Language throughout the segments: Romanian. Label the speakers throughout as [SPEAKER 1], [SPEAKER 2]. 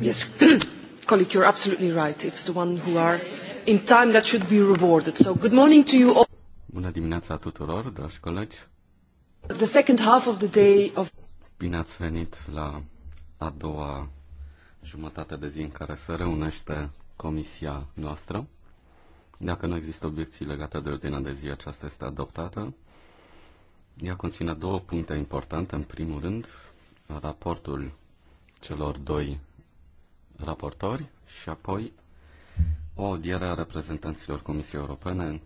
[SPEAKER 1] Yes, colleague, you're absolutely right. It's the one who are in time that should be rewarded. So good morning to you all.
[SPEAKER 2] Bună dimineața tuturor, dragi colegi.
[SPEAKER 1] The second half of the day of
[SPEAKER 2] Bine ați venit la a doua jumătate de zi în care se reunește comisia noastră. Dacă nu există obiecții legate de ordinea de zi, aceasta este adoptată. Ea conține două puncte importante. În primul rând, raportul celor doi raportori și apoi o audiere a reprezentanților Comisiei Europene,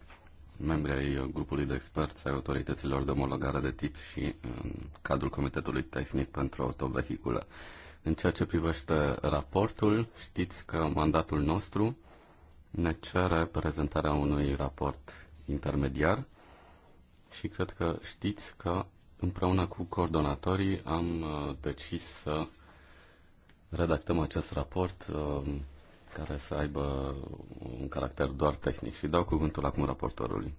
[SPEAKER 2] membri ai grupului de experți ai autorităților de omologare de tip și în cadrul Comitetului Tehnic pentru Autovehicule. În ceea ce privește raportul, știți că mandatul nostru ne cere prezentarea unui raport intermediar și cred că știți că împreună cu coordonatorii am uh, decis să redactăm acest raport uh, care să aibă un caracter doar tehnic și dau cuvântul
[SPEAKER 3] acum raportorului.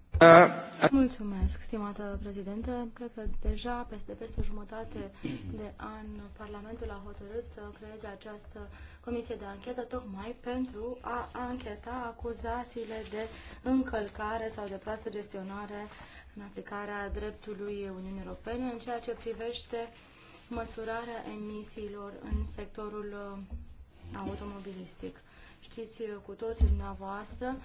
[SPEAKER 3] Mulțumesc, stimată prezidentă. Cred că deja peste peste jumătate de an Parlamentul a hotărât să creeze această comisie de anchetă tocmai pentru a ancheta acuzațiile de încălcare sau de proastă gestionare în aplicarea dreptului Uniunii Europene în ceea ce privește măsurarea emisiilor în sectorul uh, automobilistic. Știți uh, cu toții dumneavoastră,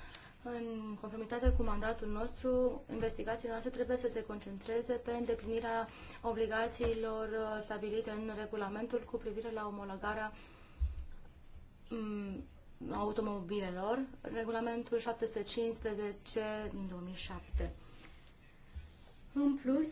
[SPEAKER 3] în conformitate cu mandatul nostru, investigațiile noastre trebuie să se concentreze pe îndeplinirea obligațiilor uh, stabilite în regulamentul cu privire la omologarea mm, automobilelor, regulamentul 715 din 2007. În plus,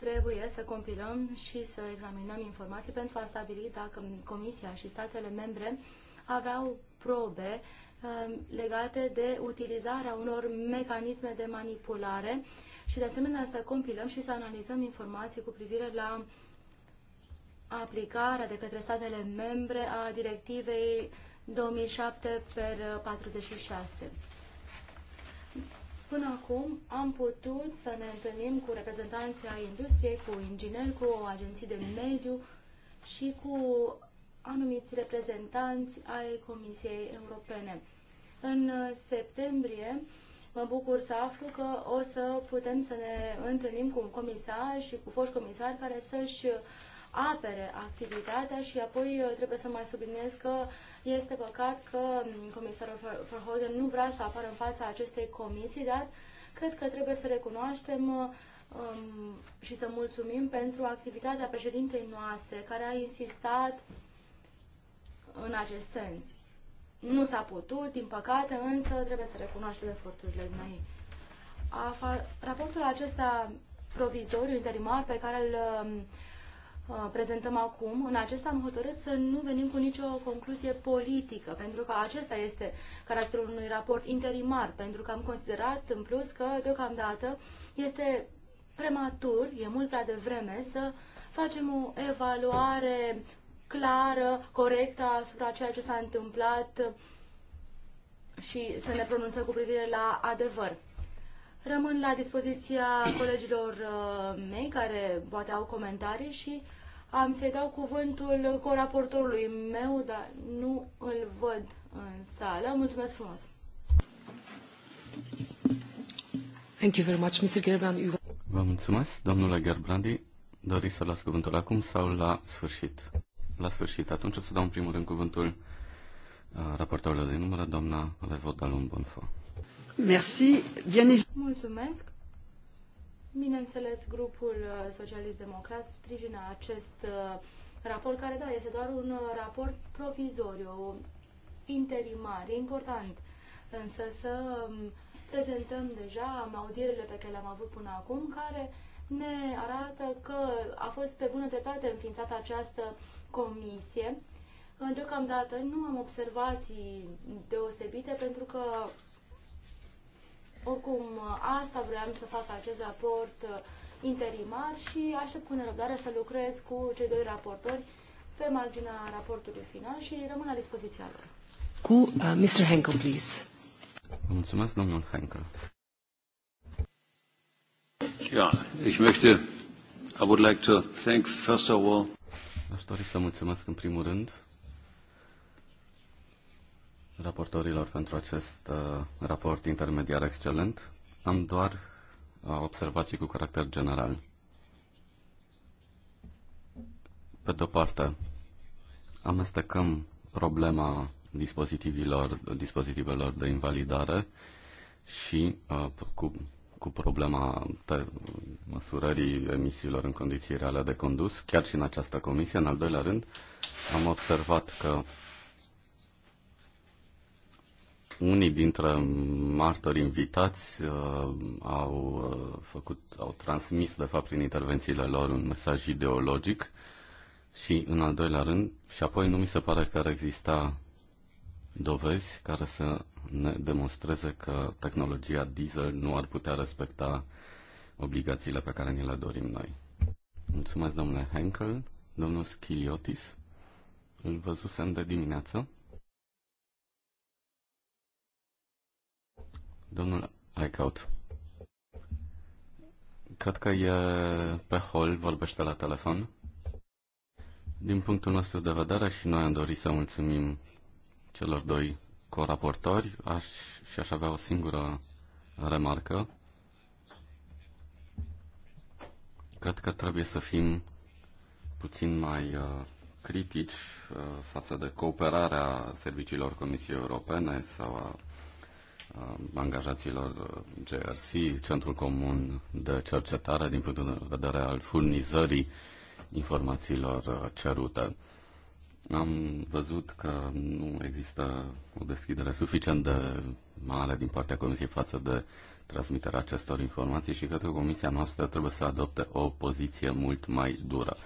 [SPEAKER 3] trebuie să compilăm și să examinăm informații pentru a stabili dacă Comisia și statele membre aveau probe um, legate de utilizarea unor mecanisme de manipulare și de asemenea să compilăm și să analizăm informații cu privire la aplicarea de către statele membre a directivei 2007 per 46. Până acum am putut să ne întâlnim cu reprezentanții ai industriei, cu ingineri, cu agenții de mediu și cu anumiți reprezentanți ai Comisiei Europene. În septembrie mă bucur să aflu că o să putem să ne întâlnim cu un comisar și cu foști comisari care să-și apere activitatea și apoi uh, trebuie să mai subliniez că este păcat că comisarul Verhoeven nu vrea să apară în fața acestei comisii, dar cred că trebuie să recunoaștem um, și să mulțumim pentru activitatea președintei noastre, care a insistat în acest sens. Nu s-a putut, din păcate, însă trebuie să recunoaștem eforturile noi. Raportul acesta provizoriu, interimar, pe care îl um, Uh, prezentăm acum, în acesta am hotărât să nu venim cu nicio concluzie politică, pentru că acesta este caracterul unui raport interimar, pentru că am considerat în plus că deocamdată este prematur, e mult prea devreme să facem o evaluare clară, corectă asupra ceea ce s-a întâmplat și să ne pronunțăm cu privire la adevăr. Rămân la dispoziția colegilor uh, mei care poate au comentarii și am să-i dau cuvântul coraportorului meu, dar nu îl văd în sală. Mulțumesc frumos!
[SPEAKER 1] Thank you very much, Mr. Gerbrandi.
[SPEAKER 2] Vă mulțumesc, domnule Gerbrandi. Doriți să las cuvântul acum sau la sfârșit? La sfârșit. Atunci o să dau în primul rând cuvântul uh, raportorului de numără doamna Levoda Lumbonfo.
[SPEAKER 1] Merci.
[SPEAKER 3] Bien... Mulțumesc. Bineînțeles, grupul uh, socialist-democrat sprijină acest uh, raport, care, da, este doar un uh, raport provizoriu, interimar, e important. Însă să um, prezentăm deja audierile pe care le-am avut până acum, care ne arată că a fost pe bună dreptate înființată această comisie. Deocamdată nu am observații deosebite pentru că oricum, asta vreau să fac acest raport uh, interimar și aștept cu nerăbdare să lucrez cu cei doi raportori pe marginea raportului final și rămân la dispoziția lor.
[SPEAKER 1] Cu uh, Mr. Henkel, please.
[SPEAKER 2] Mulțumesc, domnul Henkel. Ja, ich möchte, I would like to thank first of all. Aș dori să mulțumesc în primul rând raportorilor pentru acest uh, raport intermediar excelent. Am doar uh, observații cu caracter general. Pe de-o parte, amestecăm problema dispozitivelor, dispozitivelor de invalidare și uh, cu, cu problema te- măsurării emisiilor în condiții reale de condus, chiar și în această comisie. În al doilea rând, am observat că unii dintre martori invitați uh, au, uh, făcut, au transmis, de fapt, prin intervențiile lor un mesaj ideologic și, în al doilea rând, și apoi nu mi se pare că ar exista dovezi care să ne demonstreze că tehnologia diesel nu ar putea respecta obligațiile pe care ni le dorim noi. Mulțumesc, domnule Henkel, domnul Schiliotis. Îl văzusem de dimineață. Domnul Aicaut. Cred că e pe hol, vorbește la telefon. Din punctul nostru de vedere și noi am dorit să mulțumim celor doi coraportori aș, și aș avea o singură remarcă. Cred că trebuie să fim puțin mai uh, critici uh, față de cooperarea serviciilor Comisiei Europene sau a Uh, angajaților GRC, uh, Centrul Comun de Cercetare, din punctul de vedere al furnizării informațiilor uh, cerute. Am văzut că nu există o deschidere suficient de mare din partea Comisiei față de transmiterea acestor informații și cred că Comisia noastră trebuie să adopte o poziție mult mai dură.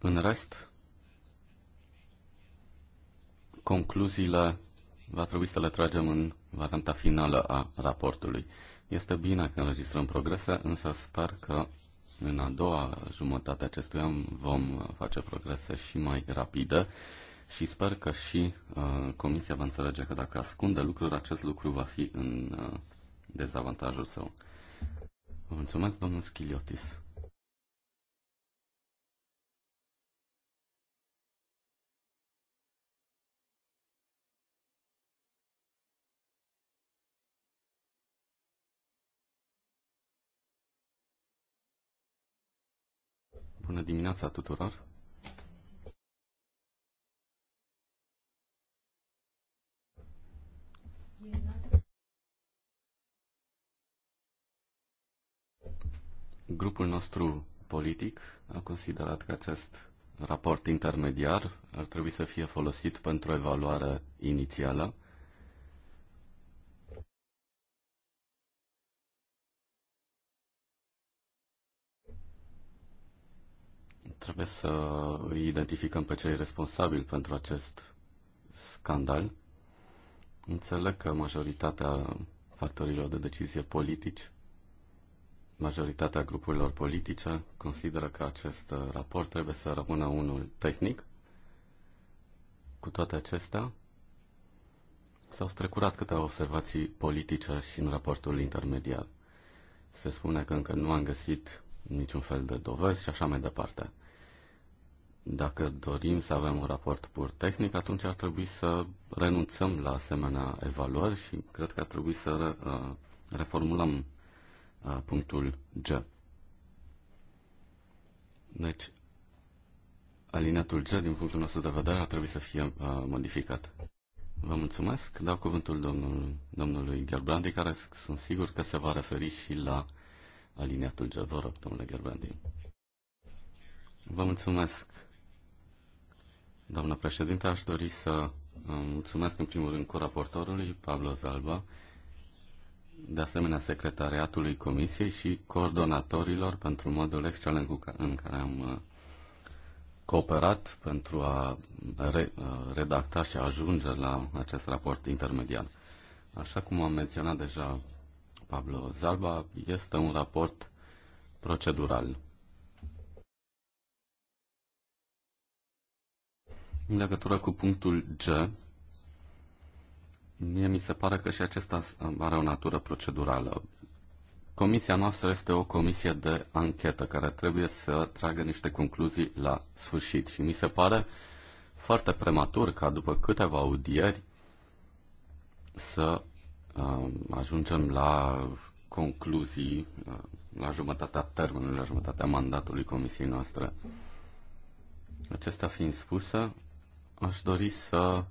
[SPEAKER 2] În rest, concluziile va trebui să le tragem în varianta finală a raportului. Este bine că înregistrăm progrese, însă sper că în a doua jumătate acestui an vom face progrese și mai rapide și sper că și uh, Comisia va înțelege că dacă ascunde lucruri, acest lucru va fi în uh, dezavantajul său. Vă mulțumesc, domnul Schiliotis. Bună dimineața tuturor! Grupul nostru politic a considerat că acest raport intermediar ar trebui să fie folosit pentru evaluarea evaluare inițială Trebuie să îi identificăm pe cei responsabili pentru acest scandal. Înțeleg că majoritatea factorilor de decizie politici, majoritatea grupurilor politice consideră că acest raport trebuie să rămână unul tehnic. Cu toate acestea, s-au strecurat câteva observații politice și în raportul intermediar. Se spune că încă nu am găsit niciun fel de dovezi și așa mai departe. Dacă dorim să avem un raport pur tehnic, atunci ar trebui să renunțăm la asemenea evaluări și cred că ar trebui să uh, reformulăm uh, punctul G. Deci, alineatul G, din punctul nostru de vedere, ar trebui să fie uh, modificat. Vă mulțumesc. Dau cuvântul domnul, domnului Gerbrandi, care sunt sigur că se va referi și la alineatul G. Vă rog, domnule Gerbrandi. Vă mulțumesc, Doamna președinte, aș dori să uh, mulțumesc în primul rând cu raportorului Pablo Zalba, de asemenea secretariatului Comisiei și coordonatorilor pentru modul excelent în care am uh, cooperat pentru a re- uh, redacta și a ajunge la acest raport intermediar. Așa cum am menționat deja Pablo Zalba, este un raport procedural În legătură cu punctul G, mie mi se pare că și acesta are o natură procedurală. Comisia noastră este o comisie de anchetă care trebuie să tragă niște concluzii la sfârșit și mi se pare foarte prematur ca după câteva audieri să uh, ajungem la concluzii uh, la jumătatea termenului, la jumătatea mandatului comisiei noastre. Acestea fiind spusă, Aș dori să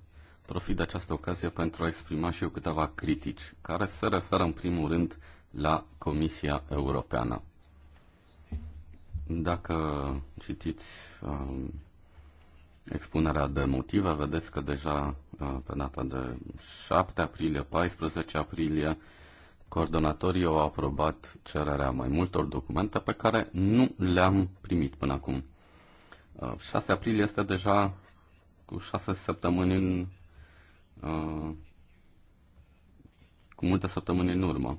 [SPEAKER 2] profit de această ocazie pentru a exprima și eu câteva critici, care se referă în primul rând la Comisia Europeană. Dacă citiți um, expunerea de motive, vedeți că deja uh, pe data de 7 aprilie, 14 aprilie, coordonatorii au aprobat cererea mai multor documente pe care nu le-am primit până acum. 6 uh, aprilie este deja cu șase săptămâni în, uh, cu multe săptămâni în urmă.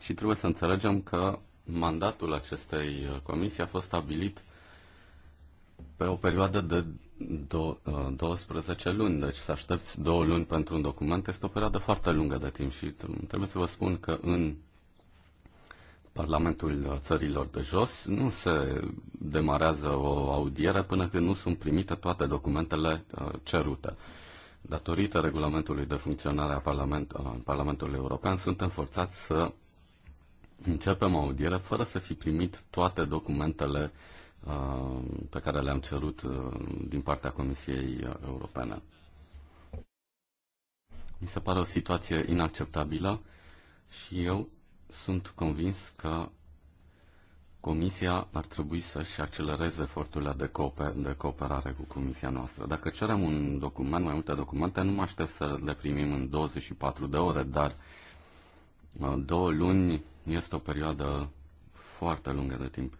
[SPEAKER 2] Și trebuie să înțelegem că mandatul acestei uh, comisii a fost stabilit pe o perioadă de do- 12 uh, luni, deci să aștepți două luni pentru un document este o perioadă foarte lungă de timp și trebuie să vă spun că în Parlamentul țărilor de jos, nu se demarează o audiere până când nu sunt primite toate documentele uh, cerute. Datorită regulamentului de funcționare a Parlament, uh, Parlamentului European, suntem forțați să începem audiere fără să fi primit toate documentele uh, pe care le-am cerut din partea Comisiei Europene. Mi se pare o situație inacceptabilă și eu sunt convins că Comisia ar trebui să-și accelereze eforturile de, cooper- de cooperare cu Comisia noastră. Dacă cerem un document, mai multe documente, nu mă aștept să le primim în 24 de ore, dar uh, două luni este o perioadă foarte lungă de timp.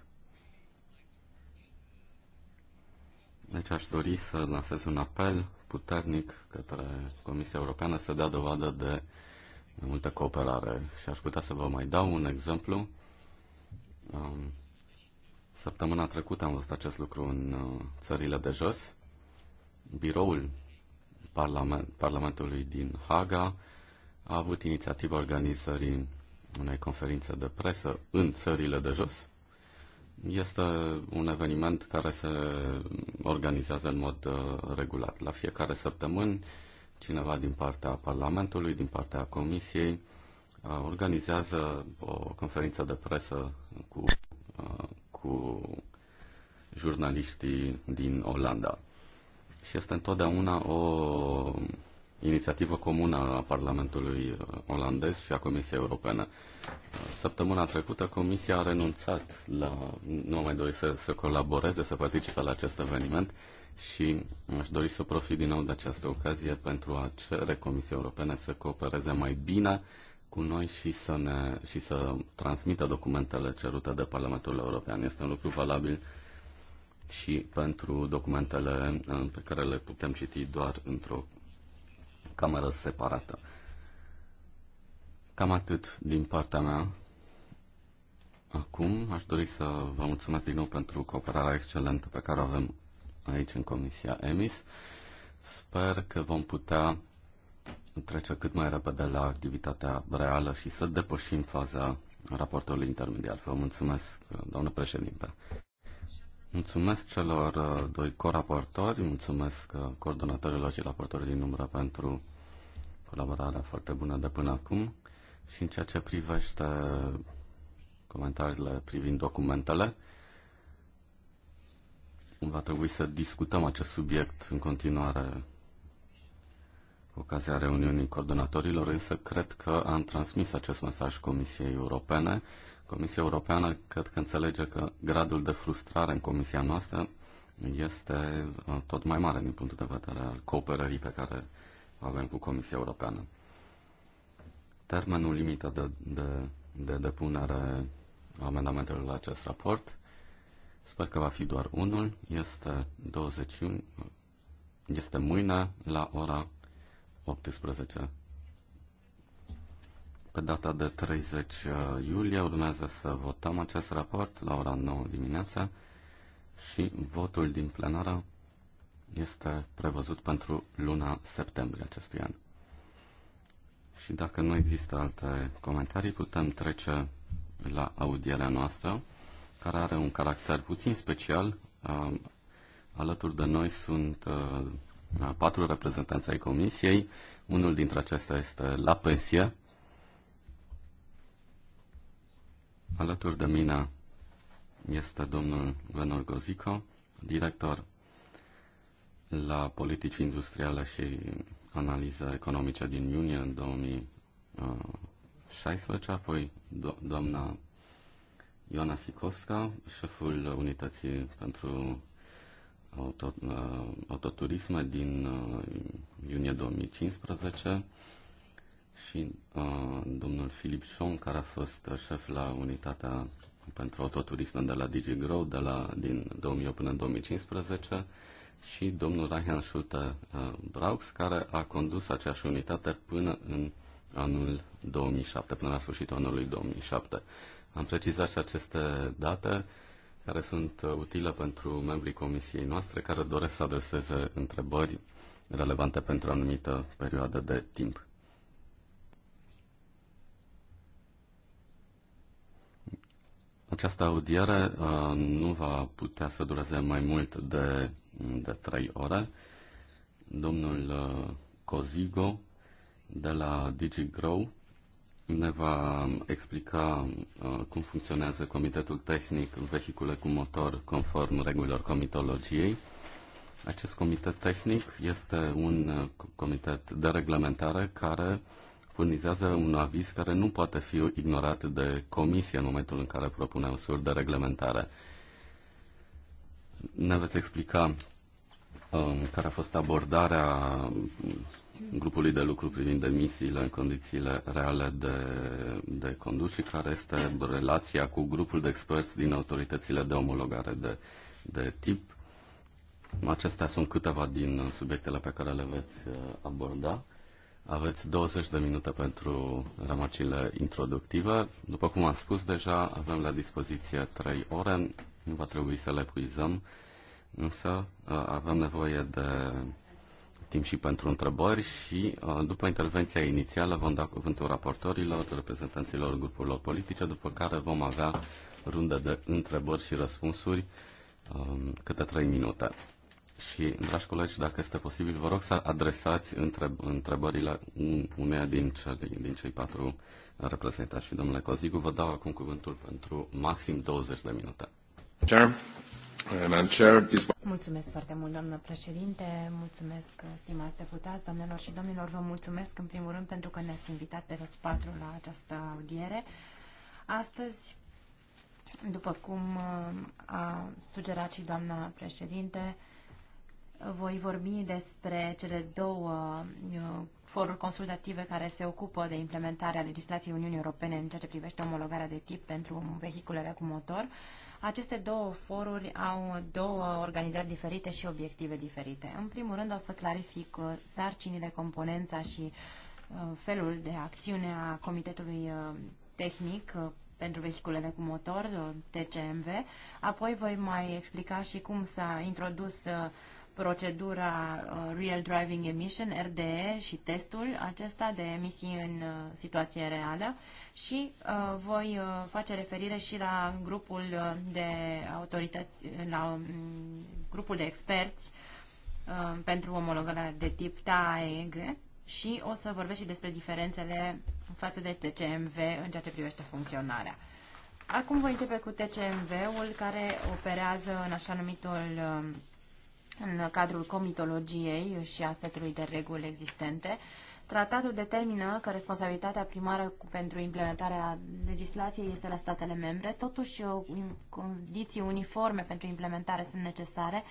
[SPEAKER 2] Deci aș dori să lansez un apel puternic către Comisia Europeană să dea dovadă de de multă cooperare. Și aș putea să vă mai dau un exemplu. Um, săptămâna trecută am văzut acest lucru în uh, țările de jos. Biroul Parlament, Parlamentului din Haga a avut inițiativa organizării unei conferințe de presă în țările de jos. Este un eveniment care se organizează în mod uh, regulat. La fiecare săptămână cineva din partea Parlamentului, din partea Comisiei, uh, organizează o conferință de presă cu, uh, cu jurnaliștii din Olanda. Și este întotdeauna o inițiativă comună a Parlamentului uh, olandez și a Comisiei Europene. Săptămâna trecută Comisia a renunțat la, nu mai dorit să, să colaboreze, să participe la acest eveniment, și aș dori să profit din nou de această ocazie pentru a cere Comisiei Europene să coopereze mai bine cu noi și să, ne, și să transmită documentele cerute de Parlamentul European. Este un lucru valabil și pentru documentele uh, pe care le putem citi doar într-o cameră separată. Cam atât din partea mea. Acum aș dori să vă mulțumesc din nou pentru cooperarea excelentă pe care o avem aici în Comisia EMIS. Sper că vom putea trece cât mai repede la activitatea reală și să depășim faza raportului intermediar. Vă mulțumesc, doamnă președinte. Mulțumesc celor uh, doi coraportori, mulțumesc uh, coordonatorilor și raportorilor din umbră pentru colaborarea foarte bună de până acum și în ceea ce privește comentariile privind documentele, Va trebui să discutăm acest subiect în continuare cu ocazia reuniunii coordonatorilor, însă cred că am transmis acest mesaj Comisiei Europene. Comisia Europeană cred că înțelege că gradul de frustrare în Comisia noastră este uh, tot mai mare din punctul de vedere al cooperării pe care avem cu Comisia Europeană. Termenul limită de, de, de depunere a amendamentelor la acest raport sper că va fi doar unul, este 21, este mâine la ora 18. Pe data de 30 uh, iulie urmează să votăm acest raport la ora 9 dimineața și votul din plenară este prevăzut pentru luna septembrie acestui an. Și dacă nu există alte comentarii, putem trece la audierea noastră care are un caracter puțin special. Uh, alături de noi sunt uh, patru reprezentanți ai Comisiei. Unul dintre acestea este la pensie. Alături de mine este domnul Venor Gozico, director la politici industriale și analize economice din iunie în 2016, uh, apoi do- doamna Ioana Sikovska, șeful Unității pentru auto, uh, Autoturisme din uh, iunie 2015 și uh, domnul Filip Șon, care a fost șef la Unitatea pentru Autoturisme de la DigiGrow de la, din 2008 până în 2015 și domnul Ryan Schulte uh, Braux, care a condus aceeași unitate până în anul 2007, până la sfârșitul anului 2007. Am precizat și aceste date care sunt uh, utile pentru membrii comisiei noastre care doresc să adreseze întrebări relevante pentru o anumită perioadă de timp. Această audiere uh, nu va putea să dureze mai mult de, de 3 ore. Domnul uh, Cozigo de la DigiGrow ne va explica uh, cum funcționează Comitetul Tehnic Vehicule cu Motor conform regulilor comitologiei. Acest comitet tehnic este un uh, comitet de reglementare care furnizează un aviz care nu poate fi ignorat de comisie în momentul în care propune un sur de reglementare. Ne veți explica um, care a fost abordarea grupului de lucru privind emisiile în condițiile reale de, de condus și care este relația cu grupul de experți din autoritățile de omologare de, de tip. Acestea sunt câteva din subiectele pe care le veți uh, aborda. Aveți 20 de minute pentru rămăcile introductive. După cum am spus deja, avem la dispoziție 3 ore. Nu va trebui să le puizăm, însă uh, avem nevoie de timp și pentru întrebări și uh, după intervenția inițială vom da cuvântul raportorilor, reprezentanților grupurilor politice, după care vom avea runde de întrebări și răspunsuri um, câte 3 minute. Și, dragi colegi, dacă este posibil, vă rog să adresați întreb- întrebările uneia din, cele, din cei patru reprezentați. Și, domnule Cozigu, vă dau acum cuvântul pentru maxim 20 de minute. Sure.
[SPEAKER 4] Mulțumesc foarte mult, doamnă președinte, mulțumesc, stimați deputați, domnilor și domnilor, vă mulțumesc în primul rând pentru că ne-ați invitat pe toți patru la această audiere. Astăzi, după cum uh, a sugerat și doamna președinte, voi vorbi despre cele două uh, foruri consultative care se ocupă de implementarea legislației Uniunii Europene în ceea ce privește omologarea de tip pentru vehiculele cu motor. Uh, aceste două foruri au două organizări diferite și obiective diferite. În primul rând o să clarific uh, sarcinile, componența și uh, felul de acțiune a Comitetului uh, Tehnic pentru vehiculele cu motor, TCMV. Apoi voi mai explica și cum s-a introdus procedura uh, Real Driving Emission, RDE, și testul acesta de emisii în uh, situație reală și uh, voi face referire și la grupul de autorități, la um, grupul de experți pentru omologarea de tip TAEG și o să vorbesc și despre diferențele față de TCMV în ceea ce privește funcționarea. Acum voi începe cu TCMV-ul care operează în așa numitul um, în cadrul comitologiei și a setului de reguli existente. Tratatul determină că responsabilitatea primară pentru implementarea legislației este la statele membre, totuși condiții uniforme pentru implementare sunt necesare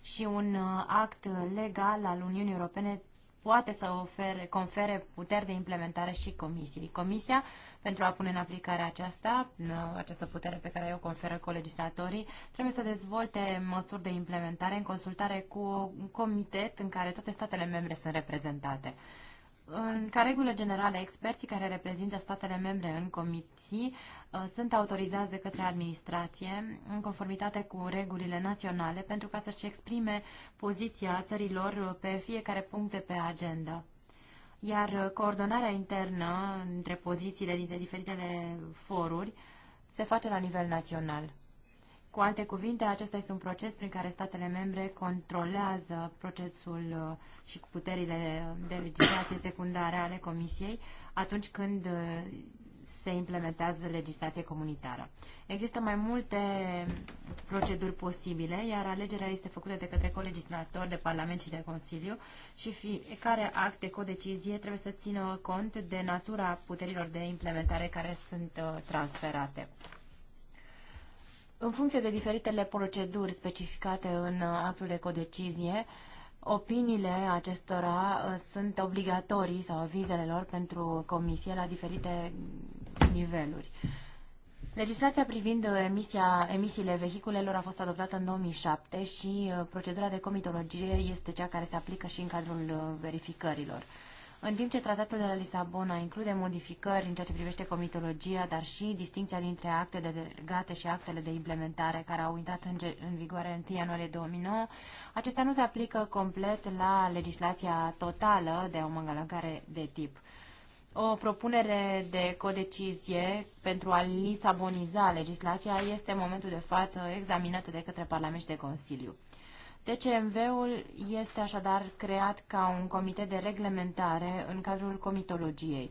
[SPEAKER 4] și un uh, act legal al Uniunii Europene poate să ofere, confere puteri de implementare și comisiei. Comisia, pentru a pune în aplicare aceasta, uh, această putere pe care o conferă colegislatorii, trebuie să dezvolte măsuri de implementare în consultare cu un comitet în care toate statele membre sunt reprezentate. În, ca regulă generală, experții care reprezintă statele membre în comisii uh, sunt autorizați de către administrație, în conformitate cu regulile naționale, pentru ca să-și exprime poziția țărilor pe fiecare punct de pe agenda. Iar uh, coordonarea internă între pozițiile dintre diferitele foruri se face la nivel național. Cu alte cuvinte, acesta este un proces prin care statele membre controlează procesul uh, și cu puterile de legislație secundare ale Comisiei atunci când uh, se implementează legislație comunitară. Există mai multe proceduri posibile, iar alegerea este făcută de către colegislator de Parlament și de Consiliu și fiecare act de codecizie trebuie să țină cont de natura puterilor de implementare care sunt uh, transferate. În funcție de diferitele proceduri specificate în uh, actul de codecizie, opiniile acestora uh, sunt obligatorii sau avizele lor pentru comisie la diferite niveluri. Legislația privind uh, emisia, emisiile vehiculelor a fost adoptată în 2007 și procedura de comitologie este cea care se aplică și în cadrul verificărilor în timp ce tratatul de la Lisabona include modificări în ceea ce privește comitologia, dar și distinția dintre acte de delegate și actele de implementare care au intrat în, în vigoare 1 ianuarie 2009, acestea nu se aplică complet la legislația totală de omangalancare de tip. O propunere de codecizie pentru a lisaboniza legislația este în momentul de față examinată de către Parlament și de Consiliu. TCMV-ul este așadar creat ca un comitet de reglementare în cadrul comitologiei.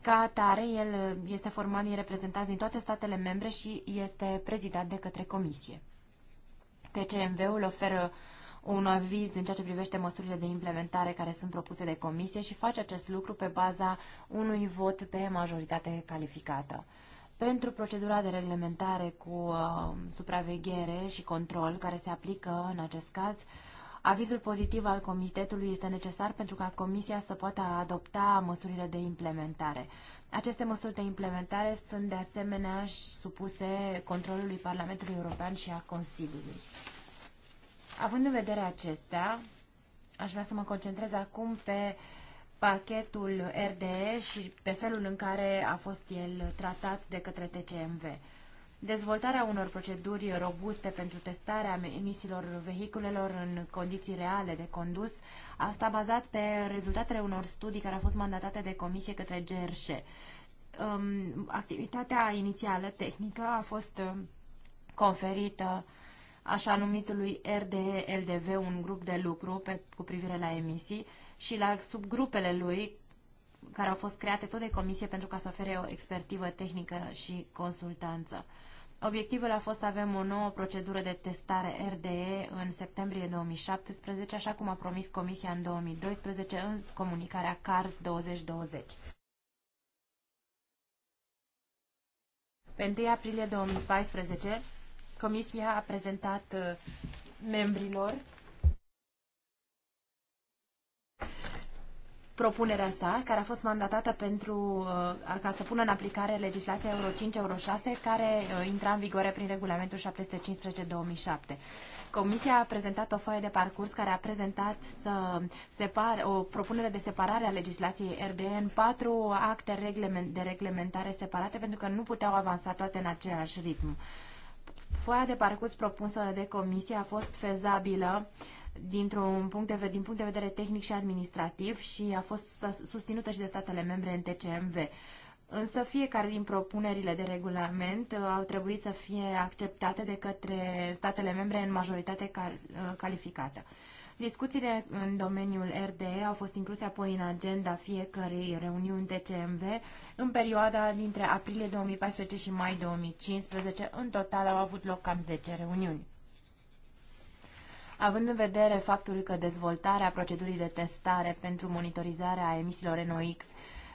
[SPEAKER 4] Ca atare, el este format din reprezentanți din toate statele membre și este prezidat de către comisie. TCMV-ul oferă un aviz în ceea ce privește măsurile de implementare care sunt propuse de comisie și face acest lucru pe baza unui vot pe majoritate calificată. Pentru procedura de reglementare cu uh, supraveghere și control care se aplică în acest caz, avizul pozitiv al comitetului este necesar pentru ca comisia să poată adopta măsurile de implementare. Aceste măsuri de implementare sunt de asemenea supuse controlului Parlamentului European și a Consiliului. Având în vedere acestea, aș vrea să mă concentrez acum pe uh, pachetul RDE și pe felul în care a fost el tratat de către TCMV. Dezvoltarea unor proceduri robuste pentru testarea emisiilor vehiculelor în condiții reale de condus asta bazat pe rezultatele unor studii care au fost mandatate de comisie către GRș. Um, activitatea inițială tehnică a fost um, conferită așa numitului RDE-LDV, un grup de lucru pe, cu privire la emisii, și la subgrupele lui care au fost create tot de comisie pentru ca să ofere o expertivă tehnică și consultanță. Obiectivul a fost să avem o nouă procedură de testare RDE în septembrie 2017, așa cum a promis Comisia în 2012 în comunicarea CARS 2020. Pe 1 aprilie 2014, Comisia a prezentat uh, membrilor propunerea sa, care a fost mandatată pentru uh, ca să pună în aplicare legislația Euro 5, Euro 6, care uh, intra în vigoare prin regulamentul 715-2007. Comisia a prezentat o foaie de parcurs care a prezentat să separ, o propunere de separare a legislației RDE în patru acte de reglementare separate, pentru că nu puteau avansa toate în același ritm. Foaia de parcurs propusă de comisie a fost fezabilă uh, dintr-un punct de, din punct de vedere tehnic și administrativ și a fost susținută și de statele membre în TCMV. Însă fiecare din propunerile de regulament uh, au trebuit să fie acceptate de către statele membre în majoritate uh, calificată. Discuțiile în domeniul RDE au fost incluse apoi în agenda fiecărei reuniuni TCMV în perioada dintre aprilie 2014 și mai 2015. În total au avut loc cam 10 reuniuni având în vedere faptul că dezvoltarea procedurii de testare pentru monitorizarea emisiilor NOx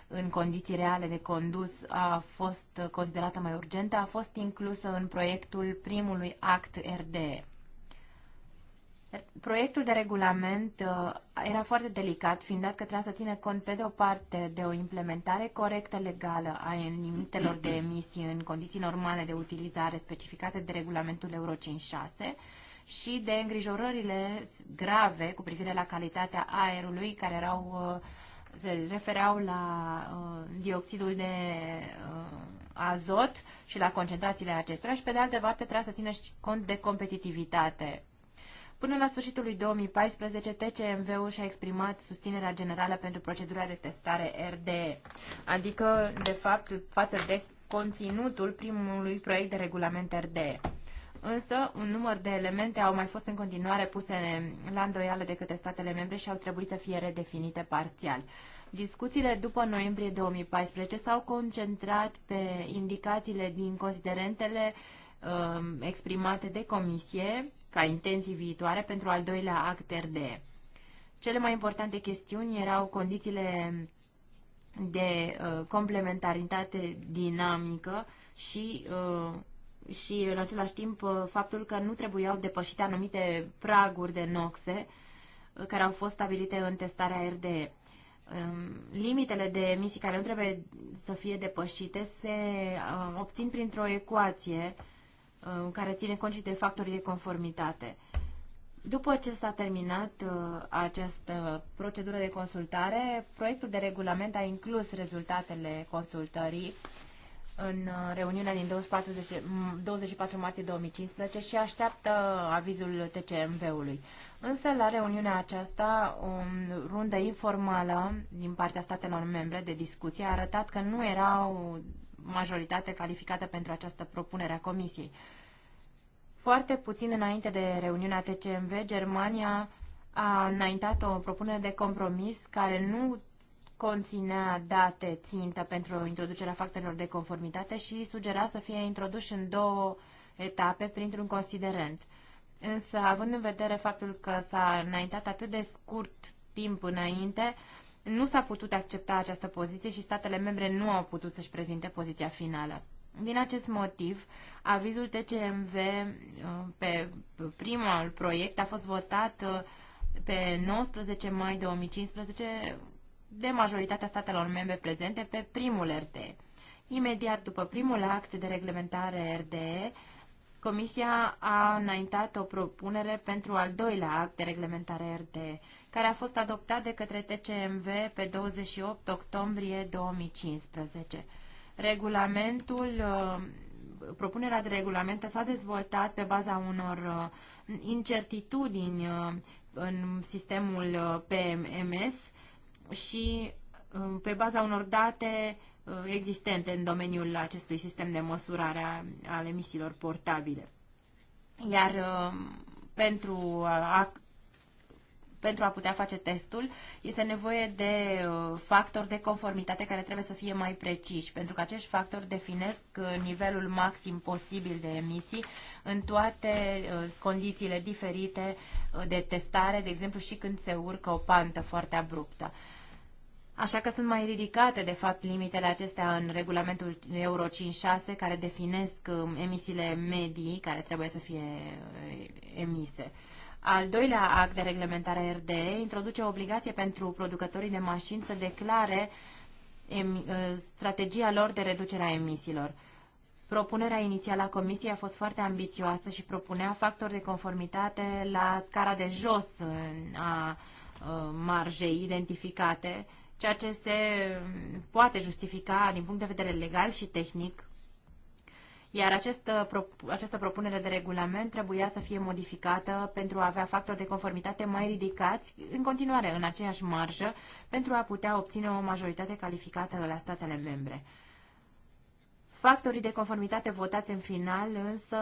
[SPEAKER 4] în condiții reale de condus a fost considerată mai urgentă, a fost inclusă în proiectul primului act RDE. Proiectul de regulament uh, era foarte delicat, fiind dat că trebuia să țină cont, pe de o parte, de o implementare corectă legală a limitelor de emisii în condiții normale de utilizare specificate de regulamentul Euro 5.6, și de îngrijorările grave cu privire la calitatea aerului care erau uh, se refereau la uh, dioxidul de uh, azot și la concentrațiile acestora și pe de altă parte trebuie să țină și cont de competitivitate. Până la sfârșitul lui 2014, TCMV-ul și-a exprimat susținerea generală pentru procedura de testare RDE, adică, de fapt, față de conținutul primului proiect de regulament RDE însă un număr de elemente au mai fost în continuare puse la îndoială de către statele membre și au trebuit să fie redefinite parțial. Discuțiile după noiembrie 2014 s-au concentrat pe indicațiile din considerentele uh, exprimate de comisie ca intenții viitoare pentru al doilea act RDE. Cele mai importante chestiuni erau condițiile de uh, complementaritate dinamică și uh, și în același timp faptul că nu trebuiau depășite anumite praguri de noxe uh, care au fost stabilite în testarea RDE. Um, limitele de emisii care nu trebuie să fie depășite se uh, obțin printr-o ecuație uh, care ține cont și de factorii de conformitate. După ce s-a terminat această procedură de consultare, proiectul de regulament a inclus rezultatele consultării în uh, reuniunea din 24, martie 2015 și așteaptă uh, avizul TCMV-ului. Însă, la reuniunea aceasta, o um, rundă informală din partea statelor membre de discuție a arătat că nu era o majoritate calificată pentru această propunere a Comisiei. Foarte puțin înainte de reuniunea TCMV, Germania a înaintat o propunere de compromis care nu conținea date țintă pentru introducerea factorilor de conformitate și sugera să fie introduși în două etape printr-un considerent. Însă, având în vedere faptul că s-a înaintat atât de scurt timp înainte, nu s-a putut accepta această poziție și statele membre nu au putut să-și prezinte poziția finală. Din acest motiv, avizul TCMV uh, pe primul proiect a fost votat uh, pe 19 mai 2015 de majoritatea statelor membre prezente pe primul RDE. Imediat după primul act de reglementare RDE, Comisia a înaintat o propunere pentru al doilea act de reglementare RDE, care a fost adoptat de către TCMV pe 28 octombrie 2015. Regulamentul uh, propunerea de regulament s-a dezvoltat pe baza unor uh, incertitudini uh, în sistemul PMS și uh, pe baza unor date uh, existente în domeniul acestui sistem de măsurare al emisiilor portabile. Iar uh, pentru a, pentru a putea face testul este nevoie de factori de conformitate care trebuie să fie mai preciși, pentru că acești factori definesc nivelul maxim posibil de emisii în toate condițiile diferite de testare, de exemplu și când se urcă o pantă foarte abruptă. Așa că sunt mai ridicate, de fapt, limitele acestea în regulamentul Euro 5.6, care definesc um, emisiile medii care trebuie să fie uh, emise. Al doilea act de reglementare RDE introduce o obligație pentru producătorii de mașini să declare uh, strategia lor de reducere a emisiilor. Propunerea inițială a Comisiei a fost foarte ambițioasă și propunea factori de conformitate la scara de jos a uh, marjei identificate ceea ce se um, poate justifica din punct de vedere legal și tehnic. Iar această, uh, această propunere de regulament trebuia să fie modificată pentru a avea factori de conformitate mai ridicați, în continuare în aceeași marjă, pentru a putea obține o majoritate calificată la statele membre. Factorii de conformitate votați în final însă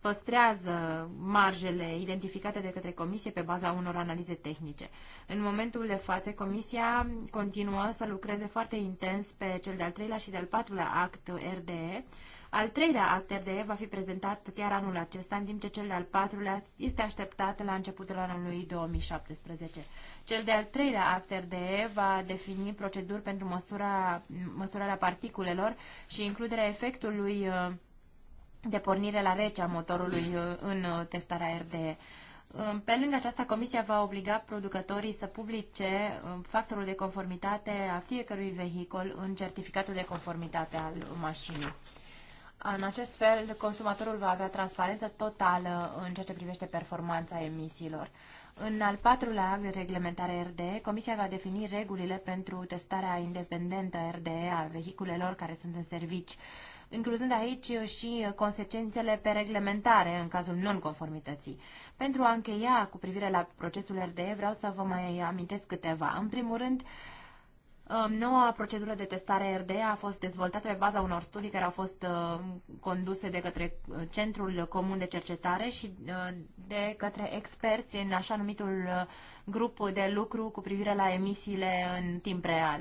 [SPEAKER 4] păstrează marjele identificate de către comisie pe baza unor analize tehnice. În momentul de față, comisia continuă să lucreze foarte intens pe cel de-al treilea și de-al patrulea act RDE, al treilea ACTRDE va fi prezentat chiar anul acesta, în timp ce cel de-al patrulea este așteptat la începutul anului 2017. Cel de-al treilea ACTRDE va defini proceduri pentru măsura, măsurarea particulelor și includerea efectului uh, de pornire la rece a motorului uh, în uh, testarea RDE. Um, pe lângă aceasta, Comisia va obliga producătorii să publice um, factorul de conformitate a fiecărui vehicol în certificatul de conformitate al mașinii. În acest fel, consumatorul va avea transparență totală în ceea ce privește performanța emisiilor. În al patrulea act de reglementare RDE, Comisia va defini regulile pentru testarea independentă RDE a vehiculelor care sunt în servici, incluzând aici și consecințele pe reglementare în cazul non-conformității. Pentru a încheia cu privire la procesul RDE, vreau să vă mai amintesc câteva. În primul rând, Noua procedură de testare RD a fost dezvoltată pe baza unor studii care au fost uh, conduse de către uh, Centrul Comun de Cercetare și uh, de către experți în așa numitul grup de lucru cu privire la emisiile în timp real.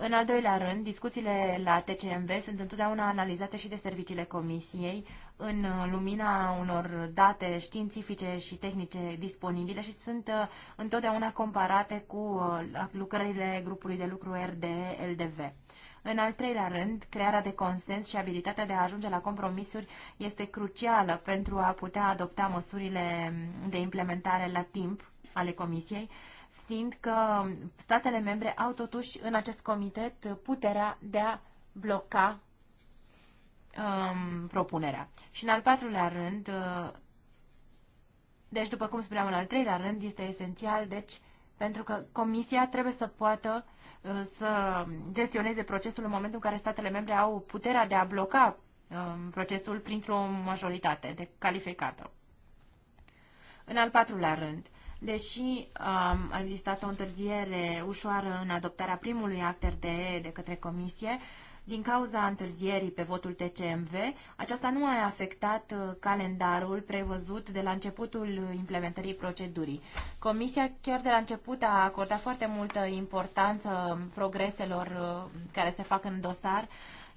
[SPEAKER 4] În al doilea rând, discuțiile la TCMV sunt întotdeauna analizate și de serviciile Comisiei în lumina unor date științifice și tehnice disponibile și sunt uh, întotdeauna comparate cu uh, lucrările grupului de lucru RDE-LDV. În al treilea rând, crearea de consens și abilitatea de a ajunge la compromisuri este crucială pentru a putea adopta măsurile de implementare la timp ale Comisiei, știind că statele membre au totuși în acest comitet puterea de a bloca um, propunerea. Și în al patrulea rând, uh, deci după cum spuneam în al treilea rând, este esențial, deci, pentru că Comisia trebuie să poată uh, să gestioneze procesul în momentul în care statele membre au puterea de a bloca um, procesul printr-o majoritate de calificată. În al patrulea rând, Deși um, a existat o întârziere ușoară în adoptarea primului act RDE de către Comisie, din cauza întârzierii pe votul TCMV, aceasta nu a afectat uh, calendarul prevăzut de la începutul implementării procedurii. Comisia chiar de la început a acordat foarte multă importanță um, progreselor uh, care se fac în dosar,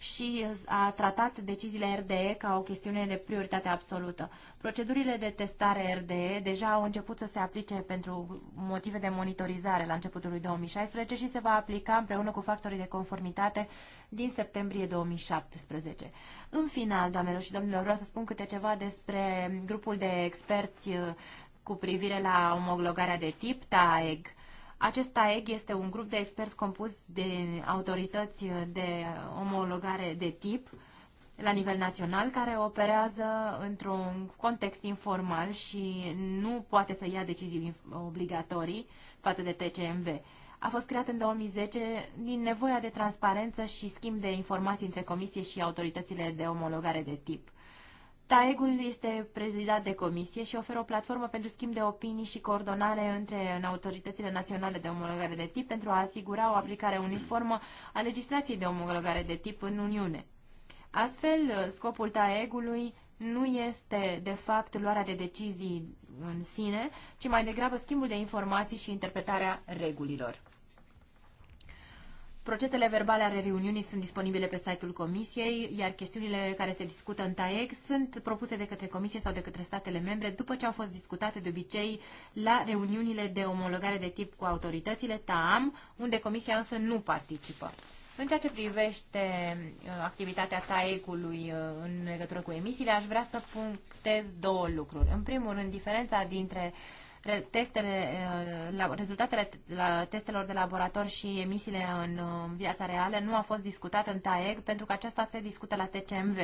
[SPEAKER 4] și a tratat deciziile RDE ca o chestiune de prioritate absolută. Procedurile de testare RDE deja au început să se aplice pentru motive de monitorizare la începutul lui 2016 și se va aplica împreună cu factorii de conformitate din septembrie 2017. În final, doamnelor și domnilor, vreau să spun câte ceva despre grupul de experți cu privire la omologarea de tip TAEG acest AEG este un grup de experți compus de autorități de omologare de tip la nivel național, care operează într-un context informal și nu poate să ia decizii obligatorii față de TCMV. A fost creat în 2010 din nevoia de transparență și schimb de informații între comisie și autoritățile de omologare de tip. TAEG-ul este prezidat de comisie și oferă o platformă pentru schimb de opinii și coordonare între în autoritățile naționale de omologare de tip pentru a asigura o aplicare uniformă a legislației de omologare de tip în Uniune. Astfel, scopul TAEG-ului nu este, de fapt, luarea de decizii în sine, ci mai degrabă schimbul de informații și interpretarea regulilor. Procesele verbale ale reuniunii sunt disponibile pe site-ul Comisiei, iar chestiunile care se discută în TAEC sunt propuse de către Comisie sau de către statele membre după ce au fost discutate de obicei la reuniunile de omologare de tip cu autoritățile TAAM, unde Comisia însă nu participă. În ceea ce privește uh, activitatea TAEC-ului uh, în legătură cu emisiile, aș vrea să punctez două lucruri. În primul rând, diferența dintre uh, testele, eh, la, rezultatele la testelor de laborator și emisiile în uh, viața reală nu a fost discutat în TAEG pentru că aceasta se discută la TCMV.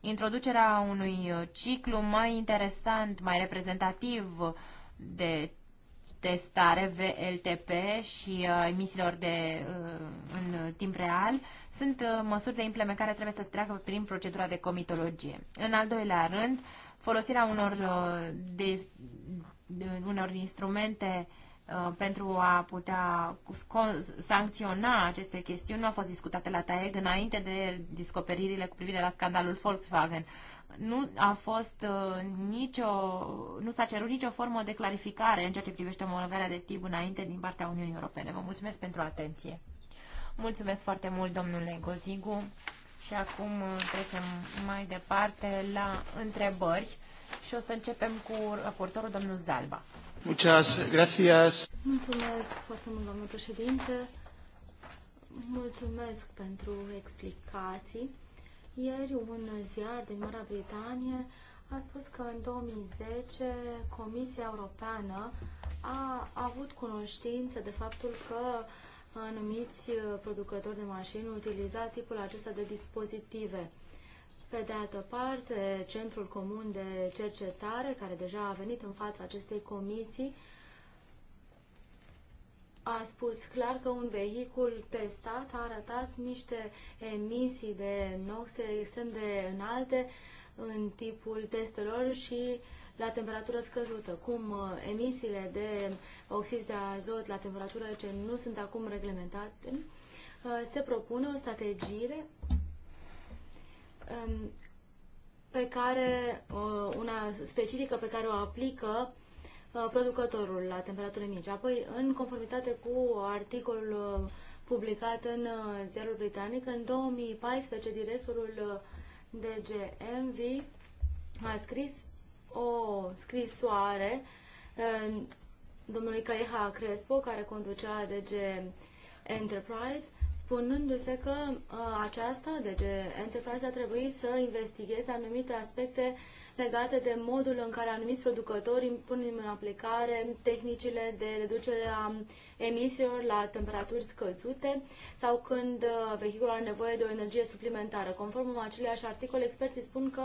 [SPEAKER 4] Introducerea unui uh, ciclu mai interesant, mai reprezentativ de testare VLTP și uh, emisiilor de, uh, în timp real sunt uh, măsuri de implementare trebuie să treacă prin procedura de comitologie. În al doilea rând, folosirea unor uh, de unor instrumente uh, pentru a putea sancționa aceste chestiuni nu a fost discutate la TAEG înainte de descoperirile cu privire la scandalul Volkswagen. Nu a fost uh, nicio, nu s-a cerut nicio formă de clarificare în ceea ce privește omologarea de tip înainte din partea Uniunii Europene. Vă mulțumesc pentru atenție. Mulțumesc foarte mult, domnule Gozigu. Și acum uh, trecem mai departe la întrebări și o să începem cu raportorul domnul Zalba.
[SPEAKER 1] Muchas gracias.
[SPEAKER 3] Mulțumesc foarte mult, domnul președinte. Mulțumesc pentru explicații. Ieri un ziar din Marea Britanie a spus că în 2010 Comisia Europeană a avut cunoștință de faptul că anumiți producători de mașini utiliza tipul acesta de dispozitive. Pe de altă parte, Centrul Comun de Cercetare, care deja a venit în fața acestei comisii, a spus clar că un vehicul testat a arătat niște emisii de noxe extrem de înalte în tipul testelor și la temperatură scăzută. Cum uh, emisiile de oxid de azot la temperatură ce nu sunt acum reglementate, uh, se propune o strategie Um, pe care, uh, una specifică pe care o aplică uh, producătorul la temperaturi mici. Apoi, în conformitate cu articolul uh, publicat în Ziarul Britanic, în 2014, directorul DGMV a scris o scrisoare domnului Caieha Crespo, care conducea DG Enterprise, spunându-se că uh, aceasta, deci Enterprise, a trebuit să investigheze anumite aspecte legate de modul în care anumiți producători pun în aplicare tehnicile de reducere a emisiilor la temperaturi scăzute sau când uh, vehiculul are nevoie de o energie suplimentară. Conform aceleași articol, experții spun că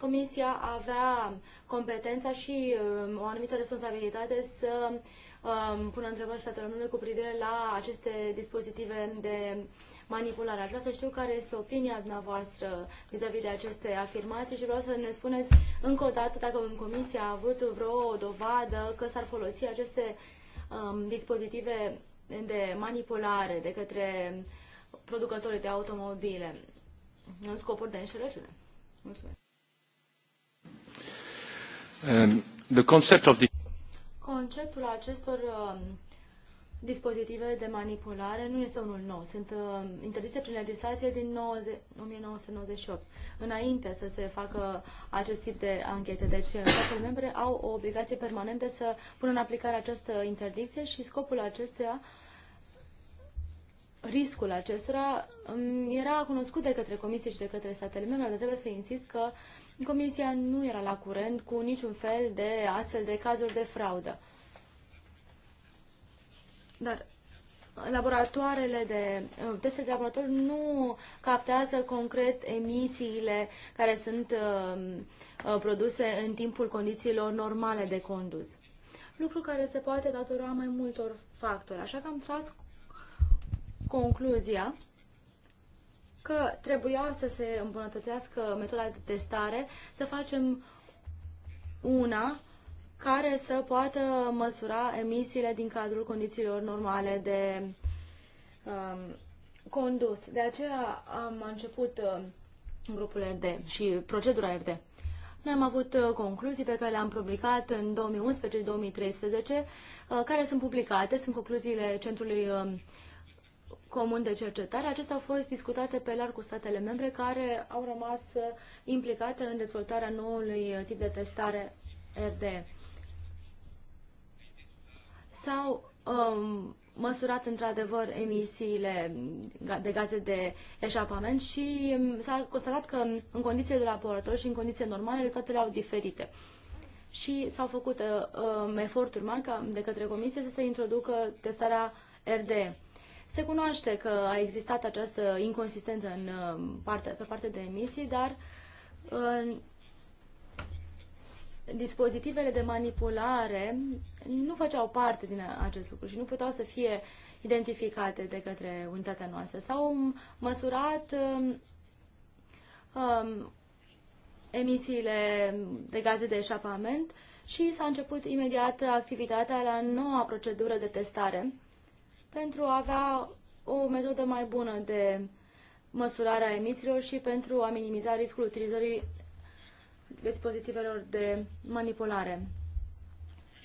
[SPEAKER 3] Comisia avea competența și uh, o anumită responsabilitate să uh, um, pună întrebări statelor membre cu privire la aceste dispozitive de manipulare. Aș vrea să știu care este opinia dumneavoastră vis-a-vis de aceste afirmații și vreau să ne spuneți încă o dată dacă în comisie a avut vreo dovadă că s-ar folosi aceste um, dispozitive de manipulare de către producătorii de automobile în scopuri de înșelăciune. Mulțumesc.
[SPEAKER 1] Um, the concept of the
[SPEAKER 3] Conceptul acestor um, dispozitive de manipulare nu este unul nou. Sunt um, interzise prin legislație din 1998, înainte să se facă acest tip de anchete. Deci, uh, statele membre au o obligație permanentă să pună în aplicare această interdicție și scopul acestuia, riscul acestora, um, era cunoscut de către Comisie și de către statele membre, dar trebuie să insist că uh, Comisia nu era la curent cu niciun fel de astfel de cazuri de fraudă. Dar laboratoarele de uh, teste de laborator nu captează concret emisiile care sunt um, uh, produse în timpul condițiilor normale de condus. Lucru care se poate datora mai multor factori. Așa că am tras concluzia că trebuia să se îmbunătățească metoda de testare, să facem una care să poată măsura emisiile din cadrul condițiilor normale de um, condus. De aceea am început uh, grupul RD și procedura RD. Noi am avut uh, concluzii pe care le-am publicat în 2011-2013, uh, care sunt publicate, sunt concluziile Centrului um, comun de cercetare. Acestea au fost discutate pe larg cu statele membre care au rămas uh, implicate în dezvoltarea noului uh, tip de testare RD. S-au um, măsurat într-adevăr emisiile de gaze de eșapament și um, s-a constatat că um, în condiții de laborator și în condiții normale rezultatele au diferite. Și s-au făcut uh, um, eforturi mari ca de către comisie să se introducă testarea RD. Se cunoaște că a existat această inconsistență în um, parte, pe parte de emisii, dar în dispozitivele de manipulare nu făceau parte din acest lucru și nu puteau să fie identificate de către unitatea noastră. S-au măsurat um, um, emisiile de gaze de eșapament și s-a început imediat activitatea la noua procedură de testare pentru a avea o metodă mai bună de măsurare a emisiilor și pentru a minimiza riscul utilizării dispozitivelor de manipulare.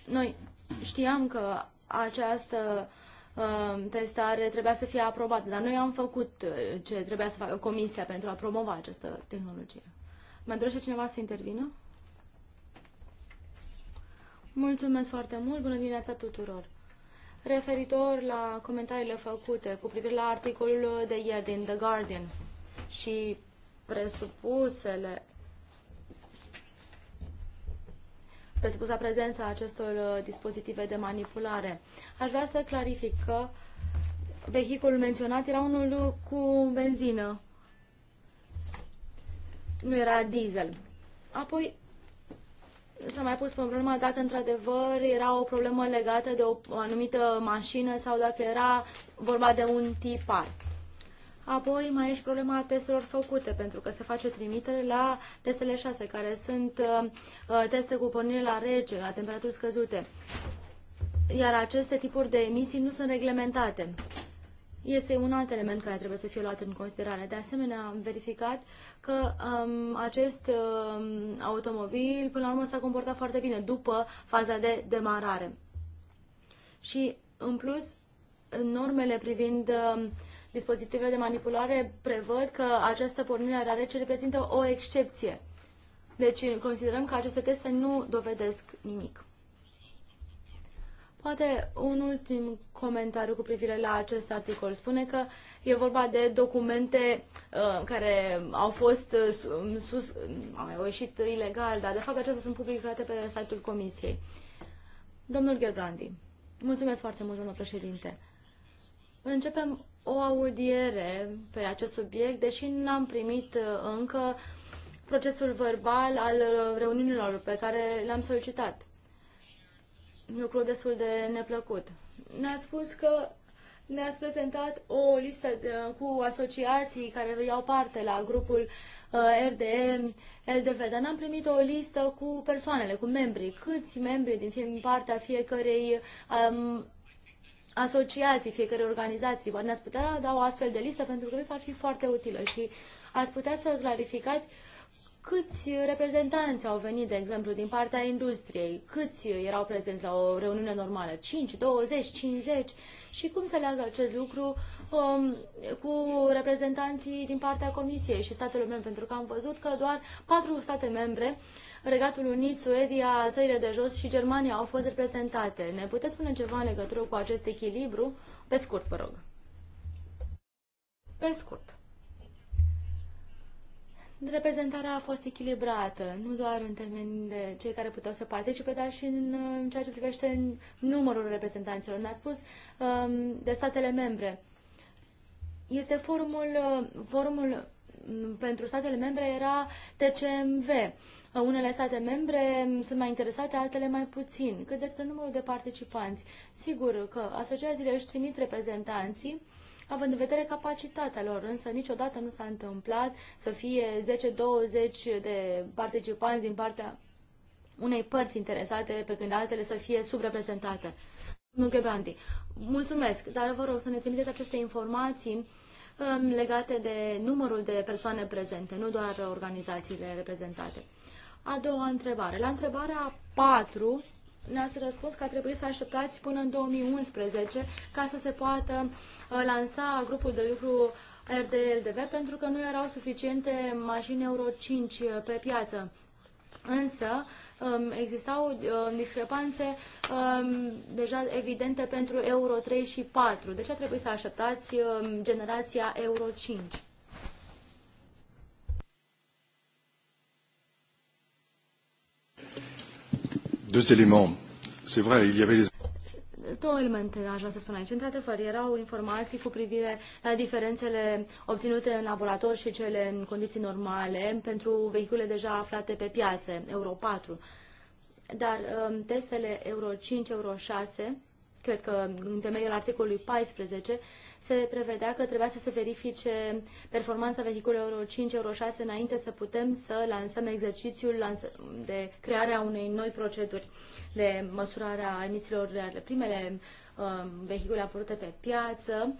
[SPEAKER 3] Noi știam că această uh, testare trebuia să fie aprobată, dar noi am făcut uh, ce trebuia să facă Comisia pentru a promova această tehnologie. Mă dorește cineva să intervină? Mulțumesc foarte mult, bună dimineața tuturor! referitor la comentariile făcute cu privire la articolul de ieri din The Guardian și presupusele presupusa prezența acestor dispozitive de manipulare. Aș vrea să clarific că vehiculul menționat era unul cu benzină, nu era diesel. Apoi, S-a mai pus problema dacă într-adevăr era o problemă legată de o anumită mașină sau dacă era vorba de un tipar. Apoi mai e și problema testelor făcute, pentru că se face trimitere la testele 6, care sunt uh, uh, teste cu pornire la rece, la temperaturi scăzute. Iar aceste tipuri de emisii nu sunt reglementate este un alt element care trebuie să fie luat în considerare. De asemenea, am verificat că um, acest um, automobil, până la urmă, s-a comportat foarte bine după faza de demarare. Și, în plus, normele privind uh, dispozitivele de manipulare prevăd că această pornire la rece reprezintă o excepție. Deci, considerăm că aceste teste nu dovedesc nimic. Poate un ultim comentariu cu privire la acest articol. Spune că e vorba de documente uh, care au fost uh, um, sus, uh, au ieșit ilegal, dar de fapt acestea sunt publicate pe site-ul Comisiei. Domnul Gerbrandi, mulțumesc foarte mult, domnul președinte. Începem o audiere pe acest subiect, deși n-am primit uh, încă procesul verbal al uh, reuniunilor pe care le-am solicitat lucru destul de neplăcut. Ne-a spus că ne-ați prezentat o listă de, cu asociații care iau parte la grupul uh, RDM, LDV, dar n-am primit o listă cu persoanele, cu membrii. Câți membri din fie, partea fiecărei um, asociații, fiecare organizații. Ne-ați putea da o astfel de listă pentru că cred că ar fi foarte utilă și ați putea să clarificați uh, Câți reprezentanți au venit, de exemplu, din partea industriei? Câți erau prezenți la o reuniune normală? 5, 20, 50? Și cum se leagă acest lucru um, cu reprezentanții din partea Comisiei și statelor membre? Pentru că am văzut că doar patru state membre, Regatul Unit, Suedia, țările de jos și Germania au fost reprezentate. Ne puteți spune ceva în legătură cu acest echilibru? Pe scurt, vă rog. Pe scurt reprezentarea a fost echilibrată, nu doar în termeni de cei care puteau să participe, dar și în, în ceea ce privește numărul reprezentanților. Mi-a spus um, de statele membre. Este formul, uh, formul mm, pentru statele membre era TCMV. Uh, unele state membre mm, sunt mai interesate, altele mai puțin. Cât despre numărul de participanți, sigur că asociațiile își trimit reprezentanții, având în vedere capacitatea lor, însă niciodată nu s-a întâmplat să fie 10-20 de participanți din partea unei părți interesate, pe când altele să fie subreprezentate. Domnul Gebrandi, mulțumesc, dar vă rog să ne trimiteți aceste informații um, legate de numărul de persoane prezente, nu doar organizațiile reprezentate. A doua întrebare. La întrebarea 4, ne-ați răspuns că a trebuit să așteptați până în 2011 ca să se poată uh, lansa grupul de lucru RDLDV pentru că nu erau suficiente mașini Euro 5 uh, pe piață. Însă um, existau um, discrepanțe um, deja evidente pentru Euro 3 și 4, deci a trebuit să așteptați generația Euro 5.
[SPEAKER 1] Deux éléments. C'est vrai, il y avait les...
[SPEAKER 3] Două elemente aș vrea să spun aici. Într-adevăr, erau informații cu privire la diferențele obținute în laborator și cele în condiții normale pentru vehicule deja aflate pe piață, Euro 4. Dar um, testele Euro 5, Euro 6, cred că în temeiul articolului 14, se prevedea că trebuia să se verifice performanța vehiculelor Euro 5, Euro 6 înainte să putem să lansăm exercițiul de crearea unei noi proceduri de măsurare a emisiilor reale. Primele um, vehicule apărute pe piață,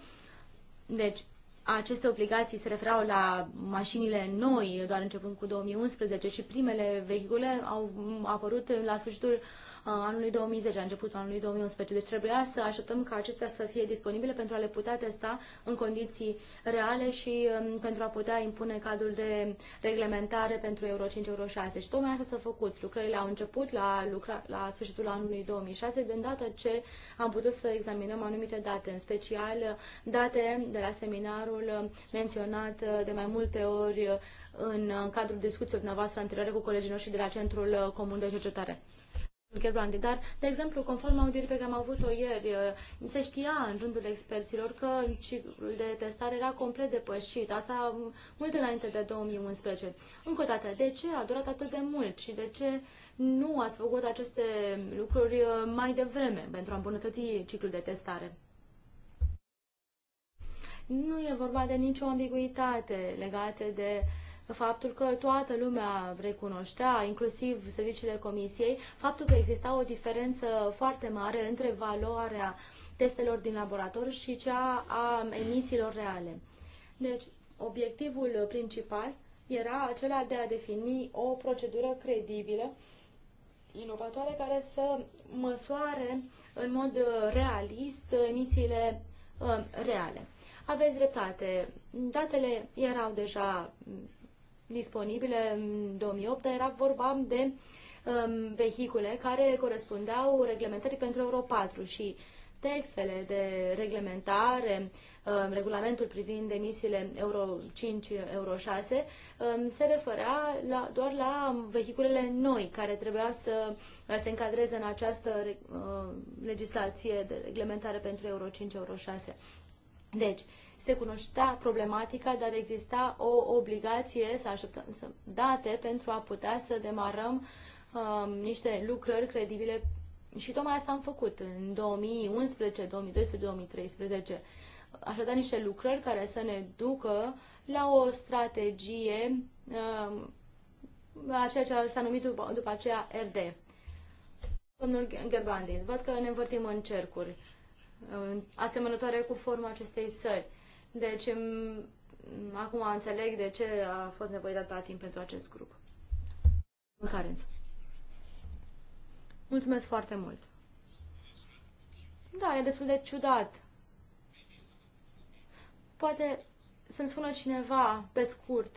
[SPEAKER 3] deci aceste obligații se referau la mașinile noi, doar începând cu 2011 și primele vehicule au apărut la sfârșitul anului 2010, a începutul anului 2011. Deci trebuia să așteptăm ca acestea să fie disponibile pentru a le putea testa în condiții reale și um, pentru a putea impune cadrul de reglementare pentru Euro 5, Euro 6. Și tocmai asta s-a făcut. Lucrările au început la, lucra, la sfârșitul anului 2006, de îndată ce am putut să examinăm anumite date, în special date de la seminarul menționat de mai multe ori în cadrul discuțiilor noastre anterioare cu colegii noștri de la Centrul Comun de Cercetare. Gerbrandi, dar, de exemplu, conform audierii pe care am avut-o ieri, uh, se știa în rândul experților că ciclul de testare era complet depășit, asta mult înainte de 2011. Încă o dată, de ce a durat atât de mult și de ce nu ați făcut aceste lucruri uh, mai devreme pentru a îmbunătăți ciclul de testare? Nu e vorba de nicio ambiguitate legată de uh, faptul că toată lumea recunoștea, inclusiv serviciile comisiei, faptul că exista o diferență foarte mare între valoarea testelor din laborator și cea a emisiilor reale. Deci, obiectivul principal era acela de a defini o procedură credibilă, inovatoare, care să măsoare în mod realist emisiile uh, reale. Aveți dreptate, datele erau deja disponibile în 2008, era vorba de um, vehicule care corespundeau reglementării pentru Euro 4 și textele de reglementare, um, regulamentul privind emisiile Euro 5, Euro 6, um, se referea la, doar la vehiculele noi care trebuia să se încadreze în această uh, legislație de reglementare pentru Euro 5, Euro 6. Deci, se cunoștea problematica, dar exista o obligație să așteptăm să date pentru a putea să demarăm uh, niște lucrări credibile și tocmai asta am făcut în 2011, 2012, 2013. da niște lucrări care să ne ducă la o strategie uh, um, a ceea ce s-a numit după, după aceea RD. Domnul Gerbrandi, văd că ne învârtim în cercuri, um, asemănătoare cu forma acestei sări. Deci, acum înțeleg de ce a fost nevoie de atâta timp pentru acest grup. Mulțumesc. Mulțumesc foarte mult. Da, e destul de ciudat. Poate să-mi spună cineva, pe scurt,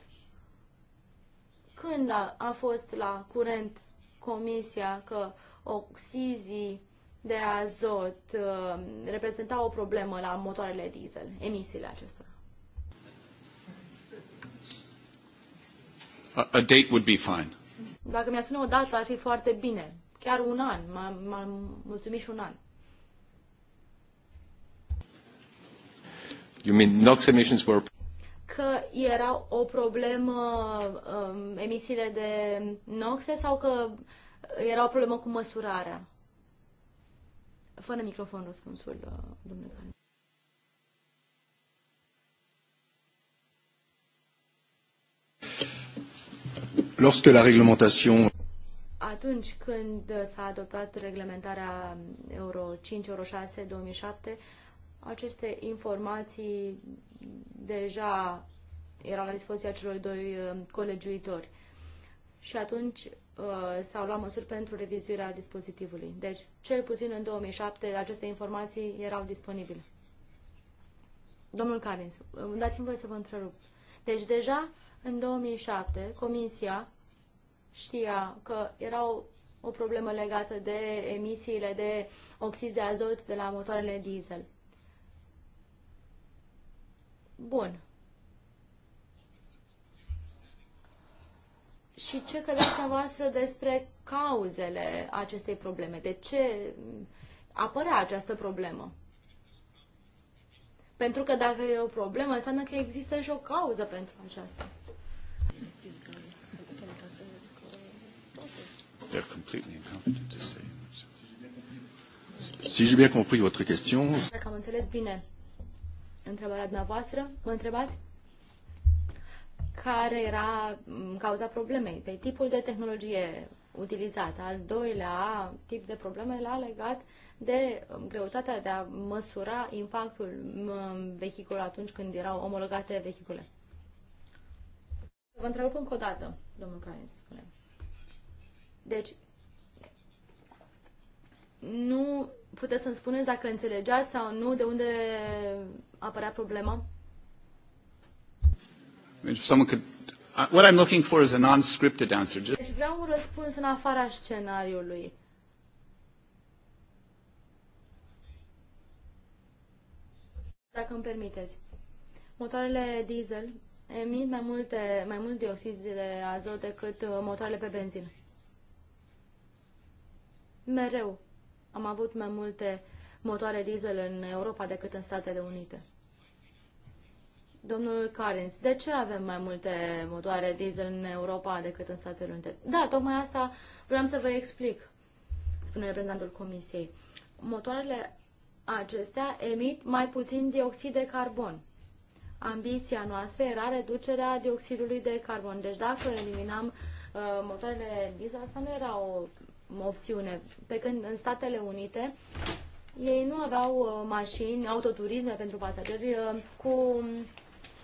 [SPEAKER 3] când a, a fost la curent comisia că oxizii de azot uh, reprezenta o problemă la motoarele diesel, emisiile acestora?
[SPEAKER 1] A, a date would be fine.
[SPEAKER 3] Dacă mi-a spune o dată, ar fi foarte bine. Chiar un an. M-am mulțumit și un an.
[SPEAKER 1] You mean NOx emissions were...
[SPEAKER 3] Că era o problemă um, emisiile de noxe sau că era o problemă cu măsurarea? Fără microfon răspunsul, uh, domnule Can.
[SPEAKER 1] Lorsque la réglementation
[SPEAKER 3] atunci când s-a adoptat reglementarea Euro 5, Euro 6, 2007, aceste informații deja erau la dispoziția celor doi uh, colegiuitori. Și atunci Uh, s-au luat măsuri pentru revizuirea dispozitivului. Deci, cel puțin în 2007, aceste informații erau disponibile. Domnul Carins, uh, dați-mi voie să vă întrerup. Deci, deja în 2007, Comisia știa că era o, o problemă legată de emisiile de oxid de azot de la motoarele diesel. Bun. Și ce credeți dumneavoastră despre cauzele acestei probleme? De ce apare această problemă? Pentru că dacă e o problemă, înseamnă că există și o cauză pentru aceasta.
[SPEAKER 1] They're completely incompetent to say. Si j'ai bien compris votre question. Dacă
[SPEAKER 3] am înțeles bine întrebarea dumneavoastră, mă întrebați? care era cauza problemei, pe tipul de tehnologie utilizată. Al doilea tip de probleme l-a legat de greutatea de a măsura impactul vehiculului atunci când erau omologate vehicule. Vă întreb încă o dată, domnul Carin, spune. Deci, nu puteți să-mi spuneți dacă înțelegeați sau nu de unde apărea problema?
[SPEAKER 1] If someone could, what I'm looking for is a non-scripted answer. Just... Deci
[SPEAKER 3] vreau un răspuns în afara scenariului. Dacă îmi permiteți. Motoarele diesel emit mai, multe, mai mult dioxid de azot decât uh, motoarele pe benzină. Mereu am avut mai multe motoare diesel în Europa decât în Statele Unite. Domnul Carins, de ce avem mai multe motoare diesel în Europa decât în Statele Unite? Da, tocmai asta vreau să vă explic, spune reprezentantul Comisiei. Motoarele acestea emit mai puțin dioxid de carbon. Ambiția noastră era reducerea dioxidului de carbon. Deci dacă eliminam uh, motoarele diesel, asta nu era o opțiune. Pe când în Statele Unite ei nu aveau uh, mașini, autoturisme pentru pasageri uh, cu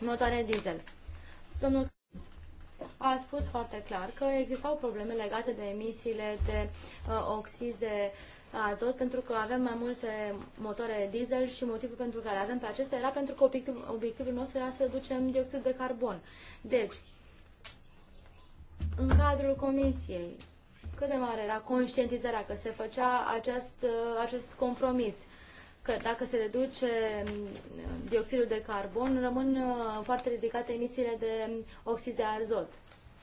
[SPEAKER 3] motoare diesel. Domnul a spus foarte clar că existau probleme legate de emisiile de uh, oxizi de azot pentru că avem mai multe motoare diesel și motivul pentru care avem pe acestea era pentru că obiectiv, obiectivul nostru era să reducem dioxidul de carbon. Deci, în cadrul comisiei, cât de mare era conștientizarea că se făcea acest, uh, acest compromis? Uh, că dacă se reduce mm, dioxidul de carbon, rămân uh, foarte ridicate emisiile de oxid de azot,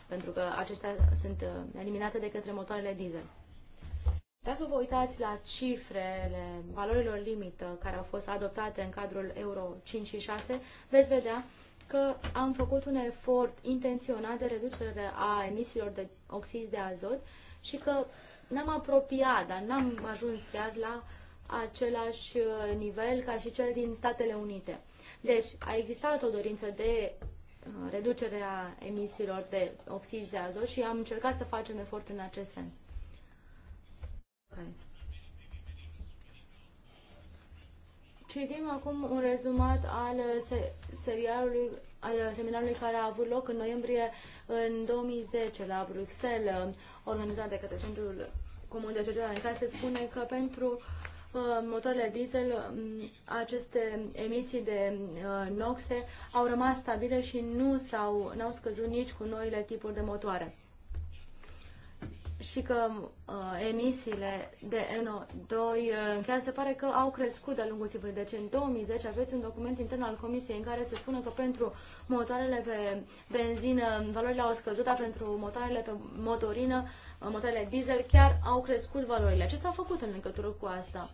[SPEAKER 3] pentru că acestea sunt uh, eliminate de către motoarele diesel. Dacă vă uitați la cifrele valorilor limită care au fost adoptate în cadrul Euro 5 și 6, veți vedea că am făcut un efort intenționat de reducere a emisiilor de oxid de azot și că ne-am apropiat, dar n-am ajuns chiar la același uh, nivel ca și cel din Statele Unite. Deci a existat o dorință de uh, reducerea emisiilor de oxizi de azot și am încercat să facem efort în acest sens. Citim acum un rezumat al uh, serialului al seminarului care a avut loc în noiembrie în 2010 la Bruxelles, organizat de către Centrul Comun de Cercetare, în care se spune că pentru uh, Uh, motoarele diesel, um, aceste emisii de uh, noxe au rămas stabile și nu s-au, n-au scăzut nici cu noile tipuri de motoare. Și că uh, emisiile de NO2 uh, chiar se pare că au crescut de-a lungul timpului. Deci în 2010 aveți un document intern al Comisiei în care se spune că pentru motoarele pe benzină valorile au scăzut, dar pentru motoarele pe motorină uh, motoarele diesel, chiar au crescut valorile. Ce s-a făcut în legătură cu asta?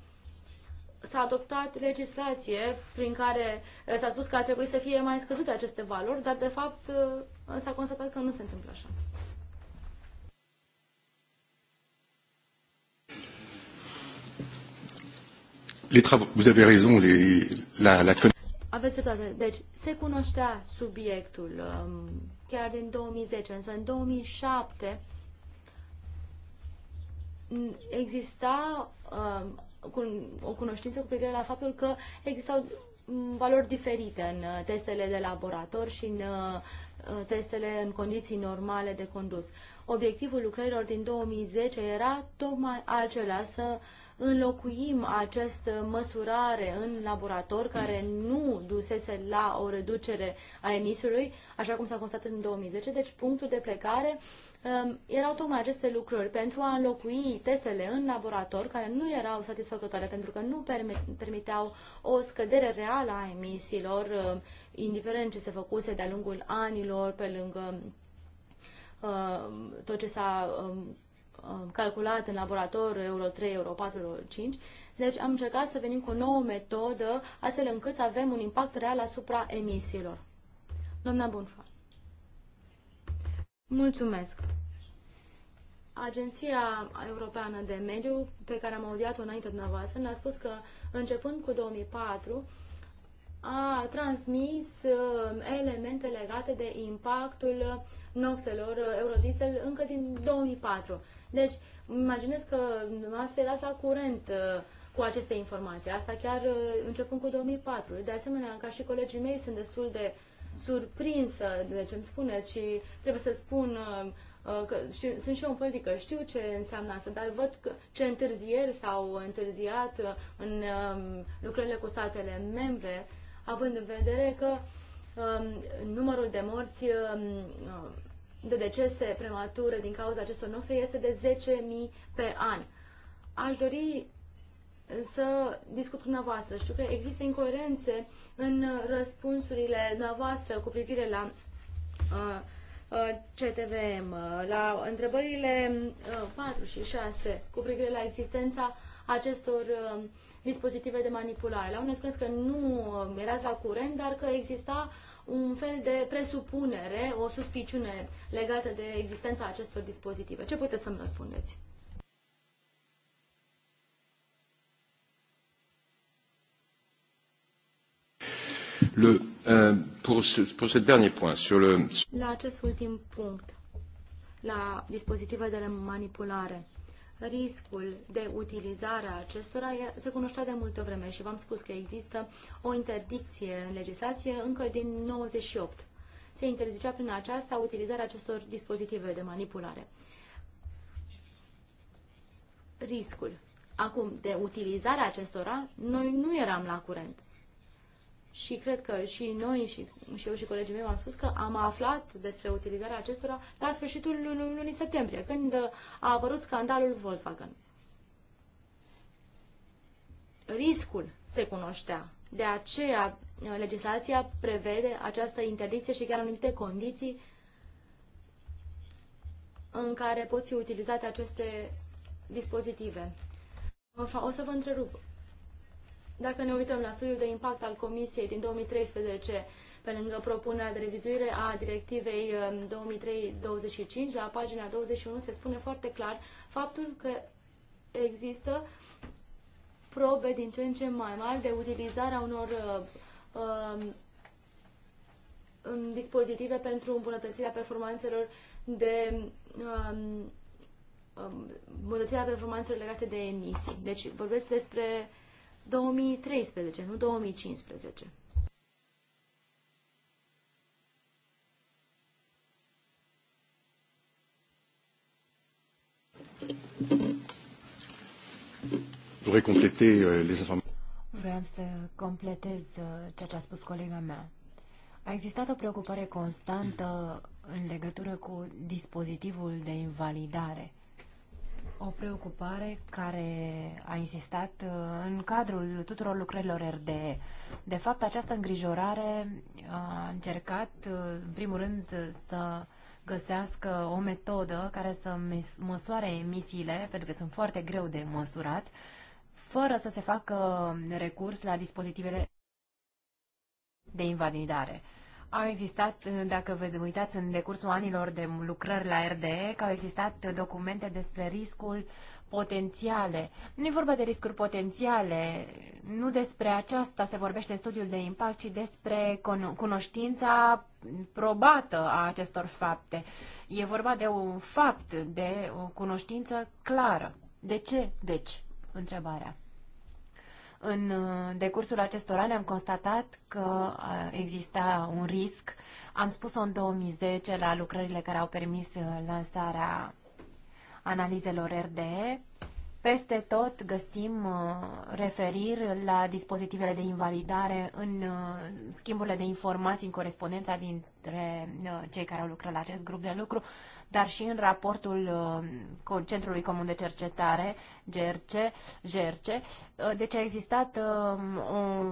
[SPEAKER 3] S-a adoptat legislație prin care eh, s-a spus că ar trebui să fie mai scăzute aceste valori, dar de fapt eh, s-a constatat că nu se întâmplă așa.
[SPEAKER 1] Les travaux, vous avez raison, les, la, la...
[SPEAKER 3] Aveți toate. Deci, se cunoștea subiectul um, chiar din 2010, însă în 2007 exista uh, o cunoștință cu privire la faptul că existau valori diferite în uh, testele de laborator și în uh, testele în condiții normale de condus. Obiectivul lucrărilor din 2010 era tocmai acela să înlocuim această măsurare în laborator care nu dusese la o reducere a emisiului, așa cum s-a constatat în 2010. Deci punctul de plecare uh, Ehm, erau tocmai aceste lucruri pentru a înlocui testele în laborator care nu erau satisfăcătoare pentru că nu permiteau o scădere reală a emisiilor, ehm, indiferent ce se făcuse de-a lungul anilor, pe lângă ehm, tot ce s-a calculat în laborator Euro 3, Euro 4, Euro 5. Deci am încercat să venim cu o nouă metodă astfel încât să avem un impact real asupra emisiilor. Doamna Bunfar. Mulțumesc! Agenția Europeană de Mediu, pe care am audiat-o înainte dumneavoastră, ne-a spus că începând cu 2004 a transmis uh, elemente legate de impactul noxelor uh, eurodiesel încă din 2004. Deci, imaginez că dumneavoastră era la curent uh, cu aceste informații. Asta chiar începând cu 2004. De asemenea, ca și colegii mei, sunt destul de surprinsă de ce îmi spuneți și trebuie să spun uh, uh, că știu, sunt și eu în politică, știu ce înseamnă asta, dar văd că ce întârzieri s-au întârziat uh, în um, lucrările cu statele membre, având în vedere că um, numărul de morți um, de decese premature din cauza acestor noxe este de 10.000 pe an. Aș dori să discut cu dumneavoastră. Știu că există incoerențe uh, în uh, răspunsurile noastre cu privire la uh, uh, CTVM, la întrebările 4 și 6 cu privire la existența acestor dispozitive de manipulare. La unul spuneți că nu erați la curent, dar că exista un fel de presupunere, o suspiciune legată de existența acestor dispozitive. Ce puteți să-mi răspundeți?
[SPEAKER 1] Le, euh, pour, ce, pour ce dernier point, sur le...
[SPEAKER 3] La acest ultim punct, la dispozitivele de manipulare, riscul de utilizare a acestora se cunoștea de multă vreme și v-am spus că există o interdicție în legislație încă din 98. Se interzicea prin aceasta utilizarea acestor dispozitive de manipulare. Riscul. Acum, de utilizarea acestora, noi nu eram la curent și cred că și noi și, și eu și colegii mei am spus că am aflat despre utilizarea acestora la sfârșitul lunii septembrie, când a apărut scandalul Volkswagen. Riscul se cunoștea. De aceea, legislația prevede această interdicție și chiar anumite condiții în care pot fi utilizate aceste dispozitive. O să vă întrerup dacă ne uităm la studiul de impact al Comisiei din 2013, pe lângă propunerea de revizuire a directivei 2003-25, um, la pagina 21 se spune foarte clar faptul că există probe din ce în ce mai mari de utilizarea unor uh, um, um dispozitive pentru îmbunătățirea performanțelor de um, um, îmbunătățirea performanțelor legate de emisii. Deci vorbesc despre uh, 2013, nu 2015.
[SPEAKER 1] Euh,
[SPEAKER 4] Vreau să completez uh, ceea ce a spus colega mea. A existat o preocupare constantă în legătură cu dispozitivul de invalidare – o preocupare care a insistat uh, în cadrul tuturor lucrărilor RDE. De fapt, această îngrijorare a încercat, uh, în primul rând, să găsească o metodă care să măsoare emisiile, pentru că sunt foarte greu de măsurat, fără să se facă recurs la dispozitivele de invalidare. Au existat, dacă vă uitați în decursul anilor de lucrări la RDE, că au existat documente despre riscul potențiale. Nu e vorba de riscuri potențiale, nu despre aceasta se vorbește în studiul de impact, ci despre cunoștința probată a acestor fapte. E vorba de un fapt, de o cunoștință clară. De ce, deci, întrebarea? În uh, decursul acestor ani am constatat că uh, exista un risc. Am spus-o în 2010 la lucrările care au permis uh, lansarea analizelor RDE. Peste tot găsim referiri la dispozitivele de invalidare în schimburile de informații în corespondența dintre cei care au lucrat la acest grup de lucru dar și în raportul uh, Centrului Comun de Cercetare, GRC. GRC. Uh, deci a existat uh, o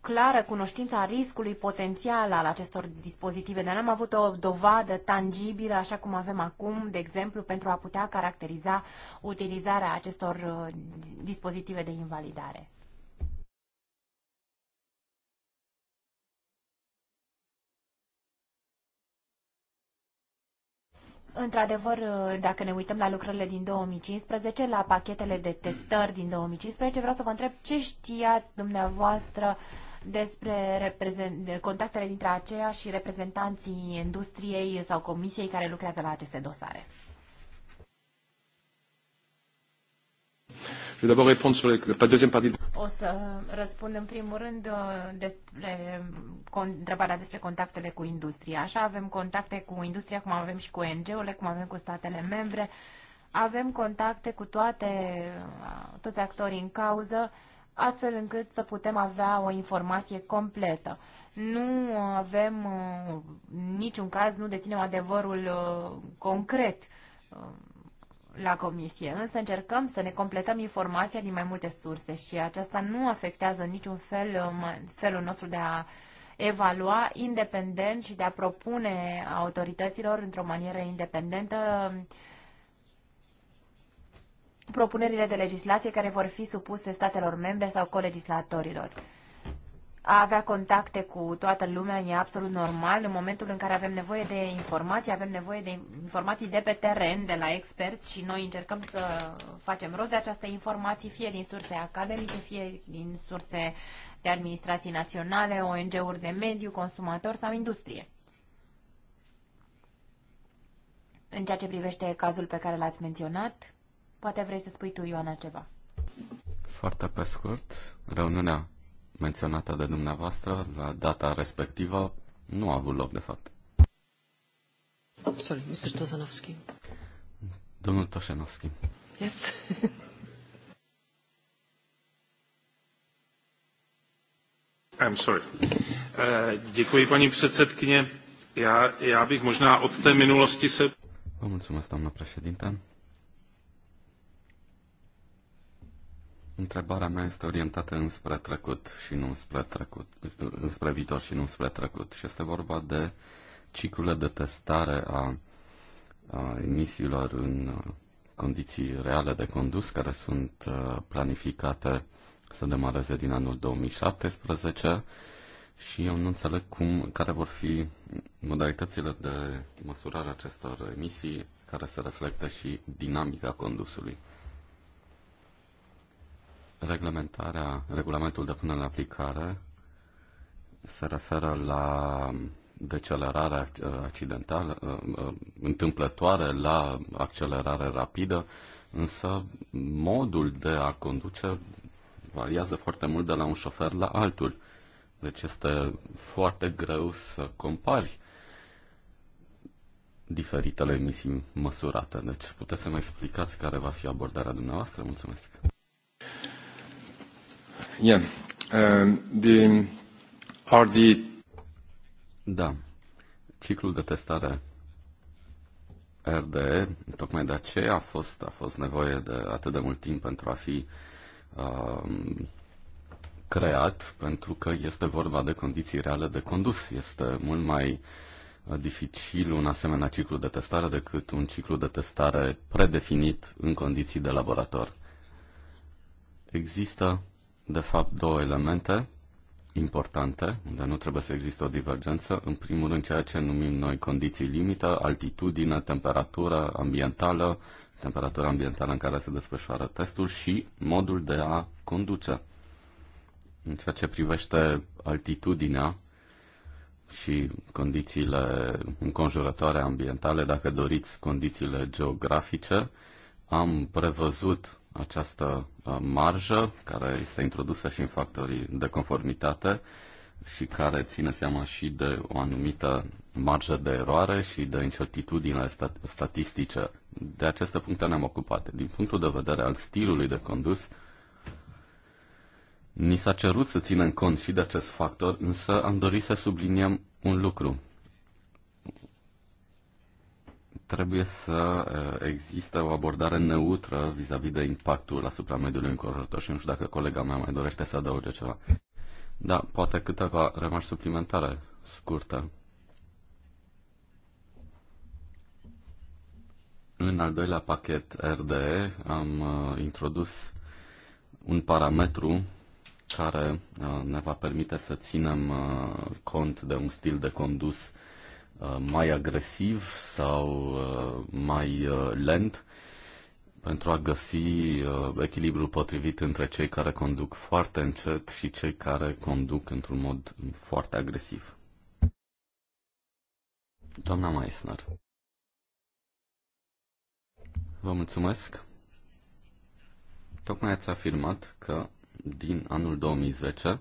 [SPEAKER 4] clară cunoștință a riscului potențial al acestor dispozitive, dar n-am avut o dovadă tangibilă, așa cum avem acum, de exemplu, pentru a putea caracteriza utilizarea acestor dispozitive de invalidare. Într-adevăr, dacă ne uităm la lucrările din 2015, la pachetele de testări din 2015, vreau să vă întreb ce știați dumneavoastră despre contactele dintre aceea și reprezentanții industriei sau comisiei care lucrează la aceste dosare.
[SPEAKER 1] Je vais d'abord répondre sur la deuxième partie.
[SPEAKER 4] O să răspund în primul rând uh, despre întrebarea despre contactele cu industria. Așa avem contacte cu industria, cum avem și cu ONG-urile, cum avem cu statele membre. Avem contacte cu toate, uh, toți actorii în cauză, astfel încât să putem avea o informație completă. Nu avem, uh, niciun caz, nu deținem adevărul concret la comisie, însă încercăm să ne completăm informația din mai multe surse și aceasta nu afectează niciun fel felul nostru de a evalua independent și de a propune autorităților într-o manieră independentă propunerile de legislație care vor fi supuse statelor membre sau colegislatorilor a avea contacte cu toată lumea e absolut normal. În momentul în care avem nevoie de informații, avem nevoie de informații de pe teren, de la experți și noi încercăm să facem rost de aceste informații, fie din surse academice, fie din surse de administrații naționale, ONG-uri de mediu, consumatori sau industrie. În ceea ce privește cazul pe care l-ați menționat, poate vrei să spui tu, Ioana, ceva.
[SPEAKER 2] Foarte pe scurt, reuniunea menționată de dumneavoastră la data respectivă nu a avut loc, de fapt.
[SPEAKER 1] Sorry, Mr. Tozanovski.
[SPEAKER 2] Domnul Toșenovski.
[SPEAKER 4] Yes.
[SPEAKER 1] I'm sorry. Uh, Děkuji, paní předsedkyně. Já, já bych možná od té minulosti se...
[SPEAKER 2] Vă mulțumesc, doamna președinte. Întrebarea mea este orientată înspre trecut și nu înspre trecut, înspre viitor și nu înspre trecut. Și este vorba de ciclurile de testare a, a emisiilor în condiții reale de condus care sunt uh, planificate să demareze din anul 2017 și eu nu înțeleg cum, care vor fi modalitățile de măsurare acestor emisii care se reflectă și dinamica condusului. Reglementarea, regulamentul de până în aplicare se referă la decelerare accidentală, uh, uh, întâmplătoare, la accelerare rapidă, însă modul de a conduce variază foarte mult de la un șofer la altul. Deci este foarte greu să compari diferitele emisii măsurate. Deci puteți să mă explicați care va fi abordarea dumneavoastră? Mulțumesc! Ehm, da. Ciclul de testare RDE, tocmai de aceea a fost, a fost nevoie de atât de mult timp pentru a fi um, creat, pentru că este vorba de condiții reale de condus. Este mult mai eh, dificil un asemenea ciclu de testare decât un ciclu de testare predefinit în condiții de laborator. Există de fapt, două elemente importante, unde nu trebuie să existe o divergență. În primul rând, ceea ce numim noi condiții limită, altitudine, temperatură ambientală, temperatura ambientală în care se desfășoară testul și modul de a conduce. În ceea ce privește altitudinea și condițiile înconjurătoare ambientale, dacă doriți condițiile geografice, am prevăzut această uh, marjă care este introdusă și în factorii de conformitate și care ține seama și de o anumită marjă de eroare și de incertitudine statistice. De aceste puncte ne-am ocupat. Din punctul de vedere al stilului de condus, ni s-a cerut să ținem cont și de acest factor, însă am dorit să subliniem un lucru trebuie să eh, existe o abordare neutră vis-a-vis -vis de impactul asupra mediului înconjurător și nu știu dacă colega mea mai dorește să adauge ceva. Da, poate câteva remarci suplimentare, scurte. În al doilea pachet RDE am eh, introdus un parametru care eh, ne va permite să ținem cont de un stil de condus Uh, mai agresiv sau uh, mai uh, lent pentru a găsi echilibrul potrivit între cei care conduc foarte încet și cei care conduc într-un mod foarte agresiv. Doamna Meissner. Vă mulțumesc. Tocmai ați afirmat că din anul 2010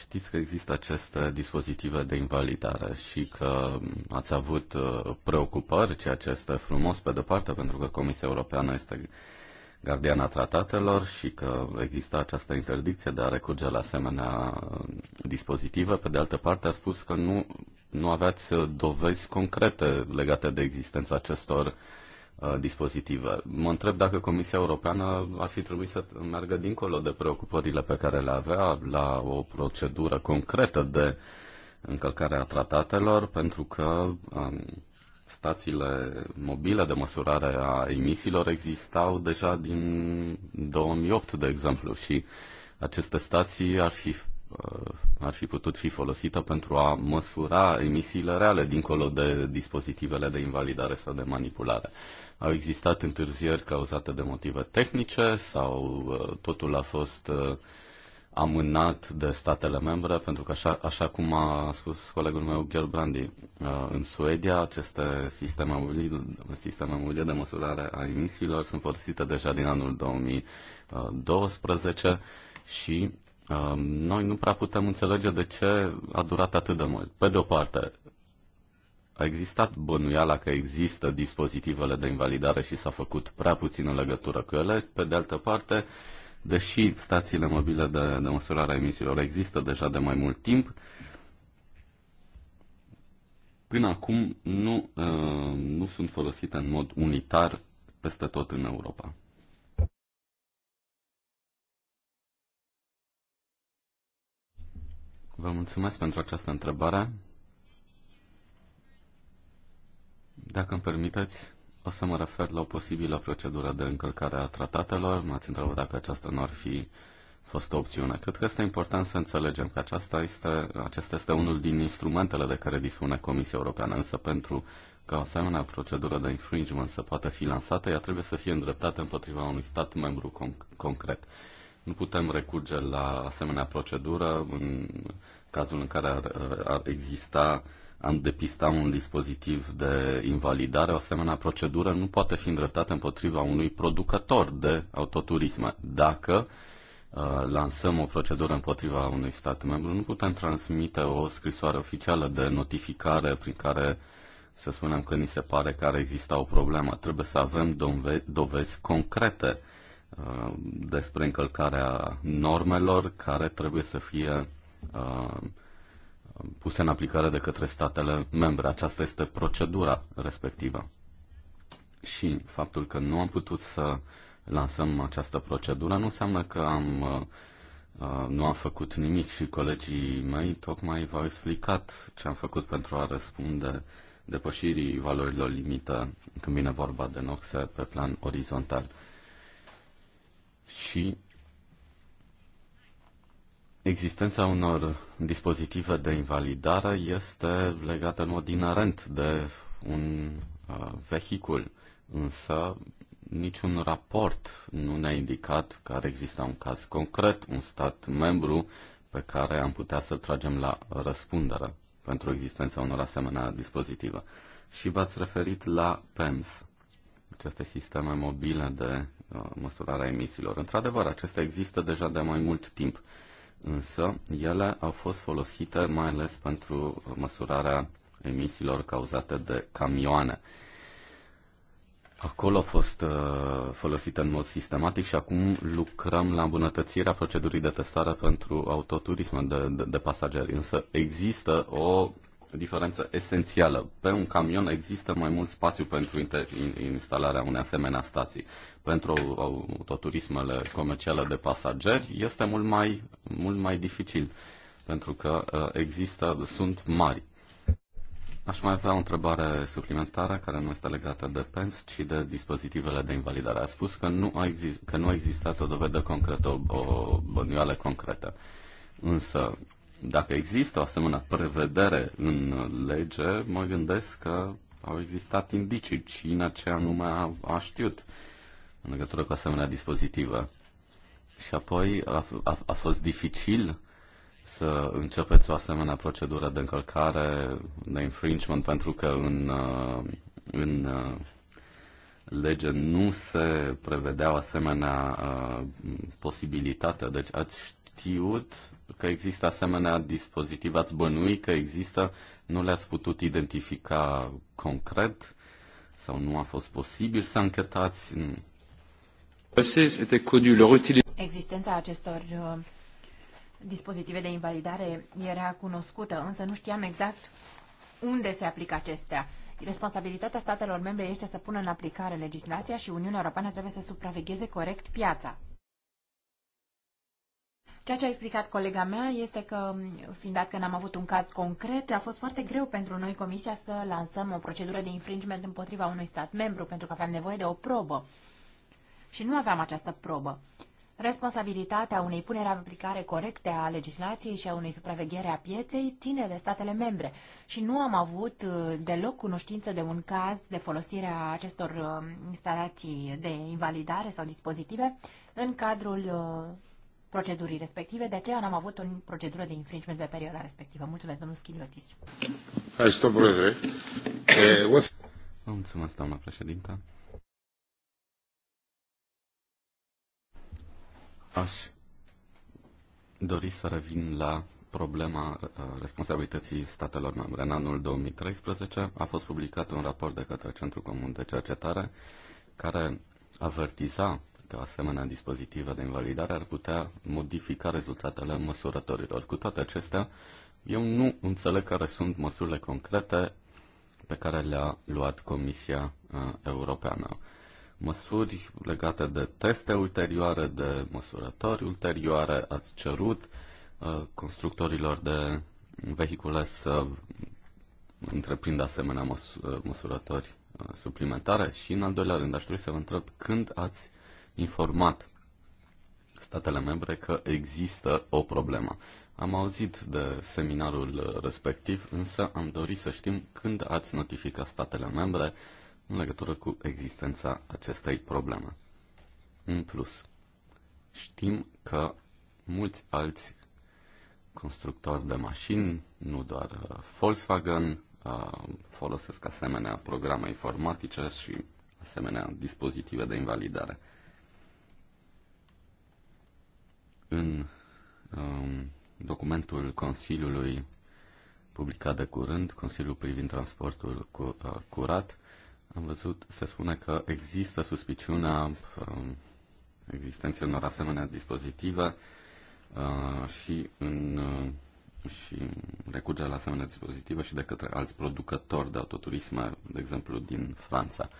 [SPEAKER 2] Știți că există aceste dispozitive de invalidare și că ați avut uh, preocupări, ceea ce este frumos pe departe, pentru că Comisia Europeană este gardiana tratatelor și că există această interdicție de a recurge la asemenea uh, dispozitive. Pe de altă parte, a spus că nu, nu aveați uh, dovezi concrete legate de existența acestor uh, Uh, dispozitive. Mă întreb dacă Comisia Europeană ar fi trebuit să meargă dincolo de preocupările pe care le avea la o procedură concretă de încălcare a tratatelor, pentru că um, stațiile mobile de măsurare a emisiilor existau deja din 2008, de exemplu, și aceste stații ar fi Uh, ar fi putut fi folosită pentru a măsura emisiile reale dincolo de dispozitivele de invalidare sau de manipulare. Au existat întârzieri cauzate de motive tehnice sau uh, totul a fost uh, amânat de statele membre, pentru că așa, așa cum a spus colegul meu Brandi în Suedia aceste sisteme mobile, sisteme mobile de măsurare a emisiilor sunt folosite deja din anul 2012 și Um, noi nu prea putem înțelege de ce a durat atât de mult. Pe de o parte, a existat bănuiala că există dispozitivele de invalidare și s-a făcut prea puțin în legătură cu ele. Pe de altă parte, deși stațiile mobile de, de măsurare a emisiilor există deja de mai mult timp, până acum nu, uh, nu sunt folosite în mod unitar peste tot în Europa. Vă mulțumesc pentru această întrebare. Dacă îmi permiteți, o să mă refer la o posibilă procedură de încălcare a tratatelor. M-ați întrebat dacă aceasta nu ar fi fost o opțiune. Cred că este important să înțelegem că aceasta este, acesta este unul din instrumentele de care dispune Comisia Europeană, însă pentru ca o asemenea procedură de infringement să poată fi lansată, ea trebuie să fie îndreptată împotriva unui stat membru conc- concret. Nu putem recurge la asemenea procedură în cazul în care ar, ar exista, am depista un dispozitiv de invalidare. O asemenea procedură nu poate fi îndreptată împotriva unui producător de autoturisme. Dacă uh, lansăm o procedură împotriva unui stat membru, nu putem transmite o scrisoare oficială de notificare prin care să spunem că ni se pare că ar exista o problemă. Trebuie să avem dovezi concrete Uh, despre încălcarea normelor care trebuie să fie uh, puse în aplicare de către statele membre. Aceasta este procedura respectivă. Și faptul că nu am putut să lansăm această procedură nu înseamnă că am, uh, nu am făcut nimic și colegii mei tocmai v-au explicat ce am făcut pentru a răspunde depășirii valorilor limită când vine vorba de noxe pe plan orizontal și Existența unor dispozitive de invalidare este legată în mod inerent de un uh, vehicul, însă niciun raport nu ne-a indicat că ar exista un caz concret, un stat membru pe care am putea să tragem la răspundere pentru existența unor asemenea dispozitive. Și v-ați referit la PEMS, aceste sisteme mobile de Uh, măsurarea emisiilor. Într-adevăr, acestea există deja de mai mult timp, însă ele au fost folosite mai ales pentru măsurarea emisiilor cauzate de camioane. Acolo a fost uh, folosită în mod sistematic și acum lucrăm la îmbunătățirea procedurii de testare pentru autoturisme de, de, de pasageri. Însă există o diferență esențială. Pe un camion există mai mult spațiu pentru instalarea unei asemenea stații. Pentru autoturismele comerciale de pasageri este mult mai, mult mai dificil, pentru că ă, există, sunt mari. Aș mai avea o întrebare suplimentară care nu este legată de PEMS, ci de dispozitivele de invalidare. A spus că nu a, exist- că nu a existat o dovedă concretă, o, o bănuială concretă. Însă, dacă există o asemenea prevedere în lege, mă gândesc că au existat indicii cine ce anume a, a știut în legătură cu asemenea dispozitivă. Și apoi a, a, a fost dificil să începeți o asemenea procedură de încălcare, de infringement, pentru că în, uh, în uh, lege nu se prevedea o asemenea uh, posibilitate. Deci ați știut că există asemenea dispozitiv, Ați bănuit că există? Nu le-ați putut identifica concret? Sau nu a fost posibil să închetați?
[SPEAKER 4] Existența acestor uh, dispozitive de invalidare era cunoscută, însă nu știam exact unde se aplică acestea. Responsabilitatea statelor membre este să pună în aplicare legislația și Uniunea Europeană trebuie să supravegheze corect piața. Ceea ce a explicat colega mea este că, fiind dat că n-am avut un caz concret, a fost foarte greu pentru noi Comisia să lansăm o procedură de infringement împotriva unui stat membru, pentru că aveam nevoie de o probă. Și nu aveam această probă. Responsabilitatea unei puneri în aplicare corecte a legislației și a unei supraveghere a pieței ține de statele membre și nu am avut uh, deloc cunoștință de un caz de folosire a acestor uh, instalații de invalidare sau dispozitive în cadrul uh, procedurii respective, de aceea n-am avut o procedură de infringement pe perioada respectivă. Mulțumesc, domnul Schiliotis.
[SPEAKER 2] mulțumesc, doamna președintă. Aș dori să revin la problema uh, responsabilității statelor membre. În anul 2013 a fost publicat un raport de către Centrul Comun de Cercetare care avertiza că asemenea dispozitive de invalidare ar putea modifica rezultatele măsurătorilor. Cu toate acestea, eu nu înțeleg care sunt măsurile concrete pe care le-a luat Comisia uh, Europeană. Măsuri legate de teste ulterioare, de măsurători ulterioare, ați cerut uh, constructorilor de vehicule să întreprindă asemenea uh, măsurători suplimentare și, în al doilea rând, aș trebui să vă întreb când ați informat statele membre că există o problemă. Am auzit de seminarul respectiv, însă am dorit să știm când ați notificat statele membre în legătură cu existența acestei probleme. În plus, știm că mulți alți constructori de mașini, nu doar uh, Volkswagen, uh, folosesc asemenea programe informatice și asemenea dispozitive de invalidare. În um, documentul Consiliului publicat de curând, Consiliul privind transportul cu, uh, curat, am văzut, se spune că există suspiciunea um, existenței unor asemenea dispozitive uh, și în uh, și recurgerea la asemenea dispozitive și de către alți producători de autoturisme, de exemplu din Franța. Uh,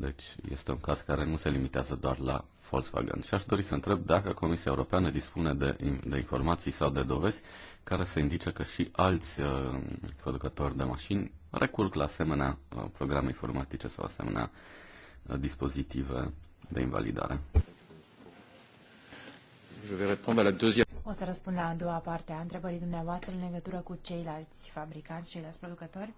[SPEAKER 2] deci este un caz care nu se limitează doar la Volkswagen. Și aș dori să întreb dacă Comisia Europeană dispune de, de informații sau de dovezi care să indice că și alți uh, producători de mașini recurg la asemenea uh, programe informatice sau asemenea uh, dispozitive de invalidare.
[SPEAKER 4] O să răspund la a doua parte a întrebării dumneavoastră în legătură cu ceilalți fabricanți, ceilalți producători.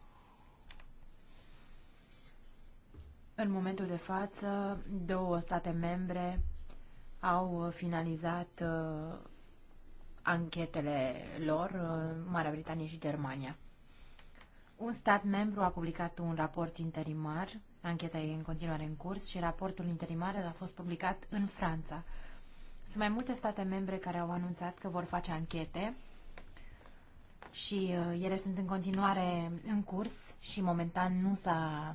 [SPEAKER 4] În momentul de față, două state membre au finalizat uh, anchetele lor, uh, Marea Britanie și Germania. Un stat membru a publicat un raport interimar, ancheta e în continuare în curs și raportul interimar a fost publicat în Franța. Sunt mai multe state membre care au anunțat că vor face anchete și uh, ele sunt în continuare în curs și momentan nu s-a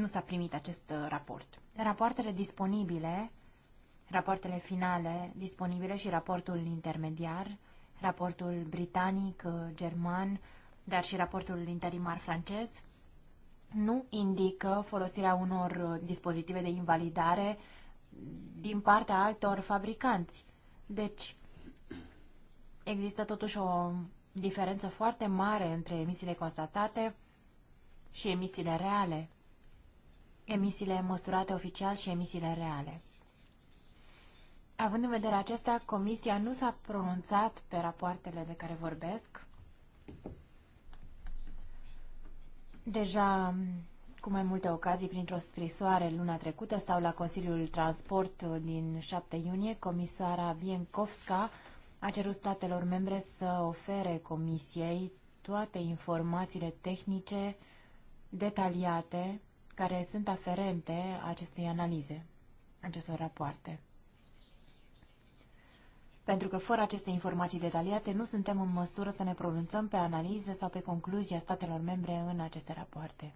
[SPEAKER 4] nu s-a primit acest uh, raport. Rapoartele disponibile, rapoartele finale disponibile și raportul intermediar, raportul britanic, uh, german, dar și raportul interimar francez, nu indică folosirea unor uh, dispozitive de invalidare din partea altor fabricanți. Deci, există totuși o diferență foarte mare între emisiile constatate și emisiile reale emisiile măsurate oficial și emisiile reale. Având în vedere acestea, Comisia nu s-a pronunțat pe rapoartele de care vorbesc. Deja cu mai multe ocazii, printr-o scrisoare luna trecută sau la Consiliul Transport din 7 iunie, comisara Biencovska a cerut statelor membre să ofere Comisiei toate informațiile tehnice detaliate care sunt aferente acestei analize, acestor rapoarte. Pentru că fără aceste informații detaliate nu suntem în măsură să ne pronunțăm pe analiză sau pe concluzia statelor membre în aceste rapoarte.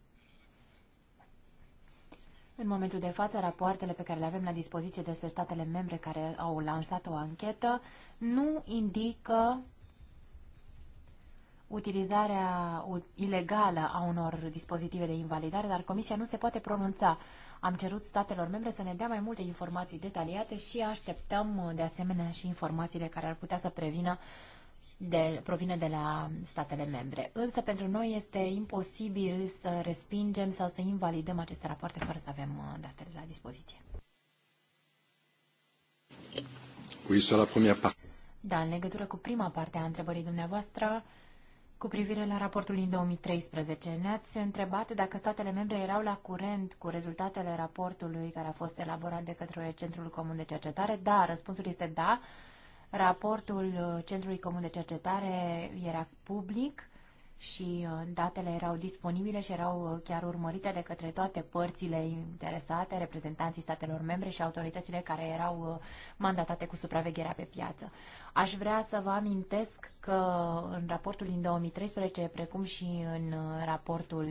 [SPEAKER 4] În momentul de față, rapoartele pe care le avem la dispoziție despre statele membre care au lansat o anchetă nu indică utilizarea ilegală a unor dispozitive de invalidare, dar Comisia nu se poate pronunța. Am cerut statelor membre să ne dea mai multe informații detaliate și așteptăm de asemenea și informațiile care ar putea să prevină de, provine de la statele membre. Însă pentru noi este imposibil să respingem sau să invalidăm aceste rapoarte fără să avem uh, datele la dispoziție.
[SPEAKER 1] Oui, sur la première part.
[SPEAKER 4] Da, în legătură cu prima parte a întrebării dumneavoastră, cu privire la raportul din 2013. Ne-ați întrebat dacă statele membre erau la curent cu rezultatele raportului care a fost elaborat de către Centrul Comun de Cercetare. Da, răspunsul este da. Raportul uh, Centrului Comun de Cercetare era public și uh, datele erau disponibile și erau uh, chiar urmărite de către toate părțile interesate, reprezentanții statelor membre și autoritățile care erau uh, mandatate cu supravegherea pe piață. Aș vrea să vă amintesc că în raportul din 2013, precum și în raportul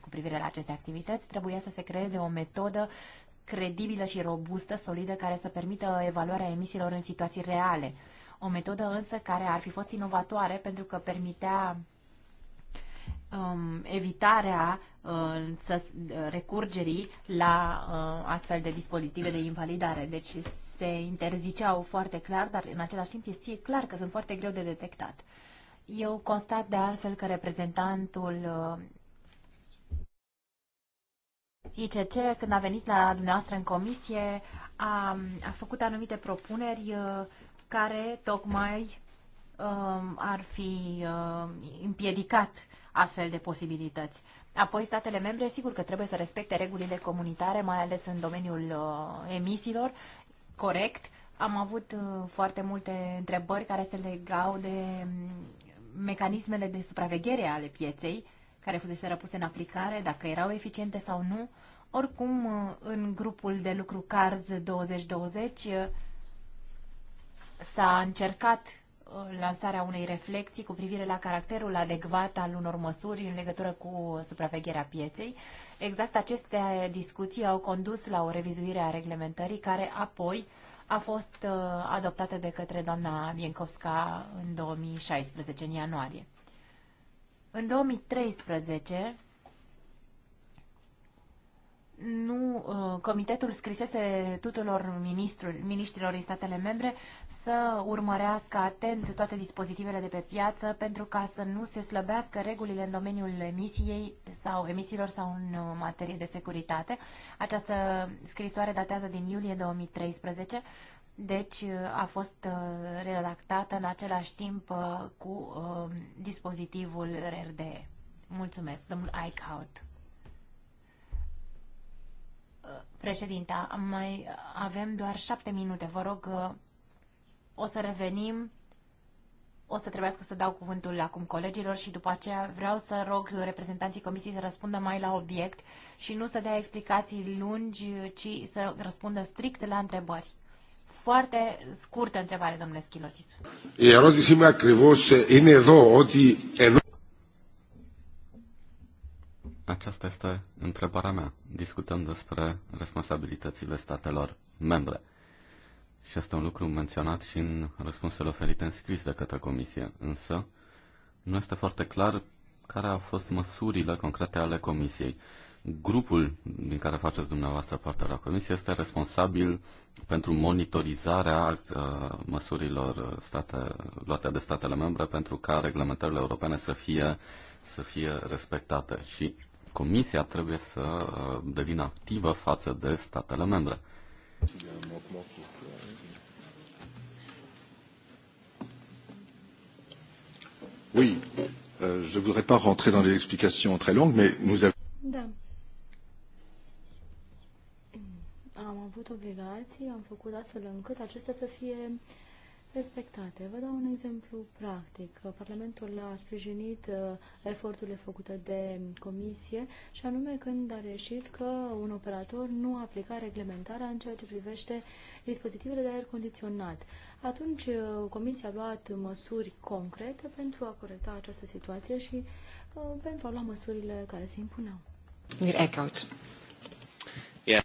[SPEAKER 4] cu privire la aceste activități, trebuia să se creeze o metodă credibilă și robustă, solidă, care să permită evaluarea emisiilor în situații reale. O metodă însă care ar fi fost inovatoare pentru că permitea um, evitarea uh, uh, recurgerii la uh, astfel de dispozitive de invalidare. Deci se interziceau foarte clar, dar în același timp este clar că sunt foarte greu de detectat. Eu constat de altfel că reprezentantul uh, ICC, când a venit la dumneavoastră în comisie, a, a făcut anumite propuneri uh, care tocmai Um, ar fi um, împiedicat astfel de posibilități. Apoi, statele membre, sigur că trebuie să respecte regulile comunitare, mai ales în domeniul uh, emisiilor, corect. Am avut uh, foarte multe întrebări care se legau de um, mecanismele de supraveghere ale pieței, care fusese răpuse în aplicare, dacă erau eficiente sau nu. Oricum, uh, în grupul de lucru CARS 2020 s-a încercat lansarea unei reflexii cu privire la caracterul adecvat al unor măsuri în legătură cu supravegherea pieței. Exact aceste discuții au condus la o revizuire a reglementării care apoi a fost uh, adoptată de către doamna Biencovska în 2016, în ianuarie. În 2013, nu, uh, comitetul scrisese tuturor ministrilor din statele membre să urmărească atent toate dispozitivele de pe piață pentru ca să nu se slăbească regulile în domeniul emisiei sau emisiilor sau în uh, materie de securitate. Această scrisoare datează din iulie 2013, deci uh, a fost redactată în același timp cu dispozitivul RDE. Mulțumesc, domnul Eichhout. Președinta, mai avem doar șapte minute. Vă rog, uh, o să revenim. O să trebuiască să dau cuvântul acum colegilor și după aceea vreau să rog reprezentanții comisiei să răspundă mai la obiect și nu să dea explicații lungi, ci să răspundă strict la întrebări. Foarte scurtă întrebare, domnule Schilotis. Η
[SPEAKER 1] ερώτησή μου ακριβώς είναι εδώ, ότι ενώ
[SPEAKER 2] aceasta este întrebarea mea. Discutăm despre responsabilitățile statelor membre. Și este un lucru menționat și în răspunsul oferit în scris de către Comisie. Însă, nu este foarte clar care au fost măsurile concrete ale Comisiei. Grupul din care faceți dumneavoastră parte la Comisie este responsabil pentru monitorizarea uh, măsurilor state, luate de statele membre pentru ca reglementările europene să fie, să fie respectate. Și Comisia trebuie să uh, devină activă față de statele membre.
[SPEAKER 1] Oui, euh, je voudrais pas rentrer dans les explications très longues, mais nous avons...
[SPEAKER 3] Da. Am avut obligații, am făcut astfel încât acestea să fie uh, respectate. Vă dau un exemplu practic. Parlamentul a sprijinit uh, eforturile făcute de comisie și anume când a reșit că un operator nu aplica reglementarea în ceea ce privește dispozitivele de aer condiționat. Atunci uh, comisia a luat măsuri concrete pentru a corecta această situație și uh, pentru a lua măsurile care se impuneau.
[SPEAKER 2] Yeah.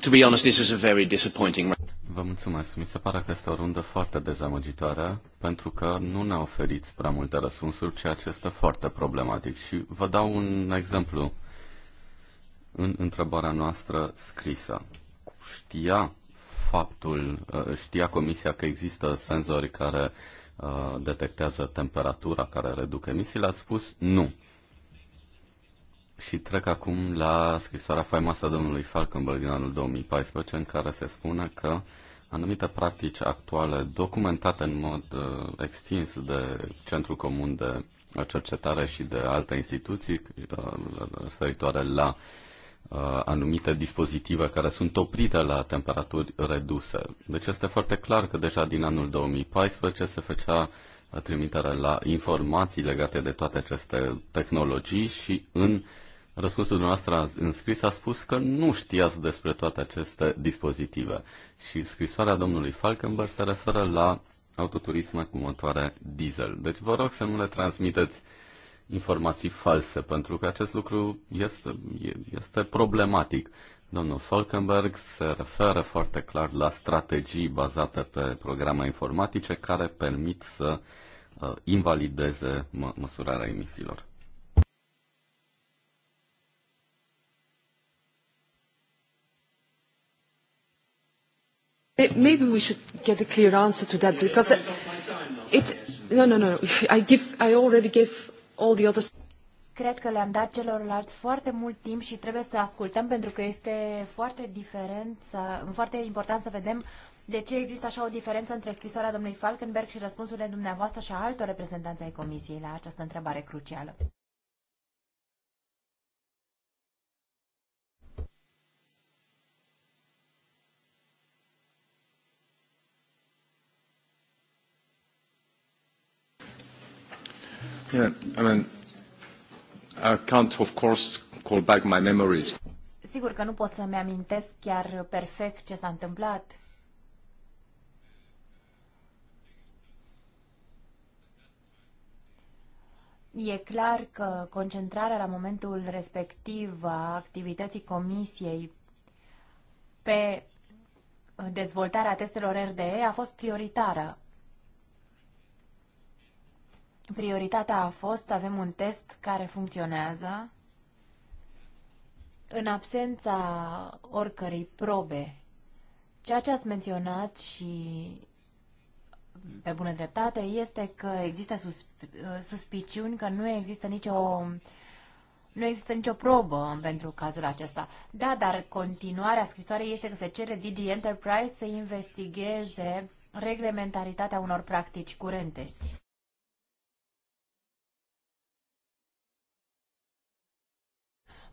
[SPEAKER 2] To be honest, this is a very disappointing Vă mulțumesc. Mi se pare că este o rundă foarte dezamăgitoare, pentru că nu ne oferiți prea multe răspunsuri, ceea ce este foarte problematic. Și vă dau un exemplu în întrebarea noastră scrisă. Știa faptul, uh, știa Comisia că există senzori care uh, detectează temperatura, care reduc emisiile? Ați spus nu. Și trec acum la scrisoarea faimoasă a domnului Falkenberg din anul 2014, în care se spune că uh, anumite practici actuale documentate în mod uh, extins de Centrul Comun de Cercetare și de alte instituții uh, referitoare la uh, anumite dispozitive care sunt oprite la temperaturi reduse. Deci este foarte clar că deja din anul 2014 se făcea trimitere la informații legate de toate aceste tehnologii și în uh, răspunsul dumneavoastră în scris a spus că nu știați despre toate aceste dispozitive. Și scrisoarea domnului Falkenberg se referă la autoturisme cu motoare diesel. Deci vă rog să nu le transmiteți informații false, pentru că acest lucru este, este problematic. Domnul Falkenberg se referă foarte clar la strategii bazate pe programe informatice care permit să uh, invalideze mă- măsurarea emisiilor.
[SPEAKER 1] Eh, maybe we should get a clear answer to that because that, it's no, no, no. I give, I already gave all the others.
[SPEAKER 4] Cred că le-am dat celorlalți foarte mult timp și trebuie să ascultăm pentru că este foarte diferent, să, foarte important să vedem de ce există așa o diferență între scrisoarea domnului Falkenberg și răspunsurile dumneavoastră și a altor reprezentanți ai Comisiei la această întrebare crucială.
[SPEAKER 1] Yeah, I mean, I can't, of course, call back my memories.
[SPEAKER 4] Sigur că nu pot să-mi amintesc chiar perfect ce s-a întâmplat. E clar că concentrarea la momentul respectiv a activității comisiei pe dezvoltarea testelor RDE a fost prioritară Prioritatea a fost să avem un test care funcționează în absența oricărei probe. Ceea ce ați menționat și pe bună dreptate este că există susp- suspiciuni că nu există nicio nu există nicio probă pentru cazul acesta. Da, dar continuarea scrisoarei este că se cere DG Enterprise să investigheze reglementaritatea unor practici curente.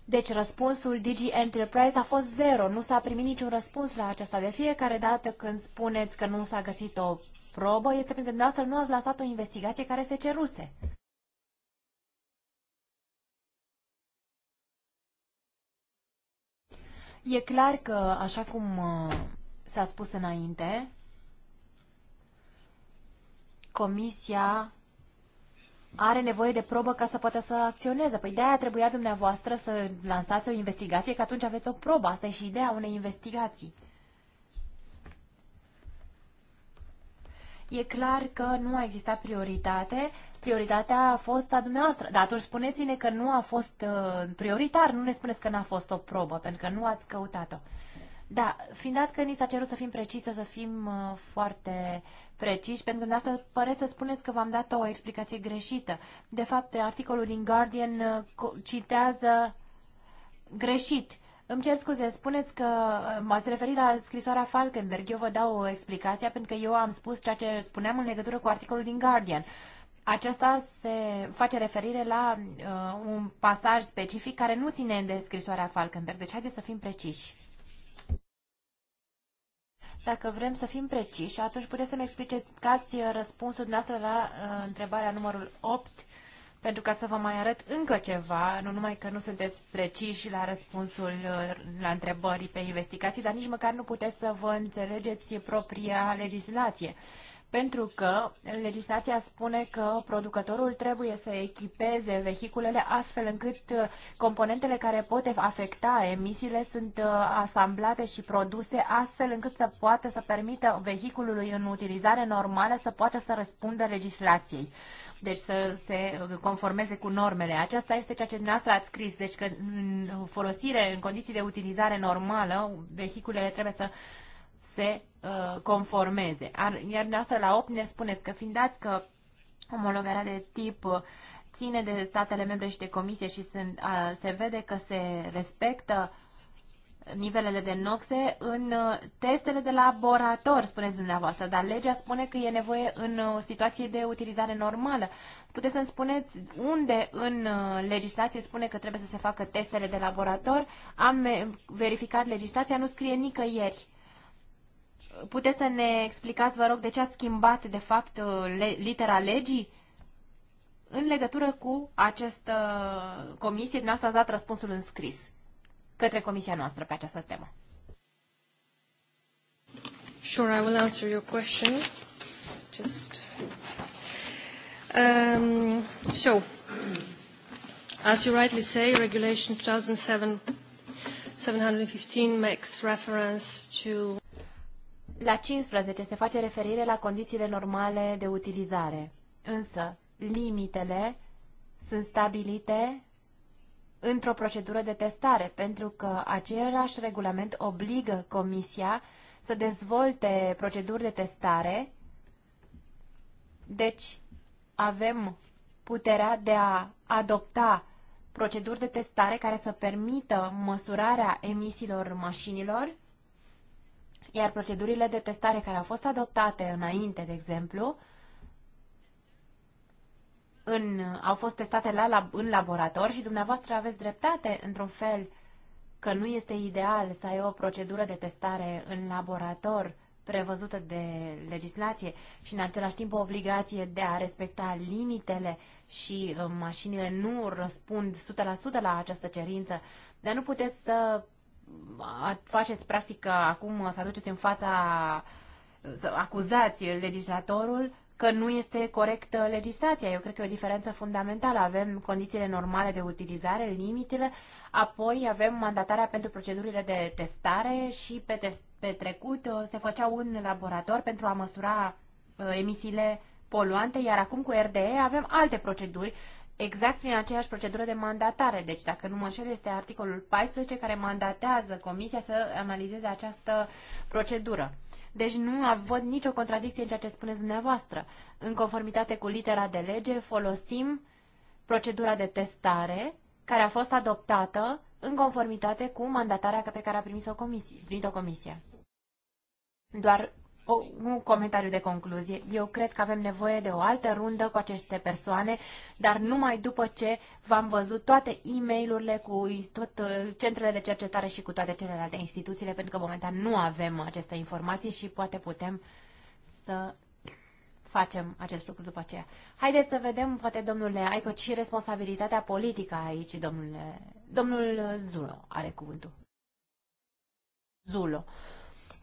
[SPEAKER 4] Deci răspunsul Digi Enterprise a fost zero, nu s-a primit niciun răspuns la acesta. De fiecare dată când spuneți că nu s-a găsit o probă, este pentru că dumneavoastră nu ați lăsat o investigație care se ceruse. E clar că, așa cum uh, s-a spus înainte, Comisia are nevoie de probă ca să poată să acționeze. Păi de-aia trebuia dumneavoastră să lansați o investigație, că atunci aveți o probă. Asta e și ideea unei investigații. E clar că nu a existat prioritate. Prioritatea a fost a dumneavoastră. Dar atunci spuneți-ne că nu a fost uh, prioritar, nu ne spuneți că n-a fost o probă, pentru că nu ați căutat-o. Da, fiind dat că ni s-a cerut să fim precise, să fim uh, foarte uh, preciși, pentru că asta pare să spuneți că v-am dat o explicație greșită. De fapt, articolul din Guardian uh, citează greșit. Îmi cer scuze, spuneți că uh, m-ați referit la scrisoarea Falkenberg. Eu vă dau o explicație pentru că eu am spus ceea ce spuneam în legătură cu articolul din Guardian. Aceasta se face referire la uh, un pasaj specific care nu ține de scrisoarea Falkenberg. Deci haideți să fim preciși. Dacă vrem să fim preciși, atunci puteți să-mi explicați uh, răspunsul dumneavoastră la uh, întrebarea numărul 8, pentru ca să vă mai arăt încă ceva, nu numai că nu sunteți preciși la răspunsul uh, la întrebării pe investigații, dar nici măcar nu puteți să vă înțelegeți propria legislație. Uh, pentru că legislația spune că producătorul trebuie să echipeze vehiculele astfel încât uh, componentele care pot afecta emisiile sunt uh, asamblate și produse astfel încât să poată să permită vehiculului în utilizare normală să poată să răspundă legislației. Deci să se uh, conformeze cu normele. Aceasta este ceea ce dumneavoastră ați scris. Deci că în folosire, în condiții de utilizare normală, vehiculele trebuie să se uh, conformeze. Ar, iar asta la 8 ne spuneți că fiind dat că omologarea de tip uh, ține de statele membre și de comisie și se, uh, se vede că se respectă nivelele de noxe în uh, testele de laborator, spuneți dumneavoastră, dar legea spune că e nevoie în o uh, situație de utilizare normală. Puteți să-mi spuneți unde în uh, legislație spune că trebuie să se facă testele de laborator? Am verificat legislația, nu scrie nicăieri Puteți să ne explicați, vă rog, de ce ați schimbat, de fapt, uh, le litera legii? În legătură cu această comisie, dumneavoastră ați dat răspunsul în scris către comisia noastră pe această temă. Sure, I will answer your question. Just...
[SPEAKER 1] Um, so, as
[SPEAKER 4] you rightly say, Regulation 2007-715 makes reference to la 15 se face referire la condițiile normale de utilizare, însă limitele sunt stabilite într-o procedură de testare, pentru că același regulament obligă Comisia să dezvolte proceduri de testare. Deci, avem puterea de a adopta proceduri de testare care să permită măsurarea emisiilor mașinilor iar procedurile de testare care au fost adoptate înainte, de exemplu, în, au fost testate la, la, în laborator și dumneavoastră aveți dreptate într-un fel că nu este ideal să ai o procedură de testare în laborator prevăzută de legislație și în același timp o obligație de a respecta limitele și uh, mașinile nu răspund 100% la această cerință, dar nu puteți să faceți practică acum să aduceți în fața, să acuzați legislatorul că nu este corectă legislația. Eu cred că e o diferență fundamentală. Avem condițiile normale de utilizare, limitele, apoi avem mandatarea pentru procedurile de testare și pe, te- pe trecut uh, se făceau în laborator pentru a măsura uh, emisiile poluante, iar acum cu RDE avem alte proceduri exact prin aceeași procedură de mandatare. Deci, dacă nu mă înșel, este articolul 14 care mandatează Comisia să analizeze această procedură. Deci nu văd nicio contradicție în ceea ce spuneți dumneavoastră. În conformitate cu litera de lege, folosim procedura de testare care a fost adoptată în conformitate cu mandatarea pe care a primit-o comisie, Primit comisia. Doar o, un comentariu de concluzie. Eu cred că avem nevoie de o altă rundă cu aceste persoane, dar numai după ce v-am văzut toate e mail cu tot uh, centrele de cercetare și cu toate celelalte instituțiile, pentru că momentan nu avem aceste informații și poate putem să facem acest lucru după aceea. Haideți să vedem, poate, domnule Aicot, și responsabilitatea politică aici, domnule. Domnul Zulo are cuvântul. Zulo.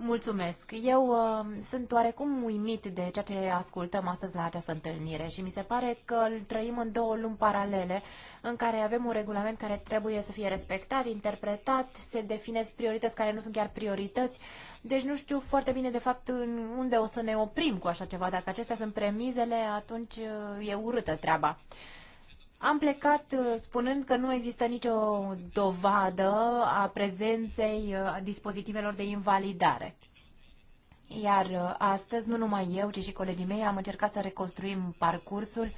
[SPEAKER 4] Mulțumesc. Eu uh, sunt oarecum uimit de ceea ce ascultăm astăzi la această întâlnire și mi se pare că îl trăim în două lumi paralele în care avem un regulament care trebuie să fie respectat, interpretat, se definesc priorități care nu sunt chiar priorități. Deci nu știu foarte bine de fapt unde o să ne oprim cu așa ceva. Dacă acestea sunt premizele, atunci uh, e urâtă treaba. Uh, am plecat uh, spunând că nu există nicio dovadă a prezenței uh, a dispozitivelor de invalidare. Iar uh, astăzi, nu numai eu, ci și colegii mei, am încercat să reconstruim parcursul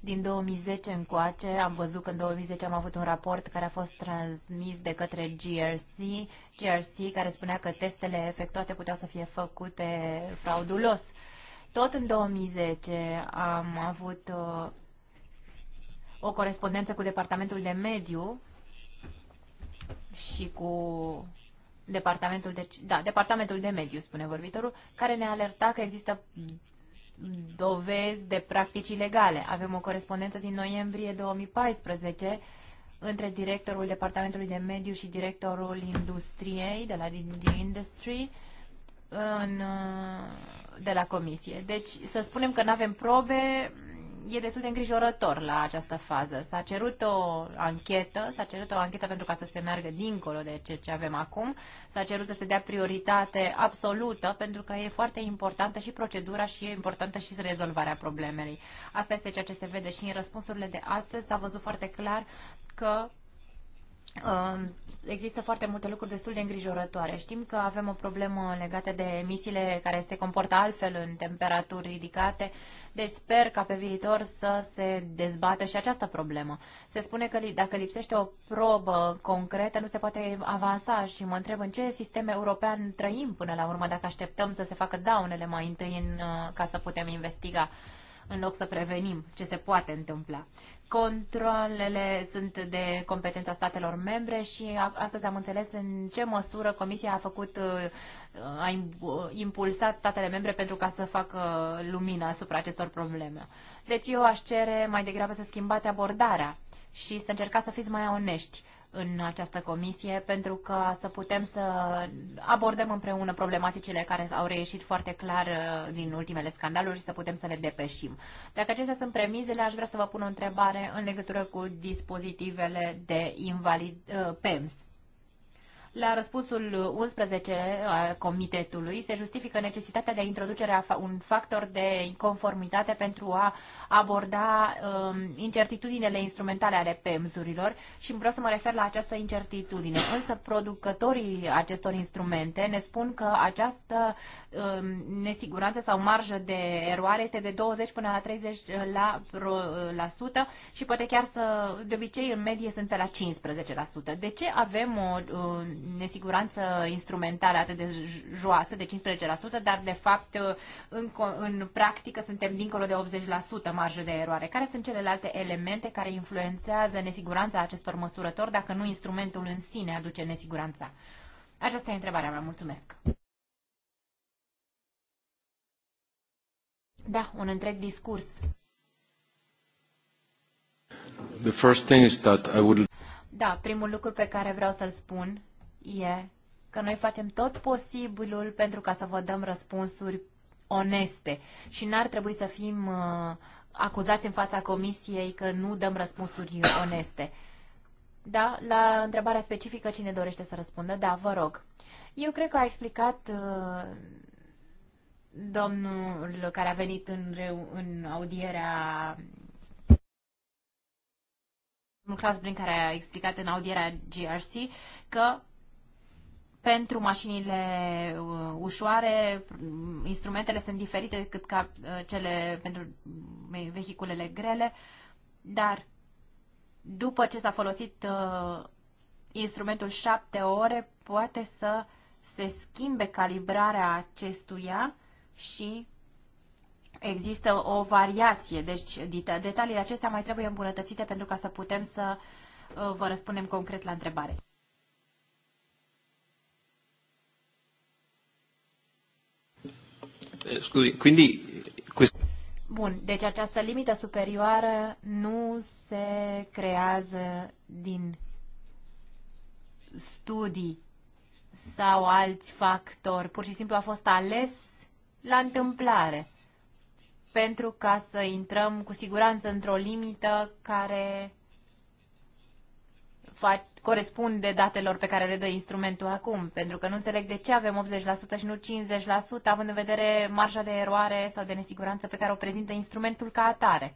[SPEAKER 4] din 2010 încoace. Am văzut că în 2010 am avut un raport care a fost transmis de către GRC, GRC care spunea că testele efectuate puteau să fie făcute fraudulos. Tot în 2010 am avut o corespondență cu Departamentul de Mediu și cu Departamentul de, da, Departamentul de Mediu, spune vorbitorul, care ne alerta că există dovezi de practici ilegale. Avem o corespondență din noiembrie 2014 între directorul Departamentului de Mediu și directorul Industriei de la DG Industry în, de la Comisie. Deci să spunem că nu avem probe, e destul de îngrijorător la această fază. S-a cerut o anchetă, s-a cerut o anchetă pentru ca să se meargă dincolo de ce, ce avem acum, s-a cerut să se dea prioritate absolută pentru că e foarte importantă și procedura și e importantă și rezolvarea problemei. Asta este ceea ce se vede și în răspunsurile de astăzi s-a văzut foarte clar că Um, există foarte multe lucruri destul de îngrijorătoare. Știm că avem o problemă legată de emisiile care se comportă altfel în temperaturi ridicate, deci sper ca pe viitor să se dezbată și această problemă. Se spune că dacă lipsește o probă concretă, nu se poate avansa și mă întreb în ce sistem european trăim până la urmă, dacă așteptăm să se facă daunele mai întâi în, uh, ca să putem investiga în loc să prevenim ce se poate întâmpla. Controlele sunt de competența statelor membre și astăzi am înțeles în ce măsură Comisia a făcut, uh, a uh, impulsat statele membre pentru ca să facă lumină asupra acestor probleme. Deci eu aș cere mai degrabă să schimbați abordarea și să încercați să fiți mai onești în această comisie pentru că să putem să abordăm împreună problematicile care au reieșit foarte clar uh, din ultimele scandaluri și să putem să le depășim. Dacă acestea sunt premizele, aș vrea să vă pun o întrebare în legătură cu dispozitivele de invalid, uh, PEMS, la răspunsul 11 al comitetului se justifică necesitatea de a introduce un factor de inconformitate pentru a aborda um, incertitudinele instrumentale ale PEMZ-urilor și vreau să mă refer la această incertitudine. Însă producătorii acestor instrumente ne spun că această um, nesiguranță sau marjă de eroare este de 20 până la 30 la, la sută și poate chiar să, de obicei, în medie sunt pe la 15%. De ce avem o um, nesiguranță instrumentală atât de joasă, de 15%, dar de fapt în, în practică suntem dincolo de 80% marjă de eroare. Care sunt celelalte elemente care influențează nesiguranța acestor măsurători, dacă nu instrumentul în sine aduce nesiguranța? Aceasta e întrebarea mea. Mulțumesc! Da, un întreg discurs.
[SPEAKER 1] The first thing is that I would...
[SPEAKER 4] Da, primul lucru pe care vreau să-l spun e că noi facem tot posibilul pentru ca să vă dăm răspunsuri oneste și n-ar trebui să fim uh, acuzați în fața comisiei că nu dăm răspunsuri oneste. Da, la întrebarea specifică cine dorește să răspundă? Da, vă rog. Eu cred că a explicat uh, domnul care a venit în, în audierea un Clasbrin care a explicat în audierea GRC că pentru mașinile uh, ușoare, mm, instrumentele sunt diferite decât ca uh, cele pentru vehiculele grele, dar după ce s-a folosit uh, instrumentul șapte ore, poate să se schimbe calibrarea acestuia și există o variație. Deci detaliile acestea mai trebuie îmbunătățite pentru ca să putem să vă răspundem concret la întrebare. quindi... Bun, deci această limită superioară nu se creează din studii sau alți factori. Pur și simplu a fost ales la întâmplare pentru ca să intrăm cu siguranță într-o limită care corespunde datelor pe care le dă instrumentul acum, pentru că nu înțeleg de ce avem 80% și nu 50%, având în vedere marja de eroare sau de nesiguranță pe care o prezintă instrumentul ca atare.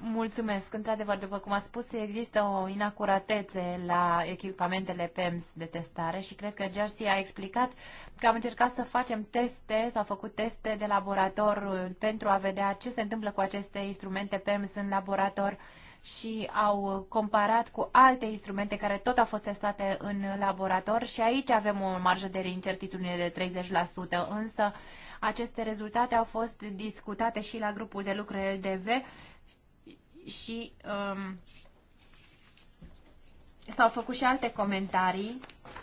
[SPEAKER 4] Mulțumesc. Într-adevăr, după cum ați spus, există o inacuratețe la echipamentele PEMS de testare și cred că GRC a explicat că am încercat să facem teste, s-au făcut teste de laborator pentru a vedea ce se întâmplă cu aceste instrumente PEMS în laborator și au comparat cu alte instrumente care tot au fost testate în laborator și aici avem o marjă de incertitudine de 30%, însă aceste rezultate au fost discutate și la grupul de lucru LDV și um, s-au făcut și alte comentarii,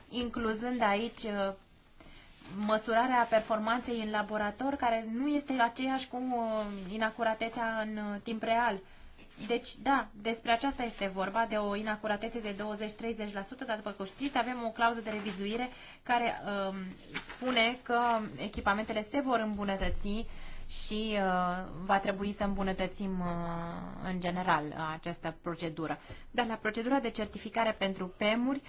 [SPEAKER 4] incluzând aici uh, măsurarea performanței în laborator, care nu este aceeași cu uh, inacuratețea în uh, timp real. Deci, da, despre aceasta este vorba, de o inacuratețe de 20-30%, dar după cum știți, avem o clauză de revizuire care um, spune că echipamentele se vor îmbunătăți și uh, va trebui să îmbunătățim uh, în general uh, această procedură. Dar la procedura de certificare pentru PEM-uri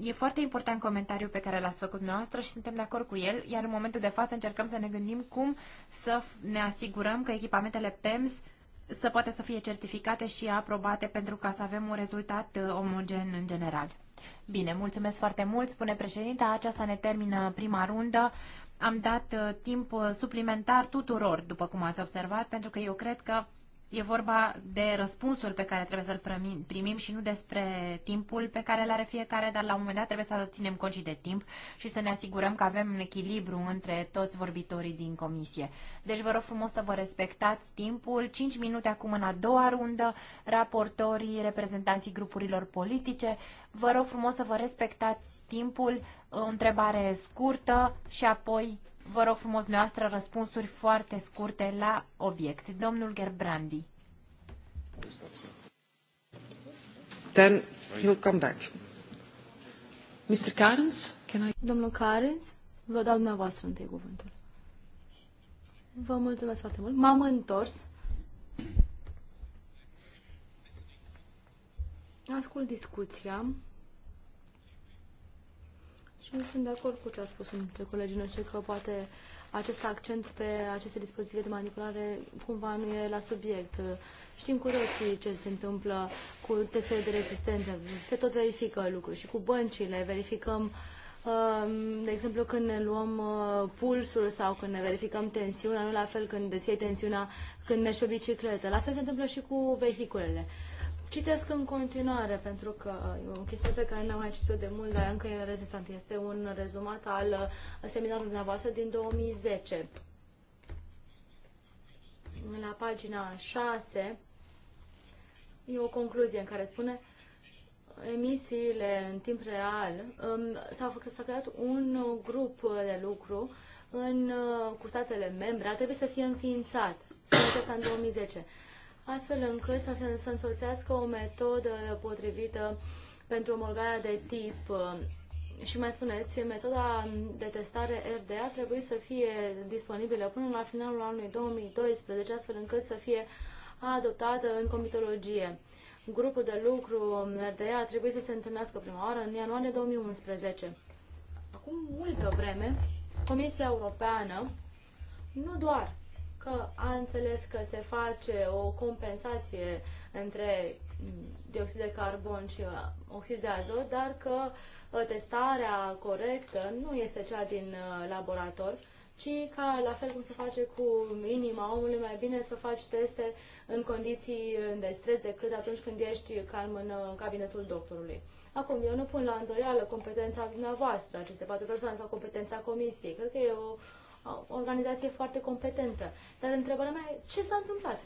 [SPEAKER 4] e foarte important comentariul pe care l-ați făcut noastră și suntem de acord cu el, iar în momentul de față încercăm să ne gândim cum să ne asigurăm că echipamentele PEMS să poată să fie certificate și aprobate pentru ca să avem un rezultat uh, omogen în general. Bine, mulțumesc foarte mult, spune președinta, aceasta ne termină prima rundă. Am dat uh, timp uh, suplimentar tuturor, după cum ați observat, pentru că eu cred că e vorba de răspunsul pe care trebuie să-l primim și nu despre timpul pe care îl are fiecare, dar la un moment dat trebuie să ținem cont și de timp și să ne asigurăm că avem un echilibru între toți vorbitorii din comisie. Deci vă rog frumos să vă respectați timpul. 5 minute acum în a doua rundă, raportorii, reprezentanții grupurilor politice. Vă rog frumos să vă respectați timpul o întrebare scurtă și apoi vă rog frumos noastră răspunsuri foarte scurte la obiect. Domnul Gerbrandi.
[SPEAKER 3] Then he'll come back. Mr. Carnes, can I... Domnul Carnes, vă dau dumneavoastră întâi cuvântul. Vă mulțumesc foarte mult. M-am întors. Ascult discuția și deci, sunt de acord cu ce a spus între colegii noștri că poate acest accent pe aceste dispozitive de manipulare cumva nu e la subiect. Știm cu toții ce se întâmplă cu testele de rezistență. Se tot verifică lucruri și cu băncile verificăm um, de exemplu, când ne luăm uh, pulsul sau când ne verificăm tensiunea, nu la fel când îți iei tensiunea când mergi pe bicicletă. La fel se întâmplă și cu vehiculele. Citesc în continuare, pentru că uh, e o chestiune pe care n-am mai citit-o de mult, dar încă e interesant. Este un rezumat al uh, seminarului dumneavoastră din 2010. La pagina 6 e o concluzie în care spune emisiile în timp real. Um, s-a creat un grup de lucru în, uh, cu statele membre. a trebuit să fie înființat. Spune că asta în 2010 astfel încât să se însoțească o metodă potrivită pentru omologarea de tip. Și mai spuneți, metoda de testare RDA trebuie să fie disponibilă până la finalul anului 2012, astfel încât să fie adoptată în comitologie. Grupul de lucru RDA trebuie să se întâlnească prima oară în ianuarie 2011. Acum multă vreme, Comisia Europeană, nu doar că a înțeles că se face o compensație între dioxid de carbon și oxid de azot, dar că uh, testarea corectă nu este cea din uh, laborator, ci ca la fel cum se face cu inima omului, mai bine să faci teste în condiții uh, de stres decât atunci când ești calm în cabinetul doctorului. Acum, eu nu pun la îndoială competența dumneavoastră, aceste patru persoane, sau competența comisiei. Cred că e o o organizație foarte competentă. Dar întrebarea mea e, ce s-a întâmplat?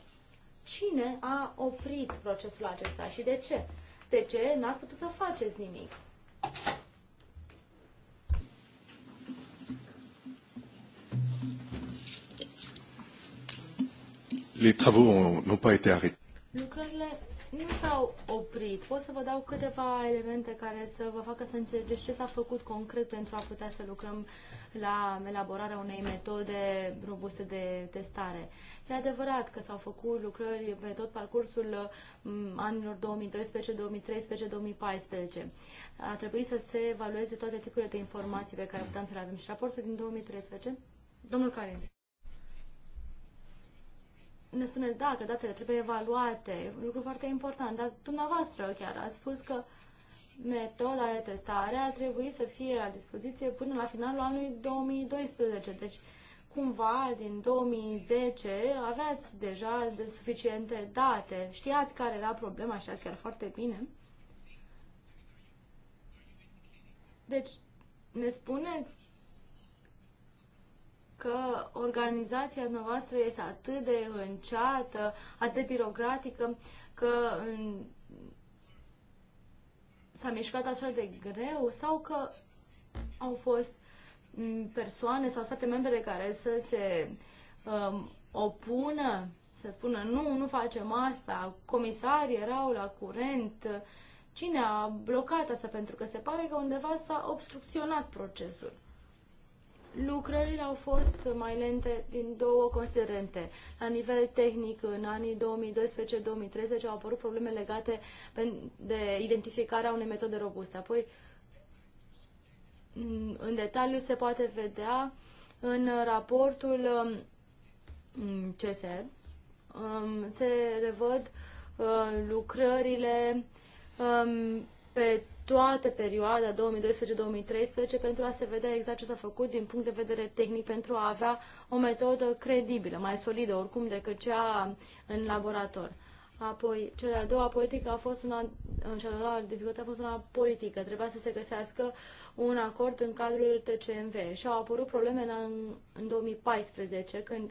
[SPEAKER 3] Cine a oprit procesul acesta și de ce? De ce n-ați putut să faceți nimic?
[SPEAKER 1] Les travaux n'ont pas été arrêtés.
[SPEAKER 3] Lucrările nu s-au oprit. Pot să vă dau câteva elemente care să vă facă să înțelegeți ce s-a făcut concret pentru a putea să lucrăm la elaborarea unei metode robuste de testare. E adevărat că s-au făcut lucrări pe tot parcursul mm, anilor 2012, 2013, 2014. A trebuit să se evalueze toate tipurile de informații pe care puteam să le avem. Și raportul din 2013, domnul Carenț ne spuneți, da, că datele trebuie evaluate, un lucru foarte important, dar dumneavoastră chiar ați spus că metoda de testare ar trebui să fie la dispoziție până la finalul anului 2012. Deci, cumva, din 2010 aveați deja de suficiente date, știați care era problema, știați chiar foarte bine. Deci, ne spuneți că organizația noastră este atât de înceată, atât de birocratică, că s-a mișcat așa de greu sau că au fost persoane sau state membre care să se um, opună, să spună nu, nu facem asta, comisarii erau la curent, cine a blocat asta pentru că se pare că undeva s-a obstrucționat procesul. Lucrările au fost mai lente din două considerente. La nivel tehnic, în anii 2012-2030 au apărut probleme legate de identificarea unei metode robuste. Apoi, în detaliu se poate vedea în raportul um, CSR, um, se revăd uh, lucrările um, pe toată perioada 2012-2013 pentru a se vedea exact ce s-a făcut din punct de vedere tehnic pentru a avea o metodă credibilă, mai solidă oricum decât cea în laborator. Apoi, cea de-a doua politică a fost una, cea de-a doua dificultate a fost una politică. Trebuia să se găsească un acord în cadrul TCMV și au apărut probleme în, în 2014 când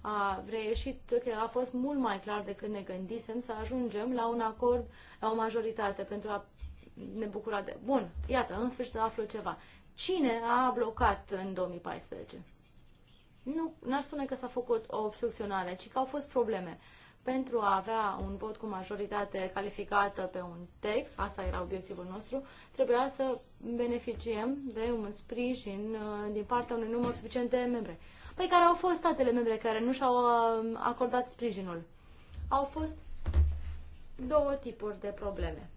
[SPEAKER 3] a reieșit că a fost mult mai clar decât ne gândisem să ajungem la un acord, la o majoritate pentru a ne bucura de... Bun, iată, în sfârșit aflu ceva. Cine a blocat în 2014? Nu, n-aș spune că s-a făcut o obstrucționare, ci că au fost probleme. Pentru a avea un vot cu majoritate calificată pe un text, asta era obiectivul nostru, trebuia să beneficiem de un sprijin uh, din partea unui număr suficient de membre. Păi care au fost statele membre care nu și-au uh, acordat sprijinul? Au fost două tipuri de probleme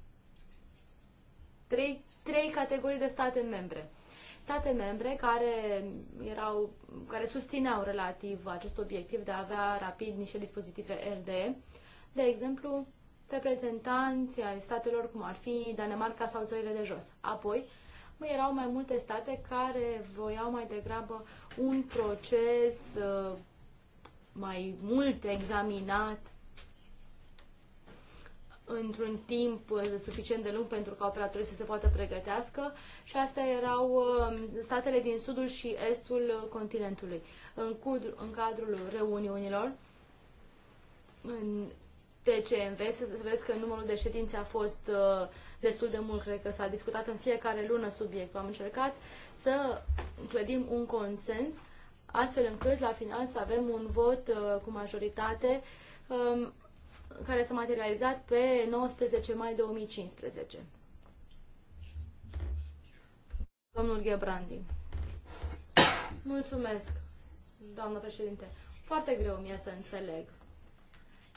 [SPEAKER 3] trei, trei categorii de state membre. State membre care, erau, care susțineau relativ acest obiectiv de a avea rapid niște dispozitive LDE, de exemplu, reprezentanți ai statelor cum ar fi Danemarca sau țările de jos. Apoi, mai erau mai multe state care voiau mai degrabă un proces uh, mai mult examinat într-un timp uh, suficient de lung pentru ca operatorii să se poată pregătească și astea erau uh, statele din sudul și estul continentului. În, cudru, în cadrul reuniunilor, în TCMV, să vedeți că numărul de ședințe a fost uh, destul de mult, cred că s-a discutat în fiecare lună subiectul. Am încercat să clădim un consens astfel încât la final să avem un vot cu majoritate um, care s-a materializat pe 19 mai 2015. Domnul Ghebrandi. Mulțumesc, doamnă președinte. Foarte greu mi-e să înțeleg.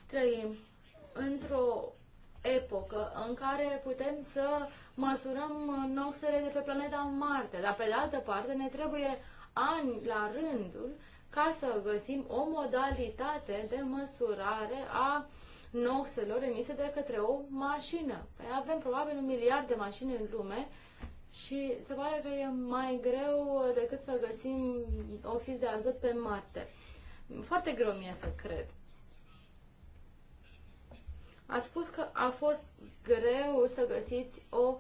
[SPEAKER 3] Trăim într-o epocă în care putem să măsurăm noxele de pe planeta Marte, dar pe de altă parte ne trebuie ani la rândul ca să găsim o modalitate de măsurare a uh, noxelor emise de către o mașină. Păi avem probabil un miliard de mașini în lume și se pare că e mai greu decât să găsim oxid de azot pe Marte. Foarte greu mie să cred. Ați spus că a fost greu să găsiți o,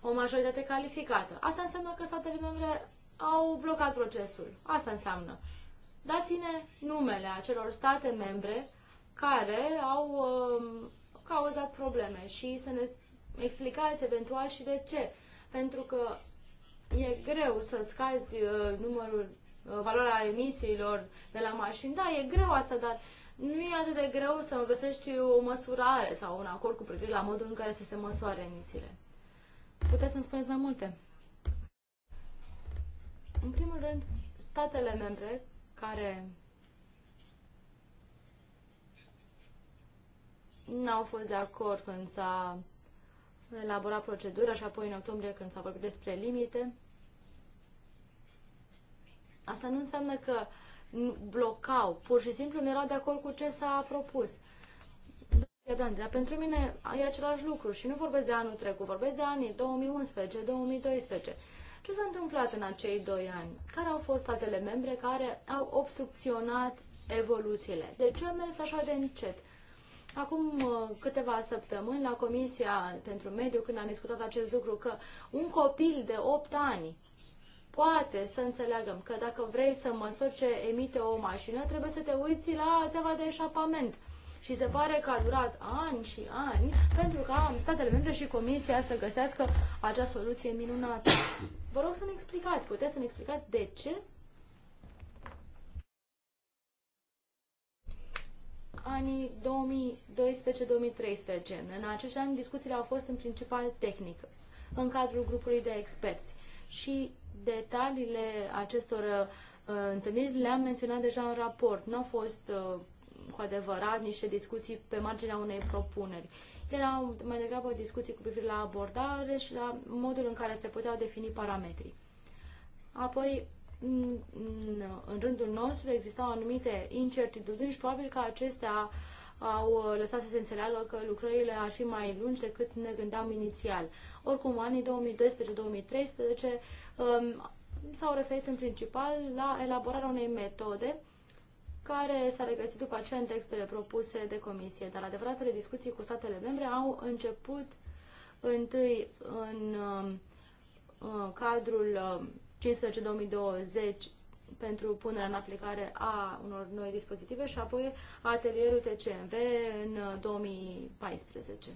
[SPEAKER 3] o majoritate calificată. Asta înseamnă că statele membre au blocat procesul. Asta înseamnă. Dați-ne numele acelor state membre care au um, cauzat probleme și să ne explicați eventual și de ce. Pentru că e greu să scazi uh, numărul, uh, valoarea emisiilor de la mașini. Da, e greu asta, dar nu e atât de greu să găsești o măsurare sau un acord cu privire la modul în care să se măsoare emisiile. Puteți să-mi spuneți mai multe? În primul rând, statele membre care n-au fost de acord când s-a elaborat procedura și apoi în octombrie când s-a vorbit despre limite. Asta nu înseamnă că blocau, pur și simplu nu erau de acord cu ce s-a propus. Dan, dar pentru mine e același lucru și nu vorbesc de anul trecut, vorbesc de anii 2011-2012. Ce s-a întâmplat în acei doi ani? Care au fost statele membre care au obstrucționat evoluțiile? De ce a mers așa de încet? acum uh, câteva săptămâni la Comisia pentru Mediu, când am discutat acest lucru, că un copil de 8 ani poate să înțeleagă că dacă vrei să măsori ce emite o mașină, trebuie să te uiți la țeava de eșapament. Și se pare că a durat ani și ani pentru ca statele membre și Comisia să găsească acea soluție minunată. Vă rog să-mi explicați, puteți să-mi explicați de ce anii 2012-2013. În acești ani discuțiile au fost în principal tehnică, în cadrul grupului de experți. Și detaliile acestor uh, întâlniri le-am menționat deja în raport. Nu au fost uh, cu adevărat niște discuții pe marginea unei propuneri. Erau mai degrabă discuții cu privire la abordare și la modul în care se puteau defini parametrii. Apoi, în rândul nostru existau anumite incertitudini și probabil că acestea au lăsat să se înțeleagă că lucrările ar fi mai lungi decât ne gândeam inițial. Oricum, anii 2012-2013 um, s-au referit în principal la elaborarea unei metode care s-a regăsit după aceea în textele propuse de comisie, dar adevăratele discuții cu statele membre au început întâi în um, uh, cadrul um, pentru punerea în aplicare a unor noi dispozitive și apoi atelierul TCMV în 2014.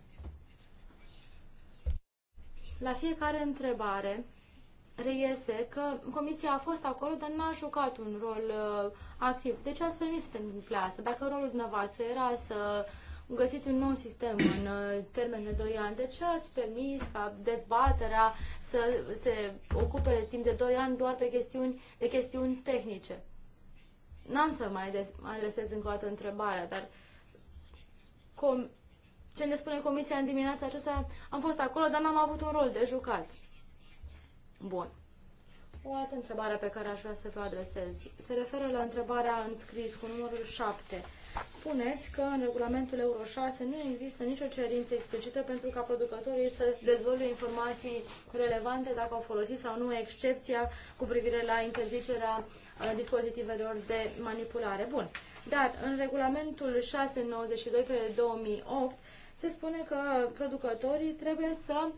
[SPEAKER 3] La fiecare întrebare reiese că comisia a fost acolo, dar n-a jucat un rol uh, activ. De deci ce ați permis să se întâmple asta? Dacă rolul dumneavoastră era să uh, găsiți un nou sistem în de uh, 2 ani. De ce ați permis ca dezbaterea să se ocupe timp de 2 ani doar de chestiuni, de chestiuni tehnice? N-am să mai adresez încă o dată întrebarea, dar com- ce ne spune comisia în dimineața aceasta, am fost acolo, dar n-am avut un rol de jucat. Bun. O altă întrebare pe care aș vrea să vă adresez se referă la întrebarea înscris cu numărul 7 spuneți că în regulamentul Euro 6 nu există nicio cerință explicită pentru ca producătorii să dezvolte informații relevante dacă au folosit sau nu excepția cu privire la interzicerea uh, dispozitivelor de manipulare. Bun. Dar în regulamentul 692 pe 2008 se spune că producătorii trebuie să,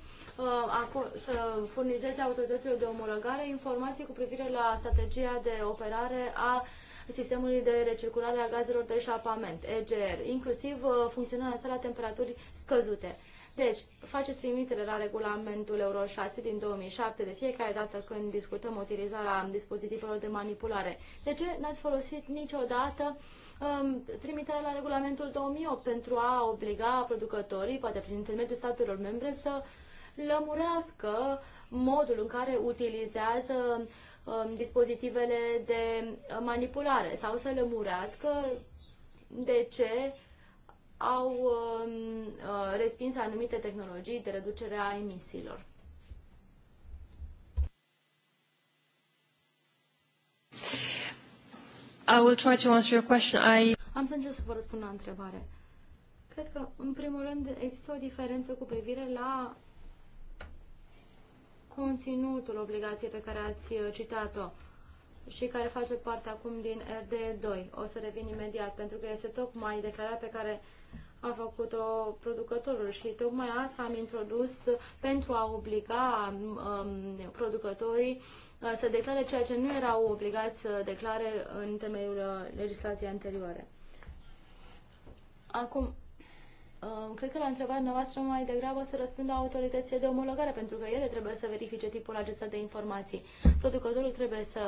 [SPEAKER 3] uh, să furnizeze autorităților de omologare informații cu privire la strategia de operare a sistemului de recirculare a gazelor de eșapament, EGR, inclusiv uh, funcționarea sa la temperaturi scăzute. Deci, faceți trimitere la regulamentul Euro 6 din 2007 de fiecare dată când discutăm utilizarea dispozitivelor de manipulare. De ce n-ați folosit niciodată um, trimiterea la regulamentul 2008 pentru a obliga producătorii, poate prin intermediul statelor membre, să lămurească modul în care utilizează Um, dispozitivele de uh, manipulare sau să lămurească de ce au um, uh, respins anumite tehnologii de reducere a emisiilor.
[SPEAKER 1] I will try to answer your question. I...
[SPEAKER 3] Am să încerc să vă răspund la întrebare. Cred că, în primul rând, există o diferență cu privire la conținutul obligației pe care ați uh, citat-o și care face parte acum din RD2. O să revin imediat, pentru că este tocmai declarat pe care a făcut-o producătorul și tocmai asta am introdus pentru a obliga um, producătorii uh, să declare ceea ce nu erau obligați să declare în temeiul uh, legislației anterioare. Acum, Cred că la întrebarea noastră mai degrabă să răspundă autoritățile de omologare, pentru că ele trebuie să verifice tipul acesta de informații. Producătorul trebuie să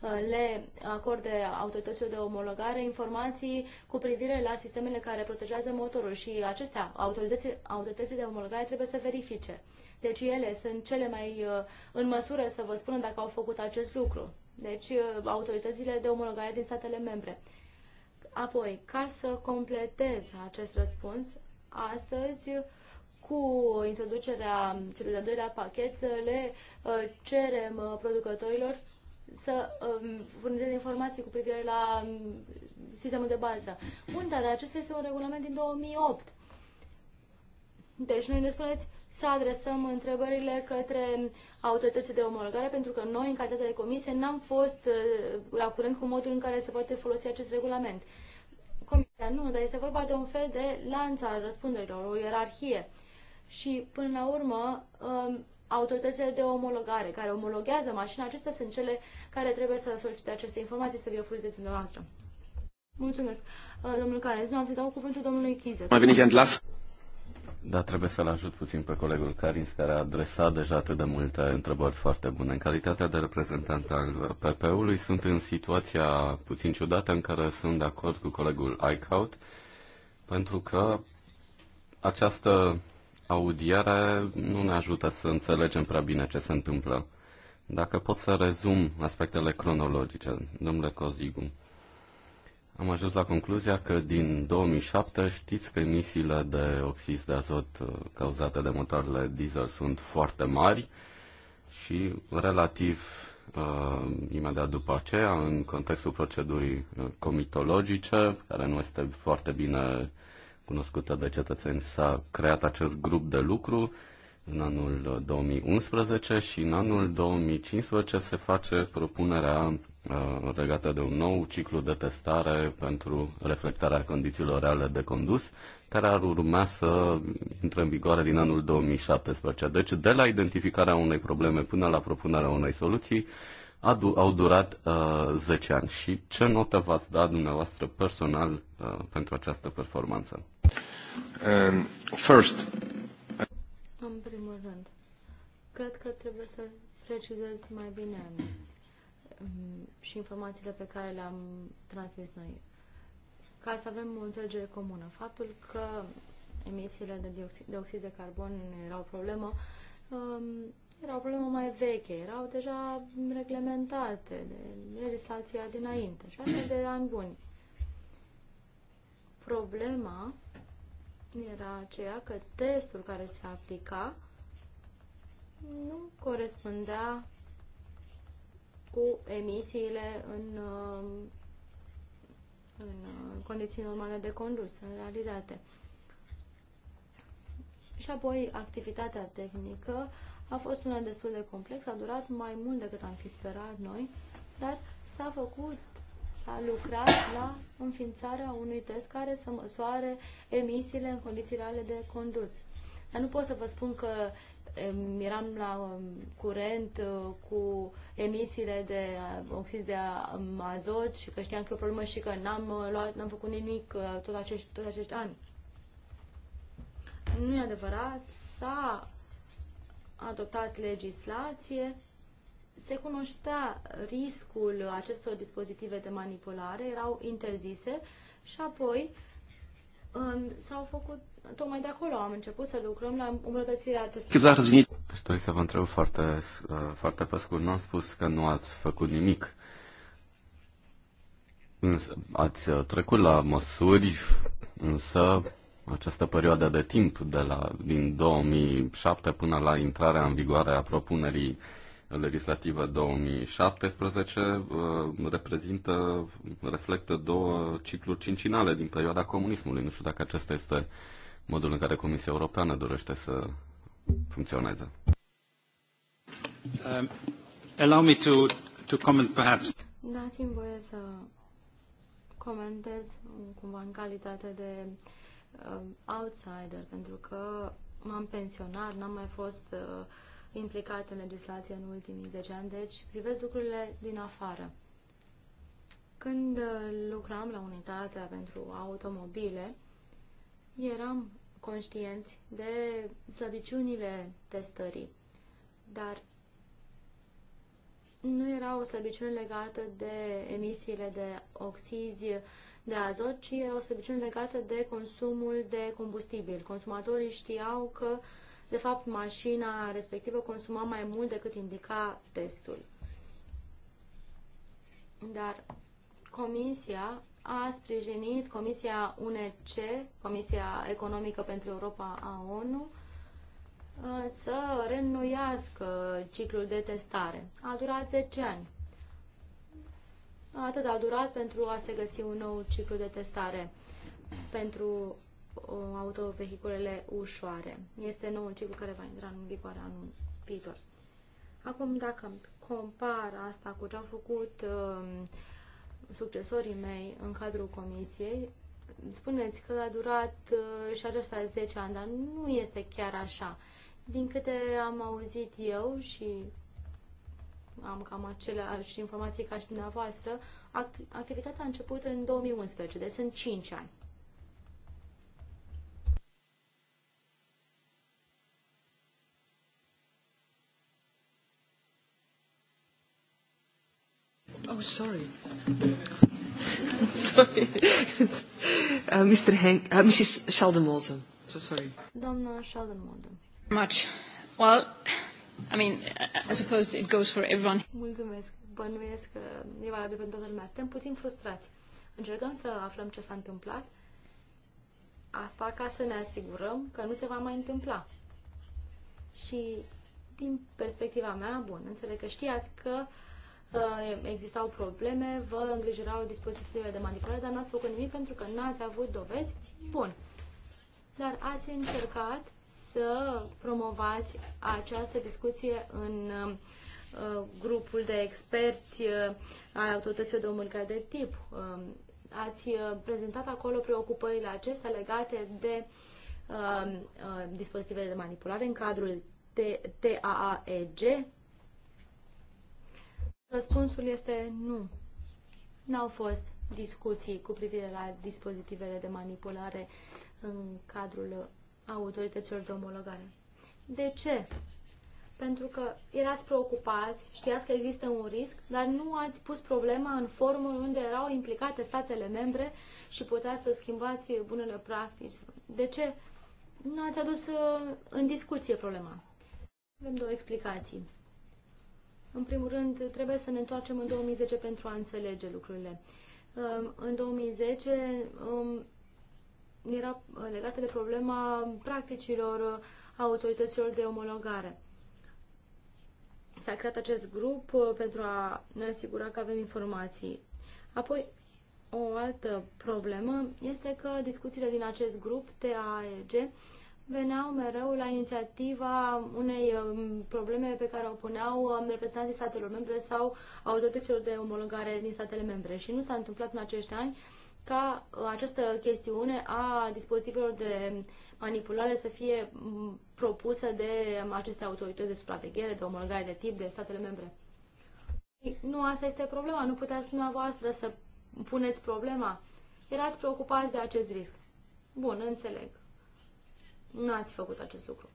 [SPEAKER 3] uh, le acorde autorităților de omologare informații cu privire la sistemele care protejează motorul și acestea, autoritățile, autoritățile de omologare trebuie să verifice. Deci ele sunt cele mai uh, în măsură să vă spună dacă au făcut acest lucru. Deci uh, autoritățile de omologare din statele membre. Apoi, ca să completez acest răspuns, astăzi, cu introducerea celui de-al doilea pachet, le uh, cerem uh, producătorilor să um, furnizeze informații cu privire la um, sistemul de bază. Bun, dar acesta este un regulament din 2008. Deci noi ne spuneți să adresăm întrebările către autoritățile de omologare, pentru că noi, în calitate de comisie, n-am fost uh, la curent cu modul în care se poate folosi acest regulament. Comisia nu, dar este vorba de un fel de lanț al răspunderilor, o ierarhie. Și, până la urmă, um, autoritățile de omologare care omologează mașina, acestea sunt cele care trebuie să solicite aceste informații să vi le furnizeze dumneavoastră. Mulțumesc, uh, domnul Cares. Nu am să dau cuvântul domnului Chize. Mai venit las.
[SPEAKER 2] Da, trebuie să-l ajut puțin pe colegul Carins, care a adresat deja atât de multe întrebări foarte bune. În calitatea de reprezentant al PP-ului, sunt în situația puțin ciudată în care sunt de acord cu colegul Eichhout, pentru că această audiere nu ne ajută să înțelegem prea bine ce se întâmplă. Dacă pot să rezum aspectele cronologice, domnule Cozigu, am ajuns la concluzia că din 2007 știți că emisiile de oxid de azot uh, cauzate de motoarele diesel sunt foarte mari și relativ uh, imediat după aceea, în contextul procedurii uh, comitologice, care nu este foarte bine cunoscută de cetățeni, s-a creat acest grup de lucru în anul 2011 și în anul 2015 se face propunerea legată uh, de un nou ciclu de testare pentru reflectarea condițiilor reale de condus, care ar urma să intre în vigoare din anul 2017. Deci, de la identificarea unei probleme până la propunerea unei soluții, au durat uh, 10 ani. Și ce notă v-ați dat dumneavoastră personal uh, pentru această performanță? Um,
[SPEAKER 1] first.
[SPEAKER 3] În primul rând, cred că trebuie să precizez mai bine Mhm. și informațiile pe care le-am transmis noi. Ca să avem o înțelegere comună. Faptul că emisiile de dioxid de, oxid de carbon erau o problemă, um, era o problemă mai veche, erau deja reglementate de legislația dinainte și așa de ani buni. Problema era aceea că testul care se aplica nu corespundea cu emisiile în, uh, în uh, condiții normale de condus, în realitate. Și apoi activitatea tehnică a fost una destul de complexă, a durat mai mult decât am fi sperat noi, dar s-a făcut, s-a lucrat la înființarea unui test care să măsoare emisiile în condiții reale de condus. Dar nu pot să vă spun că eram la um, curent uh, cu emisiile de uh, oxid de um, azot și că știam că e o problemă și că n-am, uh, luat, n-am făcut nimic tot acești, tot acești ani. Nu e adevărat, s-a adoptat legislație, se cunoștea riscul acestor dispozitive de manipulare, erau interzise și apoi um, s-au făcut Tocmai de acolo am început să lucrăm la îmbunătățirea testului.
[SPEAKER 2] să vă întreb foarte, uh, foarte pe scurt. Nu am spus că nu ați făcut nimic. Însă, ați uh, trecut la măsuri, însă această perioadă de timp de la, din 2007 până la intrarea în vigoare a propunerii legislative 2017 uh, reprezintă, reflectă două cicluri cincinale din perioada comunismului. Nu știu dacă acesta este modul în care Comisia Europeană dorește să funcționeze. Um,
[SPEAKER 1] allow me to, to comment perhaps.
[SPEAKER 3] Dați-mi voie să comentez cumva în calitate de uh, outsider, pentru că m-am pensionat, n-am mai fost uh, implicat în legislație în ultimii 10 ani, deci privesc lucrurile din afară. Când uh, lucram la unitatea pentru automobile, eram conștienți de slăbiciunile testării, dar nu era o slăbiciune legată de emisiile de oxizi de azot, ci era o slăbiciune legată de consumul de combustibil. Consumatorii știau că, de fapt, mașina respectivă consuma mai mult decât indica testul. Dar comisia a sprijinit Comisia UNEC, Comisia Economică pentru Europa a ONU, uh, să renuiască ciclul de testare. A durat 10 ani. Atât a durat pentru a se găsi un nou ciclu de testare pentru uh, autovehiculele ușoare. Este noul ciclu care va intra în vigoare anul viitor. Acum, dacă compar asta cu ce au făcut uh, succesorii mei în cadrul comisiei, spuneți că a durat uh, și acesta 10 ani, dar nu este chiar așa. Din câte am auzit eu și am cam aceleași informații ca și dumneavoastră, activitatea a început în 2011, deci sunt 5 ani.
[SPEAKER 1] Oh, sorry.
[SPEAKER 3] sorry.
[SPEAKER 2] uh, Mr. Henk, uh, Mrs. Sheldon-Molden. So sorry.
[SPEAKER 3] Doamna Sheldon-Molden. Much. Well, I mean, I suppose it goes for everyone. Mulțumesc. Bănuiesc că e valabil pentru toată lumea. Suntem puțin frustrați. Încercăm să aflăm ce s-a întâmplat. Asta ca să ne asigurăm că nu se va mai întâmpla. Și din perspectiva mea, bun, înțeleg că știați că existau probleme, vă îngrijorau dispozitivele de manipulare, dar n-ați făcut nimic pentru că n-ați avut dovezi. Bun. Dar ați încercat să promovați această discuție în uh, grupul de experți uh, al autorităților de comunicare de tip. Um, ați uh, prezentat acolo preocupările acestea legate de um, uh, dispozitivele de manipulare în cadrul TAAEG, Răspunsul este nu. N-au fost discuții cu privire la dispozitivele de manipulare în cadrul autorităților de omologare. De ce? Pentru că erați preocupați, știați că există un risc, dar nu ați pus problema în formul unde erau implicate statele membre și puteați să schimbați bunele practici. De ce? Nu ați adus uh, în discuție problema. Avem două explicații. În primul rând, trebuie să ne întoarcem în 2010 pentru a înțelege lucrurile. Ehm, în 2010 ehm, era legată de problema practicilor autorităților de omologare. S-a creat acest grup uh, pentru a ne asigura că avem informații. Apoi, o altă problemă este că discuțiile din acest grup TAEG veneau mereu la inițiativa unei um, probleme pe care o puneau um, reprezentanții statelor membre sau autorităților de omologare din statele membre. Și nu s-a întâmplat în acești ani ca uh, această chestiune a dispozitivelor de manipulare să fie um, propusă de aceste autorități de supraveghere, de omologare de tip, de statele membre. Nu, asta este problema. Nu puteați dumneavoastră să puneți problema. Erați preocupați de acest risc. Bun, înțeleg. Nu ați făcut acest lucru.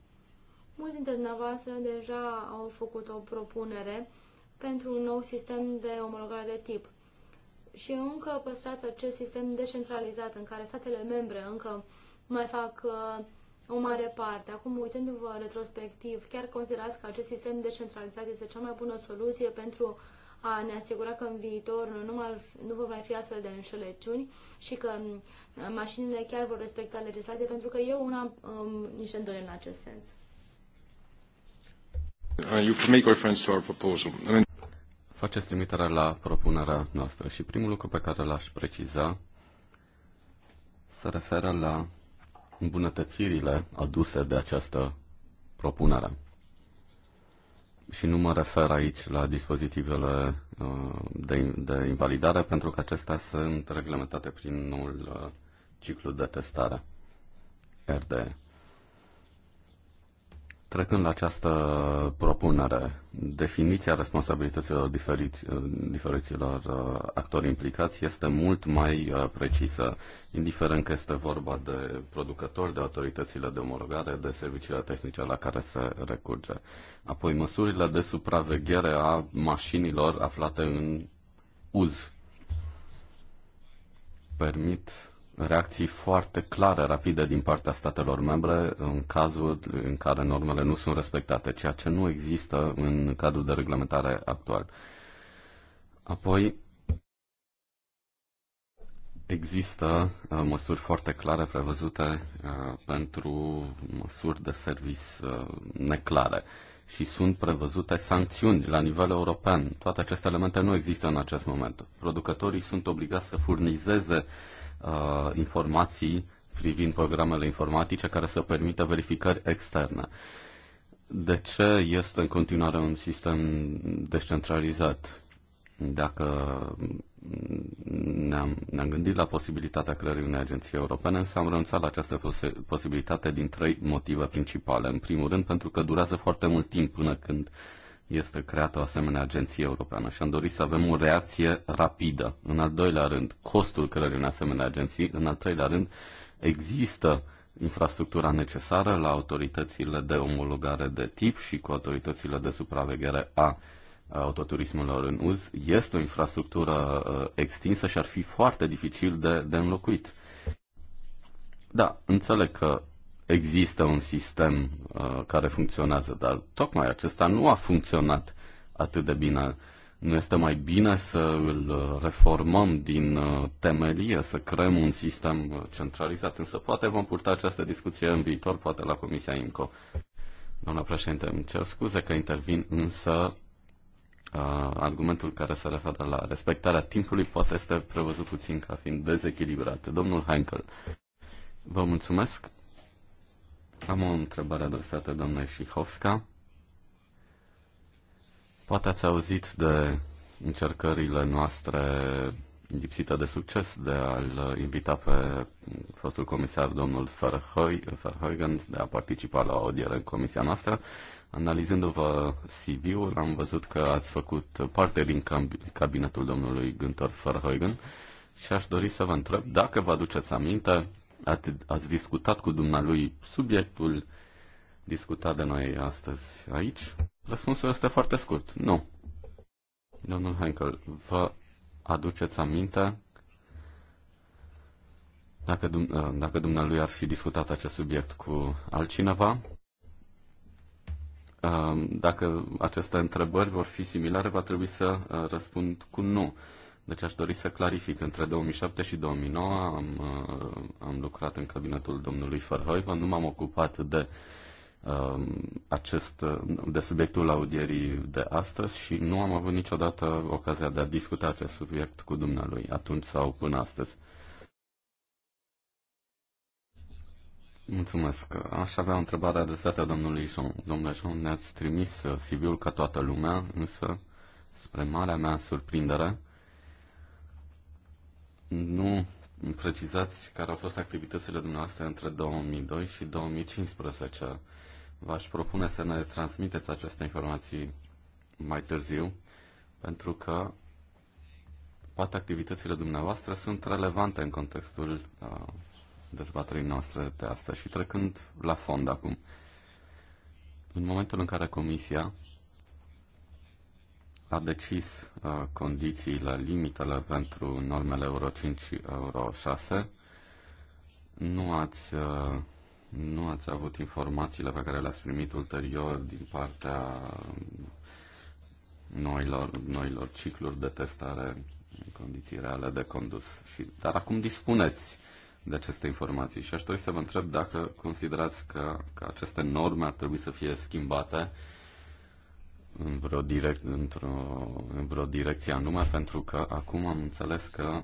[SPEAKER 3] Mulți dintre dumneavoastră deja au făcut o propunere pentru un nou sistem de omologare de tip. Și încă păstrați acest sistem decentralizat în care statele membre încă mai fac uh, o mare parte. Acum, uitându-vă retrospectiv, chiar considerați că acest sistem decentralizat este cea mai bună soluție pentru a ne asigura că în viitor nu, numai, nu vor mai fi astfel de înșelăciuni și că mm, mașinile chiar vor respecta legislația, pentru că eu una am um, niște îndoieli în acest sens.
[SPEAKER 1] Uh, you make reference to our
[SPEAKER 2] proposal. Faceți trimitere la propunerea noastră și primul lucru pe care l-aș preciza se referă la îmbunătățirile aduse de această propunere și nu mă refer aici la dispozitivele uh, de, de invalidare, pentru că acestea sunt reglementate prin noul uh, ciclu de testare RDE. Trecând la această propunere, definiția responsabilităților diferiți, diferiților uh, actori implicați este mult mai uh, precisă, indiferent că este vorba de producători, de autoritățile de omologare, de serviciile tehnice la care se recurge. Apoi măsurile de supraveghere a mașinilor aflate în uz permit reacții foarte clare, rapide din partea statelor membre în cazuri în care normele nu sunt respectate, ceea ce nu există în cadrul de reglementare actual. Apoi, există uh, măsuri foarte clare prevăzute uh, pentru măsuri de servis uh, neclare și sunt prevăzute sancțiuni la nivel european. Toate aceste elemente nu există în acest moment. Producătorii sunt obligați să furnizeze uh, informații privind programele informatice care să permită verificări externe. De ce este în continuare un sistem descentralizat? Dacă ne-am, ne-am gândit la posibilitatea creării unei agenții europene, însă am renunțat la această pos- posibilitate din trei motive principale. În primul rând, pentru că durează foarte mult timp până când uh, este creată o asemenea agenție europeană și am dorit să avem o reacție rapidă. În al doilea rând, costul creării unei asemenea agenții. În al treilea rând, există infrastructura necesară la autoritățile de omologare de tip și cu autoritățile de supraveghere a autoturismelor în uz. Este o infrastructură uh, extinsă și ar fi foarte dificil de, de înlocuit. Da, înțeleg că există un sistem uh, care funcționează, dar tocmai acesta nu a funcționat atât de bine. Nu este mai bine să îl uh, reformăm din uh, temelie, să creăm un sistem uh, centralizat, însă poate vom purta această discuție în viitor, poate la Comisia IMCO. Doamna președinte, îmi cer scuze că intervin, însă uh, argumentul care se referă la respectarea timpului poate este prevăzut puțin ca fiind dezechilibrat. Domnul Heinkel, vă mulțumesc. Am o întrebare adresată doamnei Șihovska. Poate ați auzit de încercările noastre lipsite de succes de a-l invita pe fostul comisar domnul Verheugen de a participa la o audiere în comisia noastră. Analizându-vă CV-ul, am văzut că ați făcut parte din cabinetul domnului Günther Verheugen și aș dori să vă întreb dacă vă aduceți aminte ați discutat cu dumnealui subiectul discutat de noi astăzi aici? Răspunsul este foarte scurt. Nu. Domnul Henkel, vă aduceți aminte dacă, dum- uh, dacă dumnealui ar fi discutat acest subiect cu altcineva? Uh, dacă aceste întrebări vor fi similare, va trebui să uh, răspund cu nu. Deci aș dori să clarific, între 2007 și 2009 am, uh, am lucrat în cabinetul domnului Verhoeven, nu m-am ocupat de uh, acest, uh, de subiectul audierii de astăzi și nu am avut niciodată ocazia de a discuta acest subiect cu dumnealui atunci sau până astăzi. Mulțumesc. Aș avea o întrebare adresată domnului Jean. Domnule Jean, ne-ați trimis CV-ul ca toată lumea, însă, spre marea mea surprindere, nu precizați care au fost activitățile dumneavoastră între 2002 și 2015. V-aș propune să ne transmiteți aceste informații mai târziu, pentru că poate activitățile dumneavoastră sunt relevante în contextul uh, dezbaterii noastre de astăzi. Și trecând la fond acum, în momentul în care Comisia a decis uh, condițiile, limitele pentru normele Euro 5 și Euro 6. Nu ați, uh, nu ați avut informațiile pe care le-ați primit ulterior din partea noilor, noilor cicluri de testare în condiții reale de condus. Și, dar acum dispuneți de aceste informații și aș dori să vă întreb dacă considerați că, că aceste norme ar trebui să fie schimbate în vreo, direc- într-o, în vreo direcție anume, pentru că acum am înțeles că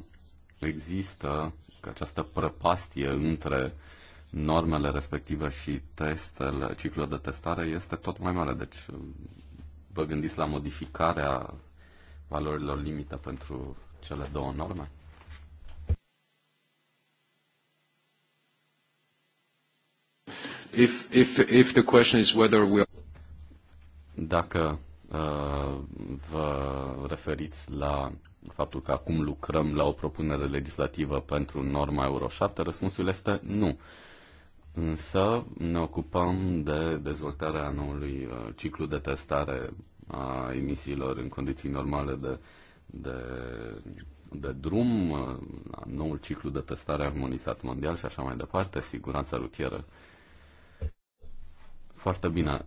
[SPEAKER 2] există că această prăpastie între normele respective și testele, ciclul de testare este tot mai mare. Deci vă gândiți la modificarea valorilor limită pentru cele două norme?
[SPEAKER 1] If, if, if the question is whether we dacă uh,
[SPEAKER 2] vă referiți la faptul că acum lucrăm la o propunere legislativă pentru norma Euro 7, răspunsul este nu. Însă ne ocupăm de dezvoltarea noului uh, ciclu de testare a emisiilor în condiții normale de, de, de drum, uh, la noul ciclu de testare armonizat mondial și așa mai departe, siguranța rutieră. Foarte bine.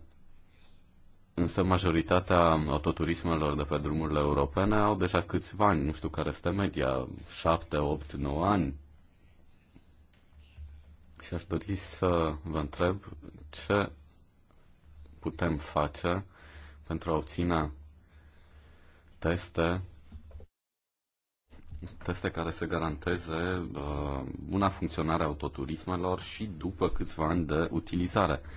[SPEAKER 2] Însă majoritatea autoturismelor de pe drumurile europene au deja câțiva ani, nu știu care este media, 7, 8, 9 ani. Și aș dori să vă întreb ce putem face pentru a obține teste teste care să garanteze uh, buna funcționare autoturismelor și după câțiva ani de utilizare. Uh,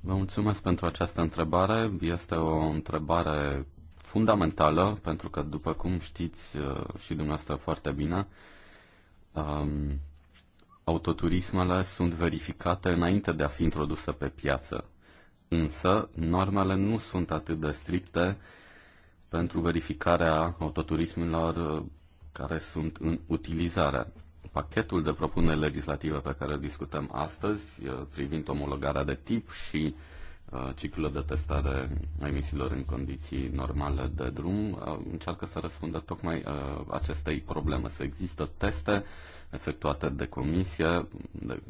[SPEAKER 2] Vă mulțumesc pentru această întrebare. Este o întrebare fundamentală, pentru că, după cum știți uh, și dumneavoastră foarte bine, um, autoturismele sunt verificate înainte de a fi introduse pe piață. Însă, normele nu sunt atât de stricte pentru verificarea autoturismelor uh, care sunt în utilizare pachetul de propuneri legislative pe care îl discutăm astăzi, uh, privind omologarea de tip și uh, ciclul de testare a emisiilor în condiții normale de drum, uh, încearcă să răspundă tocmai acestei probleme. Să există teste efectuate de comisie, de,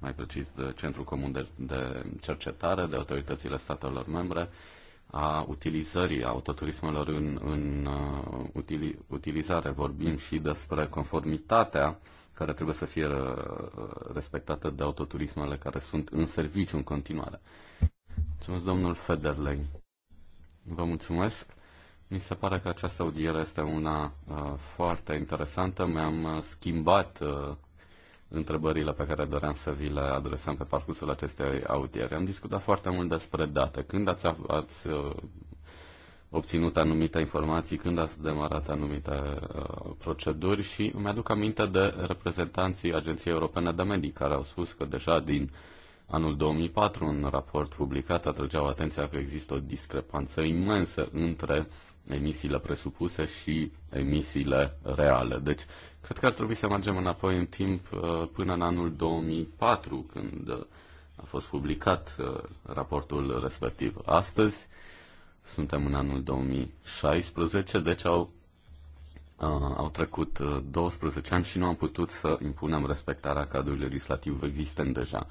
[SPEAKER 2] mai precis de Centrul Comun de, de Cercetare, de autoritățile statelor membre, a utilizării autoturismelor în, în uh, utili, utilizare. Vorbim și despre conformitatea care trebuie să fie uh, respectată de autoturismele care sunt în serviciu în continuare. Mulțumesc, domnul Federley. Vă mulțumesc. Mi se pare că această audiere este una uh, foarte interesantă. Mi-am uh, schimbat uh, întrebările pe care doream să vi le adresăm pe parcursul acestei audiere. Am discutat foarte mult despre date. Când ați, ați uh, obținut anumite informații, când ați demarat anumite uh, proceduri și îmi aduc aminte de reprezentanții Agenției Europene de Medii care au spus că deja din anul 2004 un raport publicat atrăgeau atenția că există o discrepanță imensă între emisiile presupuse și emisiile reale. Deci Cred că ar trebui să mergem înapoi în timp uh, până în anul 2004, când uh, a fost publicat uh, raportul respectiv. Astăzi suntem în anul 2016, deci au, au trecut 12 ani și nu am putut să impunem respectarea cadrului legislativ existent deja.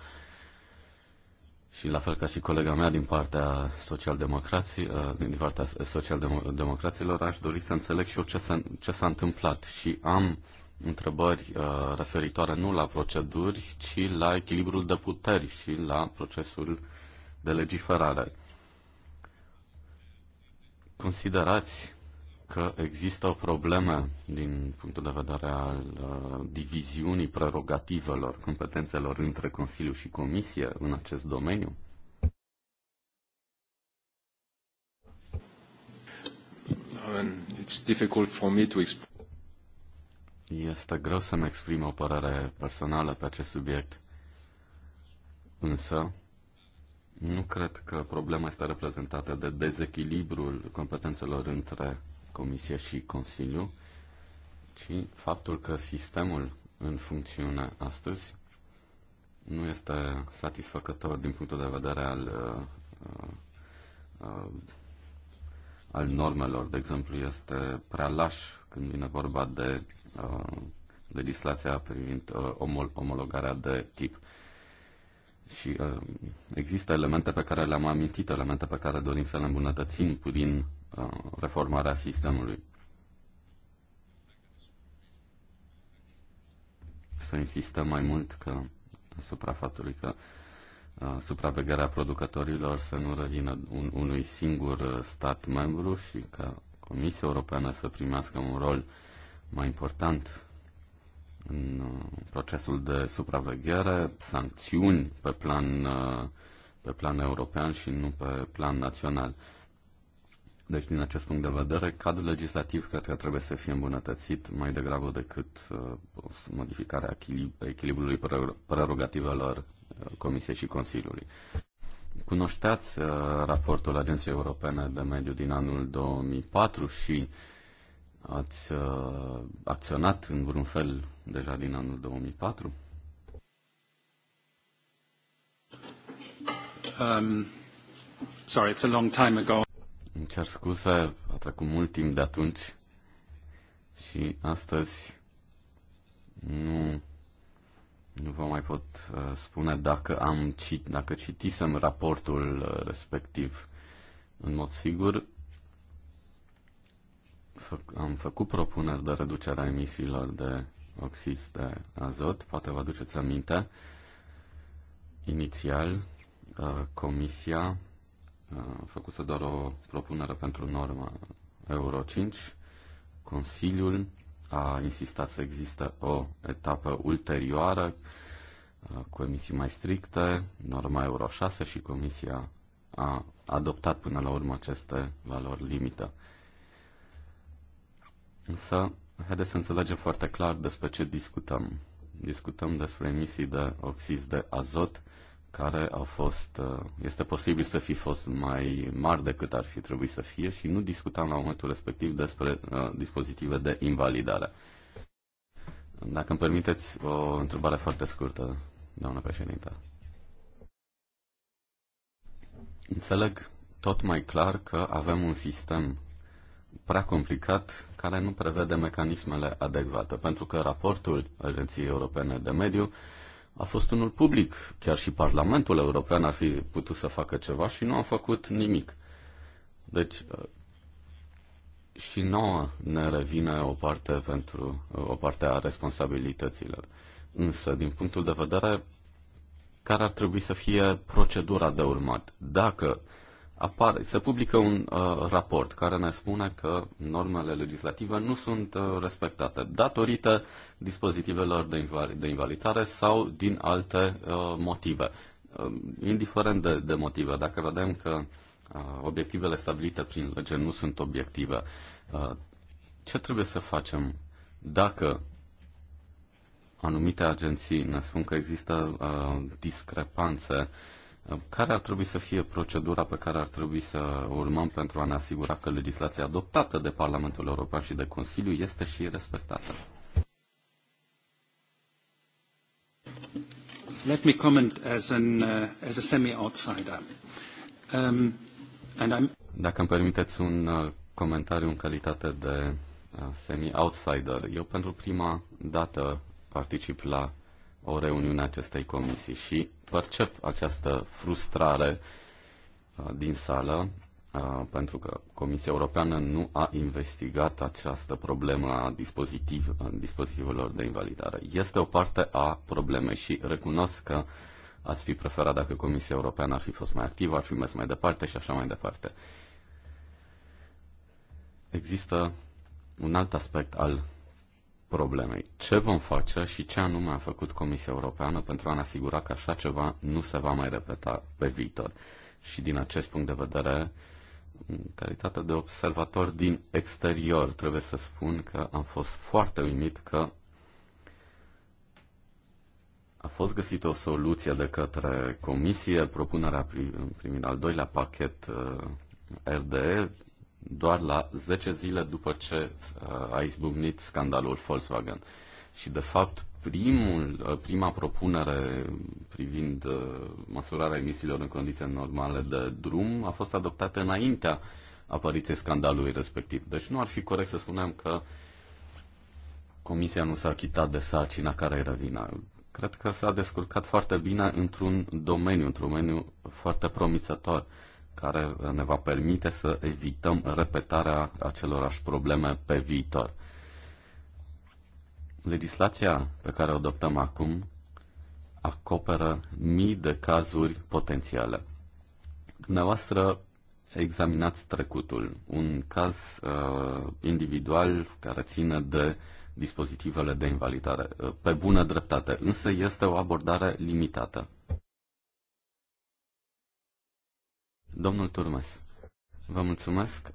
[SPEAKER 2] Și la fel ca și colega mea din partea socialdemocrații, din partea socialdemocraților, aș dori să înțeleg și eu ce s-a, ce s-a întâmplat. Și am uh, întrebări uh, referitoare nu la proceduri, ci la echilibrul de puteri și la procesul de legiferare. Considerați că există o problemă din punctul de vedere al uh, diviziunii prerogativelor, competențelor între Consiliu și Comisie în acest domeniu?
[SPEAKER 1] It's difficult for me to explain.
[SPEAKER 2] Este greu să-mi exprim o părere personală pe acest subiect, însă nu cred că problema este reprezentată de dezechilibrul competențelor între Comisie și Consiliu, ci faptul că sistemul în funcțiune astăzi nu este satisfăcător din punctul de vedere al, uh, uh, al normelor. De exemplu, este prea laș când vine vorba de Uh, legislația privind uh, omol- omologarea de tip. Și uh, există elemente pe care le-am amintit, elemente pe care dorim să le îmbunătățim prin reformarea sistemului. Să insistăm mai mult că asupra faptului că supravegherea producătorilor să nu revină un, unui singur stat membru și că Comisia Europeană să primească un rol uh, mai important în uh, procesul de supraveghere, sancțiuni pe plan, uh, pe plan european și nu pe plan național. Deci, din acest punct de vedere, cadrul legislativ cred că trebuie să fie îmbunătățit mai degrabă decât uh, modificarea echilibrului prerogativelor Comisiei și Consiliului. Cunoșteați raportul Agenției Europene de Mediu din anul 2004 și Ați uh, acționat în vreun fel deja din anul 2004?
[SPEAKER 1] Um, sorry, it's a long time ago. Îmi cer
[SPEAKER 2] scuze, a trecut mult timp de atunci și astăzi nu, nu vă mai pot uh, spune dacă am cit, dacă citisem raportul uh, respectiv. În mod sigur, fă, am făcut propuneri de reducere a emisiilor de oxid de azot. Poate vă aduceți aminte. Inițial, uh, Comisia a uh, făcut doar o propunere pentru norma Euro 5. Consiliul a insistat să există o etapă ulterioară uh, cu emisii mai stricte, norma Euro 6 și Comisia a adoptat până la urmă aceste valori limită. Însă, haideți să înțelegem foarte clar despre ce discutăm. Discutăm despre emisii de oxid de azot, care au fost, uh, este posibil să fi fost mai mari decât ar fi trebuit să fie și nu discutam la momentul respectiv despre uh, dispozitive de invalidare. Dacă îmi permiteți o întrebare foarte scurtă, doamnă președinte. Înțeleg tot mai clar că avem un sistem prea complicat care nu prevede mecanismele adecvate, pentru că raportul Agenției Europene de Mediu a fost unul public. Chiar și Parlamentul European ar fi putut să facă ceva și nu a făcut nimic. Deci, și nouă ne revine o parte, pentru, o parte a responsabilităților. Însă, din punctul de vedere, care ar trebui să fie procedura de urmat? Dacă apare, se publică un uh, raport care ne spune că normele legislative nu sunt uh, respectate datorită dispozitivelor de, inval- de invalidare sau din alte uh, motive. Uh, indiferent de, de motive, dacă vedem că uh, obiectivele stabilite prin lege nu sunt obiective, uh, ce trebuie să facem dacă anumite agenții ne spun că există uh, discrepanțe uh, care ar trebui să fie procedura pe care ar trebui să urmăm pentru a ne asigura că legislația adoptată de Parlamentul European și de Consiliu este și respectată?
[SPEAKER 1] Let me comment as, an, uh, as a semi-outsider. Um, and I'm...
[SPEAKER 2] Dacă îmi permiteți un uh, comentariu în calitate de uh, semi-outsider, eu pentru prima dată particip la o reuniune a acestei comisii și percep această frustrare uh, din sală uh, pentru că Comisia Europeană nu a investigat această problemă a dispozitiv, dispozitivelor de invalidare. Este o parte a problemei și recunosc că ați fi preferat dacă Comisia Europeană ar fi fost mai activă, ar fi mers mai departe și așa mai departe. Există un alt aspect al problemei. Ce vom face și ce anume a făcut Comisia Europeană pentru a ne asigura că așa ceva nu se va mai repeta pe viitor? Și din acest punct de vedere, în calitate de observator din exterior, trebuie să spun că am fost foarte uimit că a fost găsită o soluție de către Comisie, propunerea privind al doilea pachet uh, RDE doar la 10 zile după ce uh, a izbucnit scandalul Volkswagen. Și, de fapt, primul, uh, prima propunere privind uh, măsurarea emisiilor în condiții normale de drum a fost adoptată înaintea apariției scandalului respectiv. Deci nu ar fi corect să spunem că Comisia nu s-a achitat de sarcina care era vina. Cred că s-a descurcat foarte bine într-un domeniu, într-un domeniu foarte promițător care ne va permite să evităm repetarea acelorași probleme pe viitor. Legislația pe care o adoptăm acum acoperă mii de cazuri potențiale. Dumneavoastră examinați trecutul, un caz uh, individual care ține de dispozitivele de invalidare, uh, pe bună dreptate, însă este o abordare limitată. Domnul Turmes, vă mulțumesc.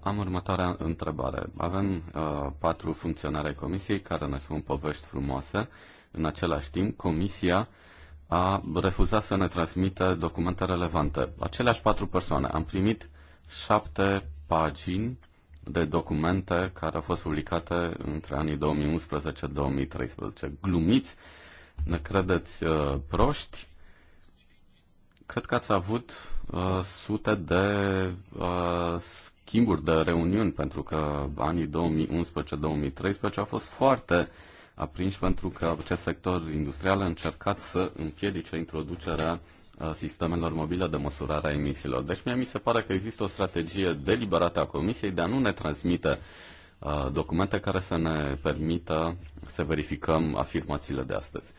[SPEAKER 2] Am următoarea întrebare. Avem uh, patru funcționari ai comisiei care ne spun povești frumoase. În același timp, comisia a refuzat să ne transmită documente relevante. Aceleași patru persoane. Am primit șapte pagini de documente care au fost publicate între anii 2011-2013. Glumiți! ne credeți uh, proști, cred că ați avut uh, sute de uh, schimburi de reuniuni, pentru că anii 2011-2013 au fost foarte aprinși pentru că acest sector industrial a încercat să împiedice introducerea uh, sistemelor mobile de măsurare a emisiilor. Deci mie mi se pare că există o strategie deliberată a Comisiei de a nu ne transmite Uh, documente care să ne permită să verificăm afirmațiile de astăzi.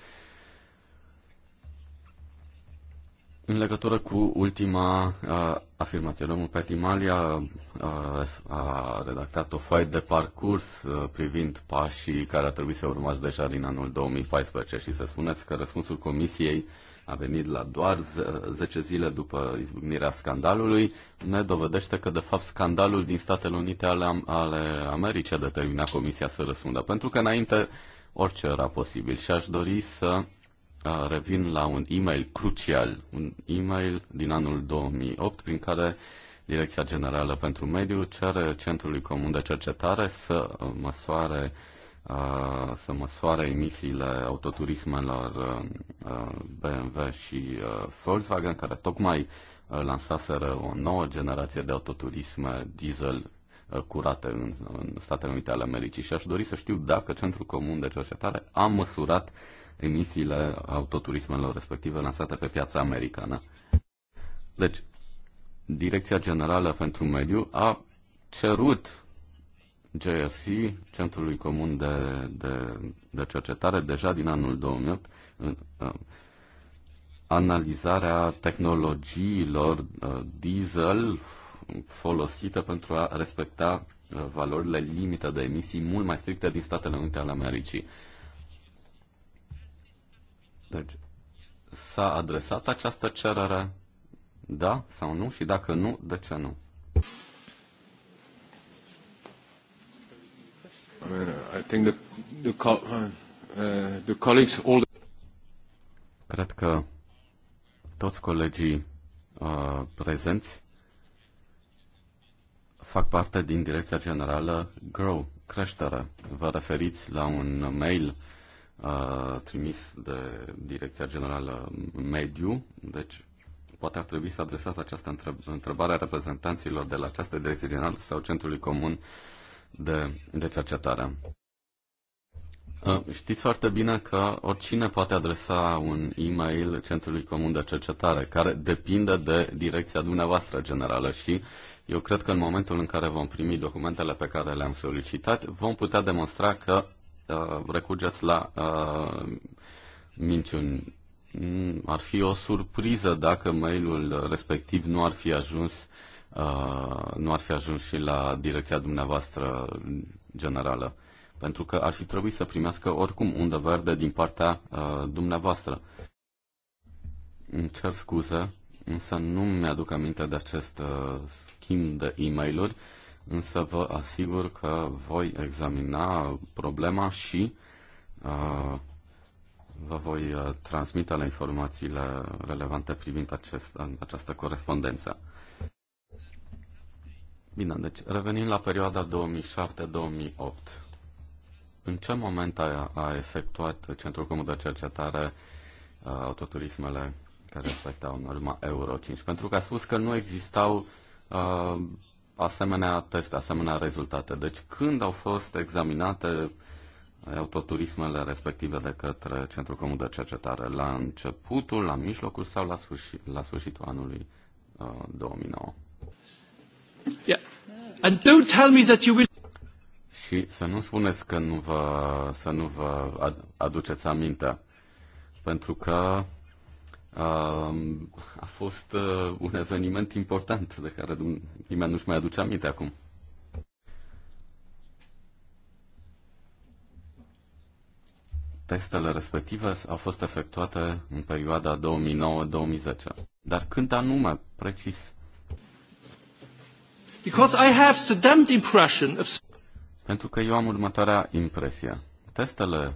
[SPEAKER 2] În legătură cu ultima uh, afirmație, domnul Petimalia uh, a redactat o foaie de parcurs uh, privind pașii care ar trebui să urmați deja din anul 2014 și să spuneți că răspunsul Comisiei uh, a venit la doar 10 zile după izbucnirea scandalului, ne dovedește că, de fapt, scandalul din Statele Unite ale, ale Americii a determinat Comisia să răspundă, pentru că înainte orice era posibil și aș dori să revin la un e-mail crucial, un e-mail din anul 2008, prin care Direcția Generală pentru Mediu cere Centrului Comun de Cercetare să măsoare uh, să măsoare emisiile autoturismelor BMW și Volkswagen, care tocmai lansaseră o nouă generație de autoturisme diesel curate în, în Statele Unite ale Americii și aș dori să știu dacă Centrul Comun de Cercetare a măsurat emisiile autoturismelor respective lansate pe piața americană. Deci, Direcția Generală pentru Mediu a cerut JRC, Centrului Comun de, de, de Cercetare, deja din anul 2008, în, uh, analizarea tehnologiilor uh, diesel folosite pentru a respecta uh, valorile limită de emisii mult mai stricte din Statele Unite ale Americii. Deci, s-a adresat această cerere? Da sau nu? Și dacă nu, de ce nu? I mean, I think the, the, co- uh, the colleagues all the... Cred că toți colegii uh, prezenți fac parte din direcția generală Grow, creștere. Vă referiți la un mail uh, trimis de direcția generală Mediu, deci poate ar trebui să adresați această întrebare a reprezentanților de la această direcție generală sau Centrului Comun uh, de, de cercetare. Ă, știți foarte bine că oricine poate adresa un e-mail Centrului Comun de Cercetare, care depinde de direcția dumneavoastră generală și eu cred că în momentul în care vom primi documentele pe care le-am solicitat, vom putea demonstra că uh, recurgeți la uh, minciuni. Ar fi o surpriză dacă mailul respectiv nu ar fi ajuns uh, Uh, nu ar fi ajuns și la direcția dumneavoastră generală? Pentru că ar fi trebuit să primească oricum undă verde din partea uh, dumneavoastră. Îmi cer scuze, însă nu mi-aduc aminte de acest uh, schimb de e mail însă vă asigur că voi examina problema și uh, vă voi transmite la informațiile relevante privind acest, această corespondență. Bine, deci revenim la perioada 2007-2008. În ce moment a, a efectuat Centrul Comun de Cercetare uh, autoturismele care respectau norma Euro 5? Pentru că a spus că nu existau uh, asemenea teste, asemenea rezultate. Deci când au fost examinate uh, autoturismele respective de către Centrul Comun de Cercetare? La începutul, la mijlocul sau la, sfârși, la sfârșitul anului uh, 2009?
[SPEAKER 4] Yeah. And don't tell me that you will...
[SPEAKER 2] Și să nu spuneți că nu vă, să nu vă aduceți aminte, pentru că uh, a fost uh, un eveniment important de care nimeni nu-și mai aduce aminte acum. Testele respective au fost efectuate în perioada 2009-2010. Dar când anume, precis?
[SPEAKER 1] Because I have the damned impression of...
[SPEAKER 2] Pentru că eu am următoarea impresie. Testele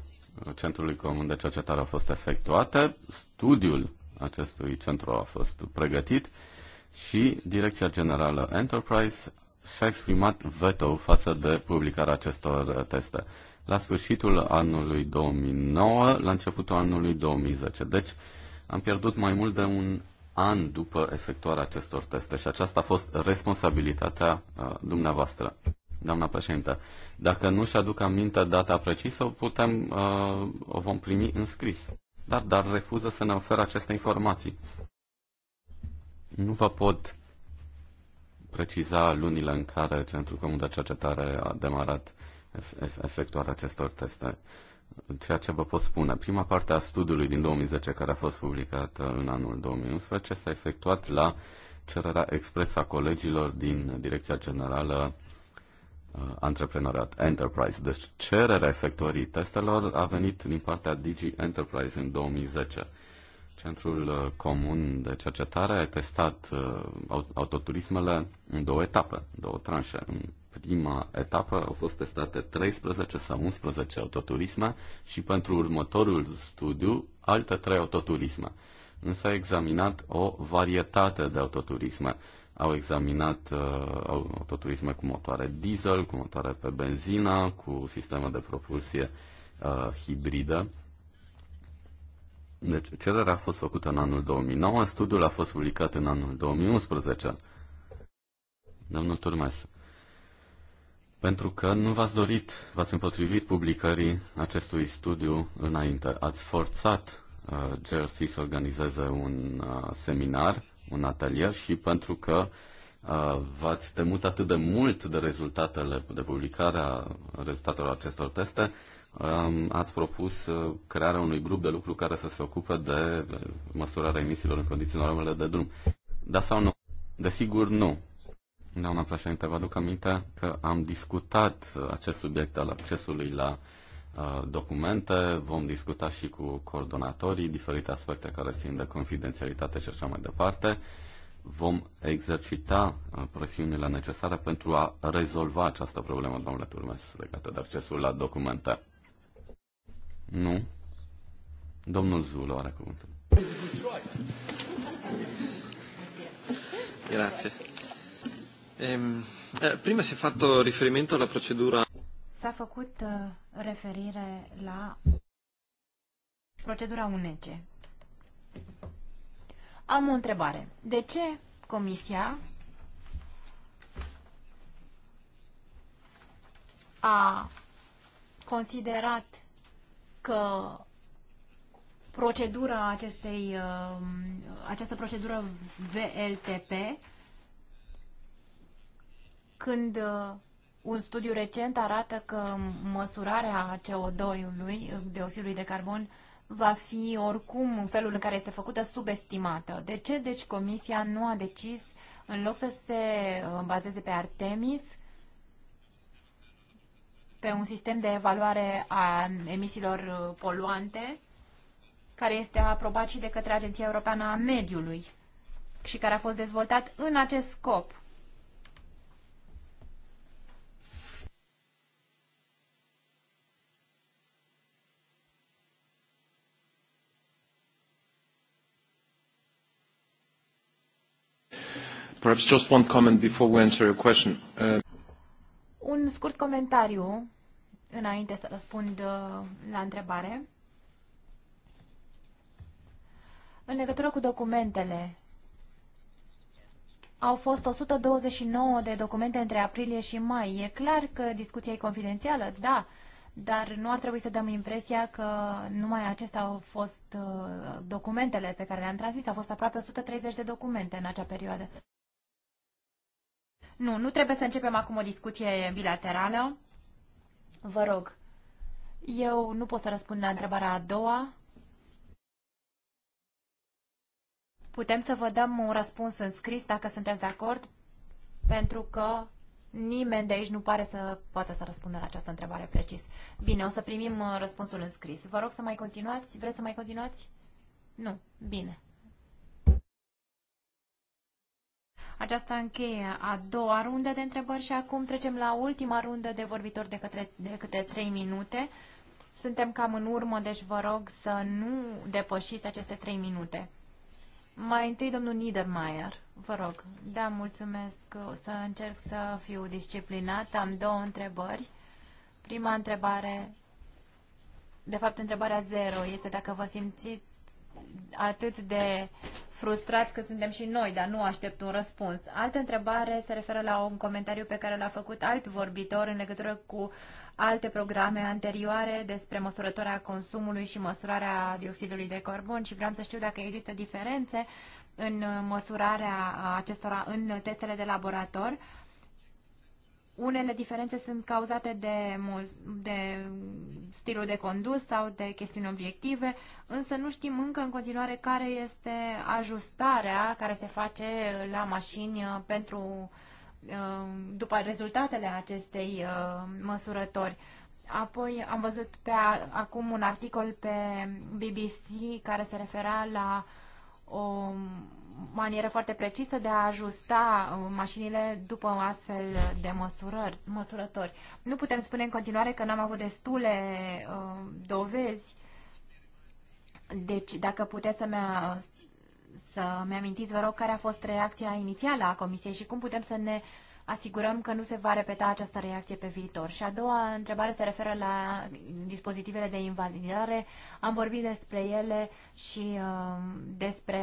[SPEAKER 2] Centrului Comun de Cercetare au fost efectuate, studiul acestui centru a fost pregătit și Direcția Generală Enterprise și-a exprimat veto față de publicarea acestor teste. La sfârșitul anului 2009, la începutul anului 2010. Deci am pierdut mai mult de un an după efectuarea acestor teste și aceasta a fost responsabilitatea uh, dumneavoastră. Doamna președinte, dacă nu-și aduc aminte data precisă, o putem, uh, o vom primi în scris. Dar, dar refuză să ne oferă aceste informații. Nu vă pot preciza lunile în care Centrul Comun de Cercetare a demarat efectuarea acestor teste ceea ce vă pot spune. Prima parte a studiului din 2010, care a fost publicată uh, în anul 2011, s-a efectuat la cererea expresă a colegilor din Direcția Generală uh, Antreprenoriat Enterprise. Deci cererea efectuării testelor a venit din partea Digi Enterprise în 2010. Centrul uh, Comun de Cercetare a testat autoturismele în două etape, două tranșe. În prima etapă au fost testate 13 sau 11 autoturisme și pentru următorul studiu alte 3 autoturisme. Însă a examinat o varietate de autoturisme. Au examinat uh, autoturisme cu motoare diesel, cu motoare pe benzină, cu sisteme de propulsie uh, hibridă. Deci cererea a fost făcută în anul 2009, studiul a fost publicat în anul 2011. Domnul Turmes, pentru că nu v-ați dorit, v-ați împotrivit publicării acestui studiu înainte. Ați forțat uh, GRC să organizeze un uh, seminar, un atelier și pentru că uh, v-ați temut atât de mult de rezultatele, de publicarea rezultatelor acestor teste, uh, ați propus uh, crearea unui grup de lucru care să se ocupe de măsurarea emisiilor în condiții normale de drum. Da sau nu? Desigur, nu. Doamna președinte, vă aduc aminte că am discutat uh, acest subiect al accesului la uh, documente, vom discuta și cu coordonatorii diferite aspecte care țin de confidențialitate și așa mai departe. Vom exercita uh, presiunile necesare pentru a rezolva această problemă, domnule Turmes, legată de accesul la documente. Nu. Domnul Zulu are cuvântul.
[SPEAKER 4] Grazie. Ehm, eh, prima si è fatto riferimento alla procedura. S-a făcut eh, referire la procedura UNECE. Am o întrebare. De ce Comisia a considerat că procedura acestei, ehm, această procedură VLTP când uh, un studiu recent arată că măsurarea CO2-ului, dioxidului de carbon, va fi oricum în felul în care este făcută subestimată. De ce deci Comisia nu a decis, în loc să se uh, bazeze pe Artemis, pe un sistem de evaluare a emisiilor uh, poluante, care este aprobat și de către Agenția Europeană a Mediului și care a fost dezvoltat în acest scop.
[SPEAKER 1] Perhaps just one comment before we answer your question. Uh,
[SPEAKER 4] Un scurt comentariu înainte să răspund uh, la întrebare. În legătură cu documentele, au fost 129 de documente între aprilie și mai. E clar că discuția e confidențială, da, dar nu ar trebui să dăm impresia că numai acestea au fost uh, documentele pe care le-am transmis. Au fost aproape 130 de documente în acea perioadă. Nu, nu trebuie să începem acum o discuție bilaterală. Vă rog, eu nu pot să răspund la întrebarea a doua. Putem să vă dăm un răspuns în scris, dacă sunteți de acord, pentru că nimeni de aici nu pare să poată să răspundă la această întrebare precis. Bine, o să primim uh, răspunsul în scris. Vă rog să mai continuați? Vreți să mai continuați? Nu. Bine. aceasta încheie a doua rundă de întrebări și acum trecem la ultima rundă de vorbitori de, către, de câte trei minute. Suntem cam în urmă, deci vă rog să nu depășiți aceste trei minute. Mai întâi, domnul Niedermayer, vă rog. Da, mulțumesc. O să încerc să fiu disciplinat. Am două întrebări. Prima întrebare, de fapt întrebarea zero, este dacă vă simțiți atât de frustrați că suntem și noi, dar nu aștept un răspuns. Altă întrebare se referă la un comentariu pe care l-a făcut alt vorbitor în legătură cu alte programe anterioare despre măsurătoarea consumului și măsurarea dioxidului de carbon și vreau să știu dacă există diferențe în măsurarea acestora în testele de laborator unele diferențe sunt cauzate de, de stilul de condus sau de chestiuni obiective, însă nu știm încă în continuare care este ajustarea care se face la mașini uh, pentru uh, după rezultatele acestei uh, măsurători. Apoi am văzut pe acum un articol pe BBC care se refera la o manieră foarte precisă de a ajusta uh, mașinile după astfel de măsurări, măsurători. Nu putem spune în continuare că n-am avut destule uh, dovezi. Deci, dacă puteți să-mi să amintiți, vă rog, care a fost reacția inițială a Comisiei și cum putem să ne uh, asigurăm că nu se va repeta această reacție pe viitor. Și a doua întrebare se referă la dispozitivele de invalidare. Am vorbit despre ele și uh, despre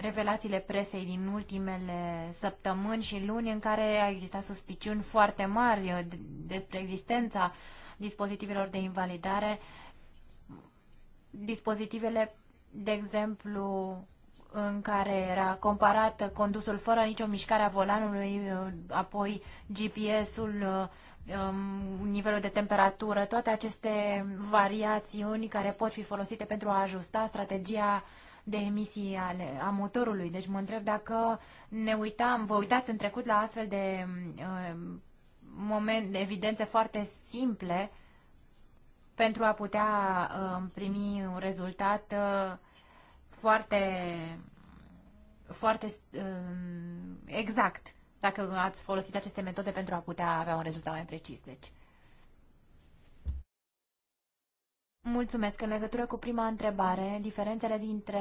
[SPEAKER 4] revelațiile presei din ultimele săptămâni și luni în care a existat suspiciuni foarte mari despre existența dispozitivelor de invalidare. Dispozitivele, de exemplu, în care era comparat condusul fără nicio mișcare a volanului, apoi GPS-ul, um, nivelul de temperatură, toate aceste variațiuni care pot fi folosite pentru a ajusta strategia de emisii ale, a motorului. Deci mă întreb dacă ne uitam, vă uitați în trecut la astfel de um, moment, de evidențe foarte simple pentru a putea uh, primi un rezultat uh, foarte, foarte uh, exact dacă ați folosit aceste metode pentru a putea avea un rezultat mai precis. Deci. Mulțumesc. În legătură cu prima întrebare, diferențele dintre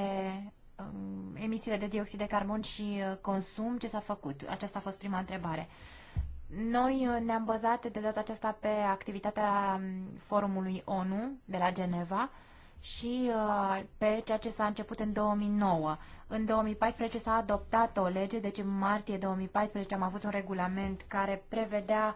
[SPEAKER 4] um, emisiile de dioxid de carbon și uh, consum, ce s-a făcut? Aceasta a fost prima întrebare. Noi uh, ne-am bazat de data aceasta pe activitatea um, forumului ONU de la Geneva, și uh, pe ceea ce s-a început în 2009. În 2014 s-a adoptat o lege, deci în martie 2014 am avut un regulament care prevedea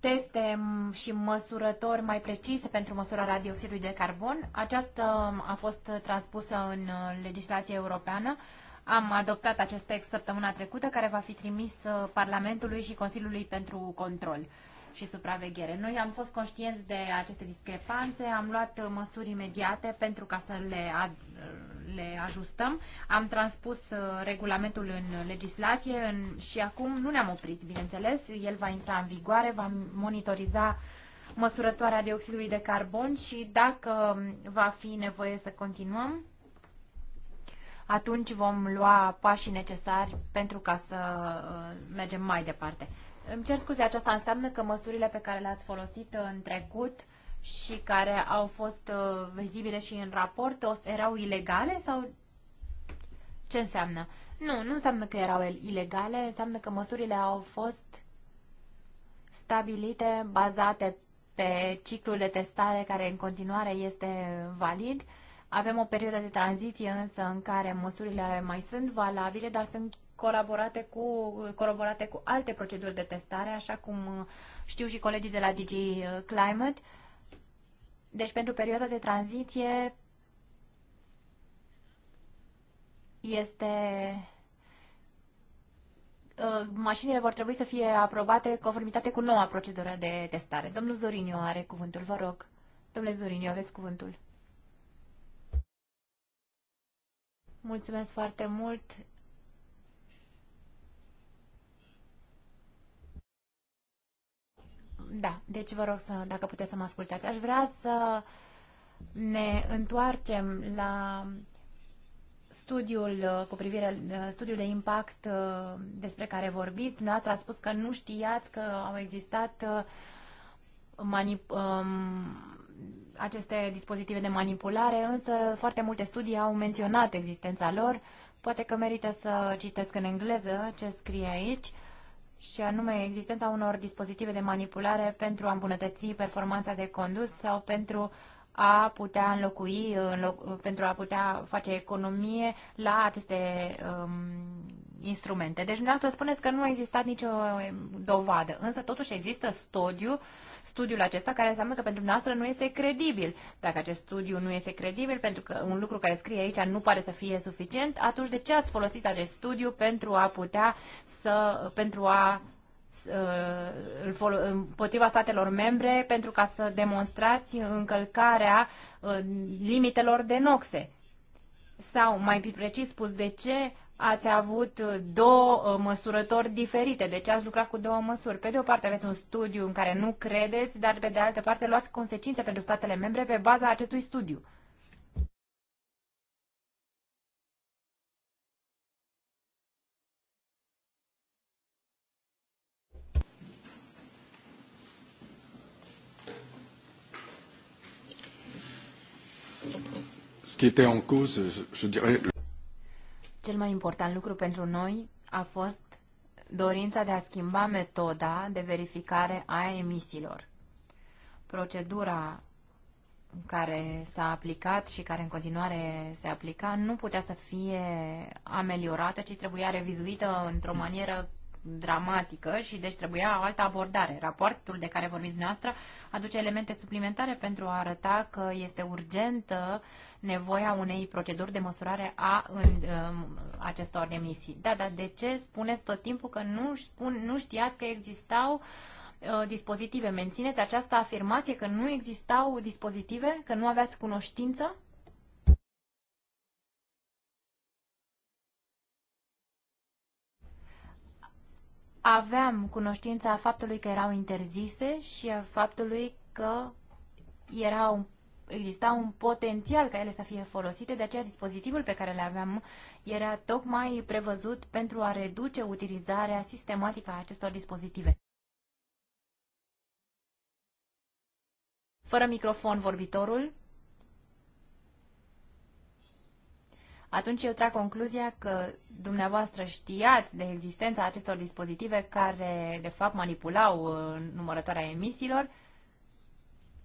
[SPEAKER 4] teste și măsurători mai precise pentru măsurarea dioxidului de carbon. Aceasta um, a fost transpusă în uh, legislația europeană. Am adoptat acest text săptămâna trecută, care va fi trimis uh, Parlamentului și Consiliului pentru control și supraveghere. Noi am fost conștienți de aceste discrepanțe, am luat uh, măsuri imediate pentru ca să le, uh, le ajustăm, am transpus uh, regulamentul în legislație în, și acum nu ne-am oprit, bineînțeles, el va intra în vigoare, va monitoriza măsurătoarea dioxidului de carbon și dacă um, va fi nevoie să continuăm, atunci vom lua pașii necesari pentru ca să mergem mai departe. Îmi cer scuze, aceasta înseamnă că măsurile pe care le-ați folosit în trecut și care au fost uh, vizibile și în raport erau ilegale sau ce înseamnă? Nu, nu înseamnă că erau ilegale, înseamnă că măsurile au fost stabilite, bazate pe ciclul de testare care în continuare este valid. Avem o perioadă de tranziție însă în care măsurile mai sunt valabile, dar sunt colaborate cu, coroborate cu alte proceduri de testare, așa cum uh, știu și colegii de la DG uh, Climate. Deci pentru perioada de tranziție este uh, mașinile vor trebui să fie aprobate conformitate cu noua procedură de testare. Domnul Zoriniu are cuvântul, vă rog. Domnule Zoriniu, aveți cuvântul. Mulțumesc foarte mult. Da, deci vă rog să, dacă puteți să mă ascultați. Aș vrea să ne întoarcem la studiul uh, cu privire uh, studiul de impact uh, despre care vorbiți. Dumneavoastră ați spus că nu știați că au existat manip, um, aceste dispozitive de manipulare, însă foarte multe studii au menționat existența lor. Poate că merită să citesc în engleză ce scrie aici și anume existența unor dispozitive de manipulare pentru a îmbunătăți performanța de condus sau pentru a putea înlocui, înloc, pentru a putea face economie la aceste um, instrumente. Deci dumneavoastră spuneți că nu a existat nicio eh, dovadă, însă totuși există studiu, studiul acesta care înseamnă că pentru noastră nu este credibil. Dacă acest studiu nu este credibil, pentru că un lucru care scrie aici nu pare să fie suficient, atunci de ce ați folosit acest studiu pentru a putea să, pentru a eh, împotriva statelor membre pentru ca să demonstrați încălcarea eh, limitelor de noxe. Sau, mai precis spus, de ce ați avut două uh, măsurători diferite, deci ați lucrat cu două măsuri. Pe de o parte aveți un studiu în care nu credeți, dar pe de altă parte luați consecințe pentru statele membre pe baza acestui studiu.
[SPEAKER 1] Ce était en cause, je dirais.
[SPEAKER 4] Cel mai important lucru pentru noi a fost dorința de a schimba metoda de verificare a emisiilor. Procedura care s-a aplicat și care în continuare se aplica nu putea să fie ameliorată, ci trebuia revizuită într-o manieră dramatică și deci trebuia o altă abordare. Raportul de care vorbiți dumneavoastră aduce elemente suplimentare pentru a arăta că este urgentă nevoia unei proceduri de măsurare a în, um, acestor emisii. Da, dar de ce spuneți tot timpul că nu, spun, nu știați că existau uh, dispozitive? Mențineți această afirmație că nu existau dispozitive, că nu aveați cunoștință? aveam cunoștința faptului că erau interzise și a faptului că erau, exista un potențial ca ele să fie folosite, de aceea dispozitivul pe care le aveam era tocmai prevăzut pentru a reduce utilizarea sistematică a acestor dispozitive. Fără microfon vorbitorul. atunci eu trag concluzia că dumneavoastră știați de existența acestor dispozitive care, de fapt, manipulau uh, numărătoarea emisiilor,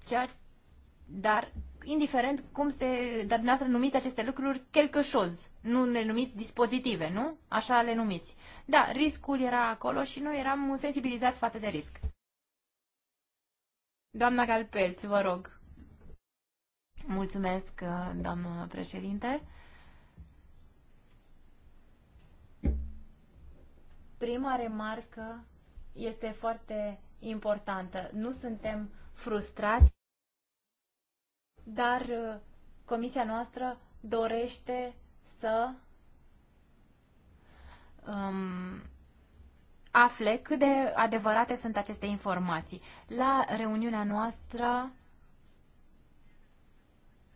[SPEAKER 4] ceea dar indiferent cum se, dar dumneavoastră numiți aceste lucruri quelque chose, nu le numiți dispozitive, nu? Așa le numiți. Da, riscul era acolo și noi eram sensibilizați față de risc. Doamna Galpelț, vă rog. Mulțumesc, uh, doamnă președinte. prima remarcă este foarte importantă. Nu suntem frustrați, dar uh, comisia noastră dorește să um, afle cât de adevărate sunt aceste informații. La reuniunea noastră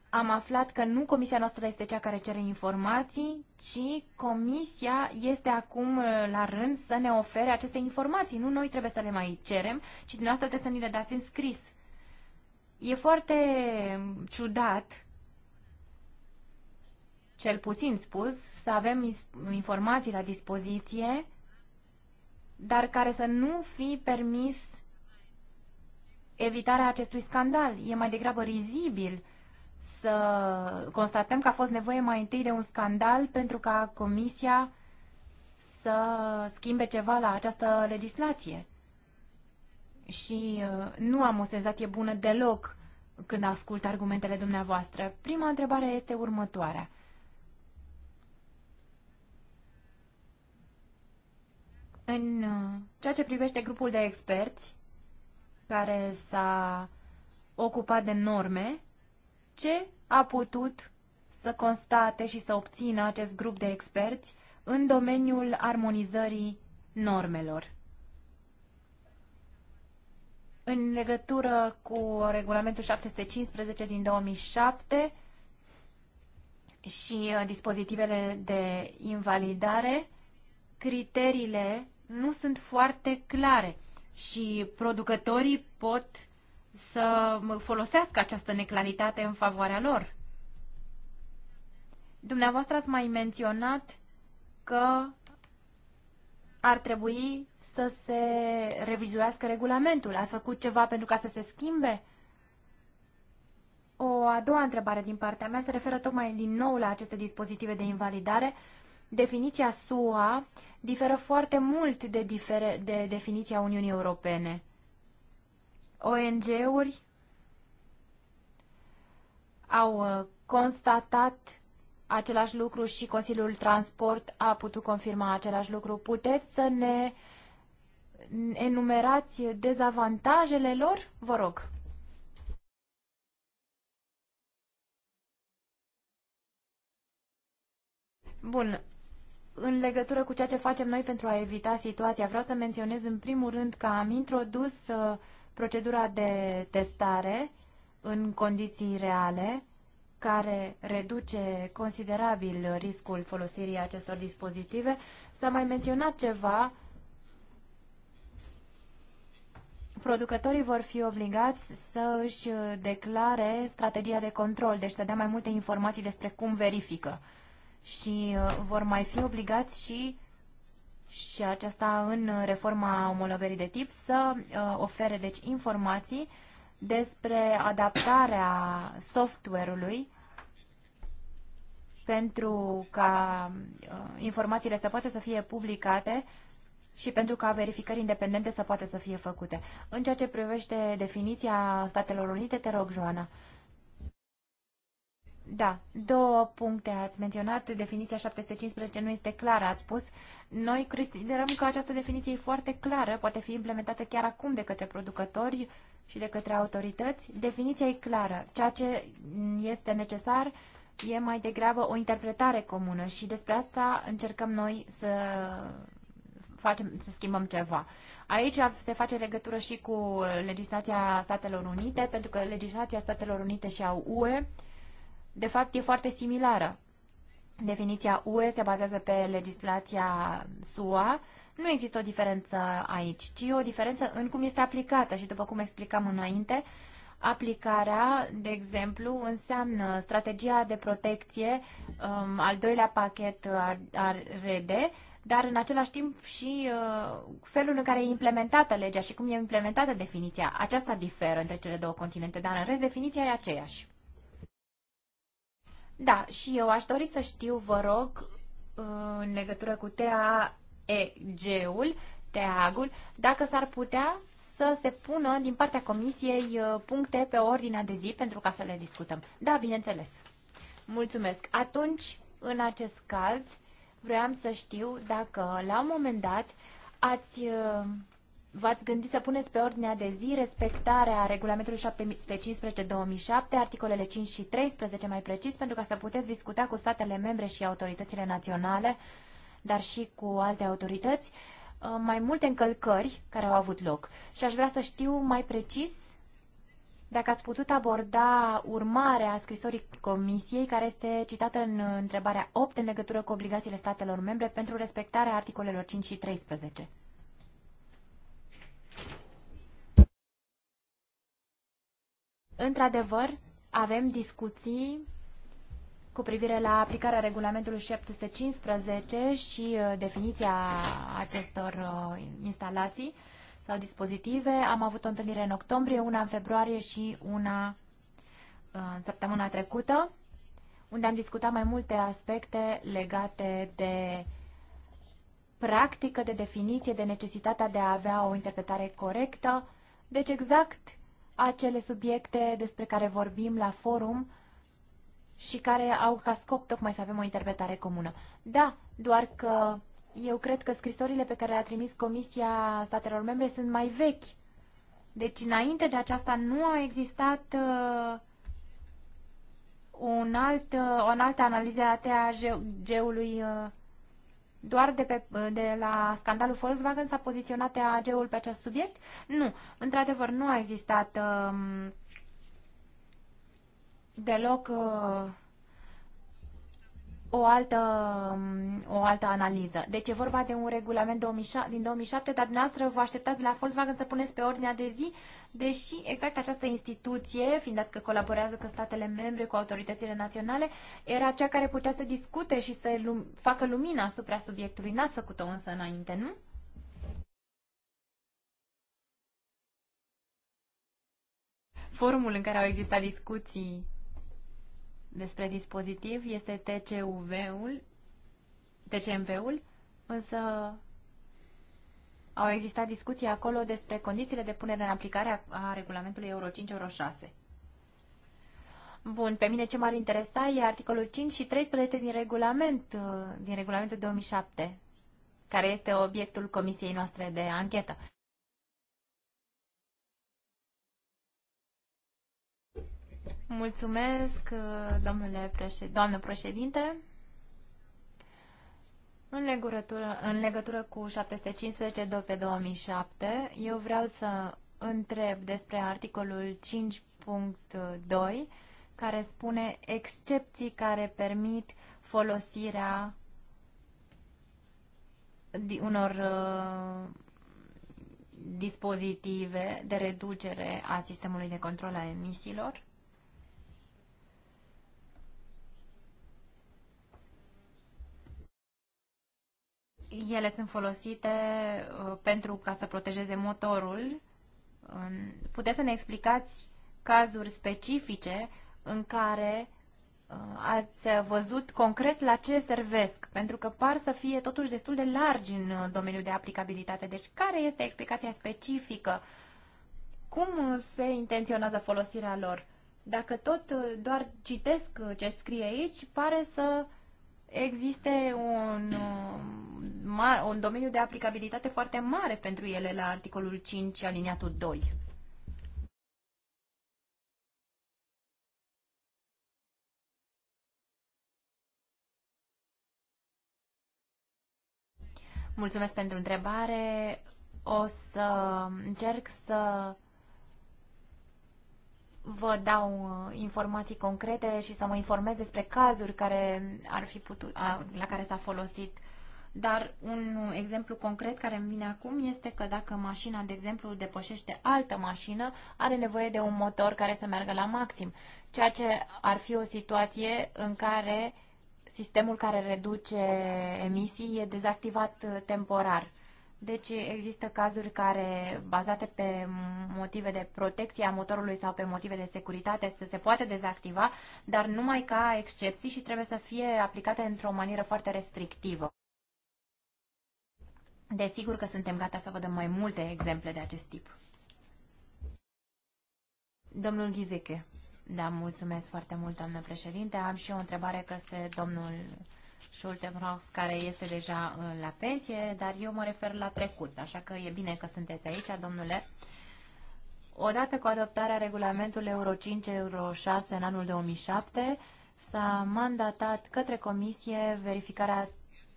[SPEAKER 4] am aflat că nu comisia noastră este cea care cere informații, ci comisia este acum uh, la rând să ne ofere aceste informații. Nu noi trebuie să le mai cerem, ci dumneavoastră trebuie să ni le dați în scris. E foarte ciudat, cel puțin spus, să avem informații la dispoziție, dar care să nu fi permis evitarea acestui scandal. E mai degrabă rizibil să constatăm că a fost nevoie mai întâi de un scandal pentru ca Comisia să schimbe ceva la această legislație. Și uh, nu am o senzație bună deloc când ascult argumentele dumneavoastră. Prima întrebare este următoarea. În uh, ceea ce privește grupul de experți care s-a ocupat de norme, ce a putut să constate și să obțină acest grup de experți în domeniul armonizării normelor. În legătură cu regulamentul 715 din 2007 și uh, dispozitivele de invalidare, criteriile nu sunt foarte clare și producătorii pot să folosească această neclaritate în favoarea lor. Dumneavoastră ați mai menționat că ar trebui să se revizuiască regulamentul. Ați făcut ceva pentru ca să se schimbe? O a doua întrebare din partea mea se referă tocmai din nou la aceste dispozitive de invalidare. Definiția SUA diferă foarte mult de, difere, de definiția Uniunii Europene. ONG-uri au uh, constatat același lucru și Consiliul Transport a putut confirma același lucru. Puteți să ne enumerați dezavantajele lor? Vă rog. Bun. În legătură cu ceea ce facem noi pentru a evita situația, vreau să menționez în primul rând că am introdus uh, procedura de testare în condiții reale, care reduce considerabil riscul folosirii acestor dispozitive. S-a mai menționat ceva. Producătorii vor fi obligați să își declare strategia de control, deci să dea mai multe informații despre cum verifică. Și uh, vor mai fi obligați și și aceasta în reforma omologării de tip să uh, ofere deci informații despre adaptarea software-ului pentru ca uh, informațiile să poată să fie publicate și pentru ca verificări independente să poată să fie făcute. În ceea ce privește definiția Statelor Unite, te rog, Joana. Da, două puncte ați menționat. Definiția 715 nu este clară, ați spus. Noi considerăm că această definiție e foarte clară, poate fi implementată chiar acum de către producători și de către autorități. Definiția e clară. Ceea ce este necesar e mai degrabă o interpretare comună și despre asta încercăm noi să facem, să schimbăm ceva. Aici se face legătură și cu legislația Statelor Unite, pentru că legislația Statelor Unite și au UE de fapt, e foarte similară. Definiția UE se bazează pe legislația SUA. Nu există o diferență aici, ci o diferență în cum este aplicată și, după cum explicam înainte, aplicarea, de exemplu, înseamnă strategia de protecție, um, al doilea pachet al RD, dar în același timp și uh, felul în care e implementată legea și cum e implementată definiția. Aceasta diferă între cele două continente, dar în rest definiția e aceeași. Da, și eu aș dori să știu, vă rog, în legătură cu TAEG-ul, TAG-ul, dacă s-ar putea să se pună din partea comisiei uh, puncte pe ordinea de zi pentru ca să le discutăm. Da, bineînțeles. Mulțumesc. Atunci, în acest caz, vreau să știu dacă la un moment dat ați uh, v-ați gândit să puneți pe ordinea de zi respectarea regulamentului 715-2007, articolele 5 și 13 mai precis, pentru ca să puteți discuta cu statele membre și autoritățile naționale, dar și cu alte autorități, uh, mai multe încălcări care au avut loc. Și aș vrea să știu mai precis dacă ați putut aborda urmarea scrisorii Comisiei, care este citată în întrebarea 8 în legătură cu obligațiile statelor membre pentru respectarea articolelor 5 și 13. Într-adevăr, avem discuții cu privire la aplicarea regulamentului 715 și uh, definiția acestor uh, instalații sau dispozitive. Am avut o întâlnire în octombrie, una în februarie și una în uh, săptămâna trecută, unde am discutat mai multe aspecte legate de practică, de definiție, de necesitatea de a avea o interpretare corectă. Deci exact acele subiecte despre care vorbim la forum și care au ca scop tocmai să avem o interpretare comună. Da, doar că eu cred că scrisorile pe care le-a trimis Comisia Statelor Membre sunt mai vechi. Deci înainte de aceasta nu a existat uh, un alt, uh, o altă analiză a TAG-ului uh, doar de, pe, de la scandalul Volkswagen s-a poziționat AG-ul pe acest subiect? Nu. Într-adevăr, nu a existat um, deloc uh, o altă, um, o altă analiză. Deci e vorba de un regulament 2007, din 2007, dar dumneavoastră vă așteptați la Volkswagen să puneți pe ordinea de zi deși exact această instituție, fiind dat că colaborează cu statele membre, cu autoritățile naționale, era cea care putea să discute și să lum facă lumina asupra subiectului. N-ați făcut-o însă înainte, nu? Forumul în care au existat discuții despre dispozitiv este TCUV-ul, TCMV-ul, însă au existat discuții acolo despre condițiile de punere în aplicare a, regulamentului Euro 5 Euro 6. Bun, pe mine ce m-ar interesa e articolul 5 și 13 din regulament, uh, din regulamentul 2007, care este obiectul comisiei noastre de anchetă. Mulțumesc, uh, domnule președ... doamnă președinte. În legătură, în legătură cu 715 de pe 2007, eu vreau să întreb despre articolul 5.2 care spune excepții care permit folosirea unor uh, dispozitive de reducere a sistemului de control a emisiilor. ele sunt folosite uh, pentru ca să protejeze motorul. Puteți să ne explicați cazuri specifice în care uh, ați văzut concret la ce servesc, pentru că par să fie totuși destul de largi în uh, domeniul de aplicabilitate. Deci, care este explicația specifică? Cum se intenționează folosirea lor? Dacă tot doar citesc ce scrie aici, pare să uh, existe un, um, un domeniu de aplicabilitate foarte mare pentru ele la articolul 5 aliniatul 2. Mulțumesc pentru întrebare. O să încerc să vă dau uh, informații concrete și să mă informez despre cazuri care ar fi putut, la care s-a folosit. Dar un exemplu concret care îmi vine acum este că dacă mașina, de exemplu, depășește altă mașină, are nevoie de un motor care să meargă la maxim, ceea ce ar fi o situație în care sistemul care reduce emisii e dezactivat uh, temporar. Deci există cazuri care, bazate pe motive de protecție a motorului sau pe motive de securitate, să se poate dezactiva, dar numai ca excepții și trebuie să fie aplicate într-o manieră foarte restrictivă. Desigur că suntem gata să vă dăm mai multe exemple de acest tip. Domnul Ghizeche. Da, mulțumesc foarte mult, doamnă președinte. Am și o întrebare către domnul Schultenhaus, care este deja uh, la pensie, dar eu mă refer la trecut, așa că e bine că sunteți aici, domnule. Odată cu adoptarea regulamentului Euro 5, Euro 6 în anul 2007, s-a mandatat către comisie verificarea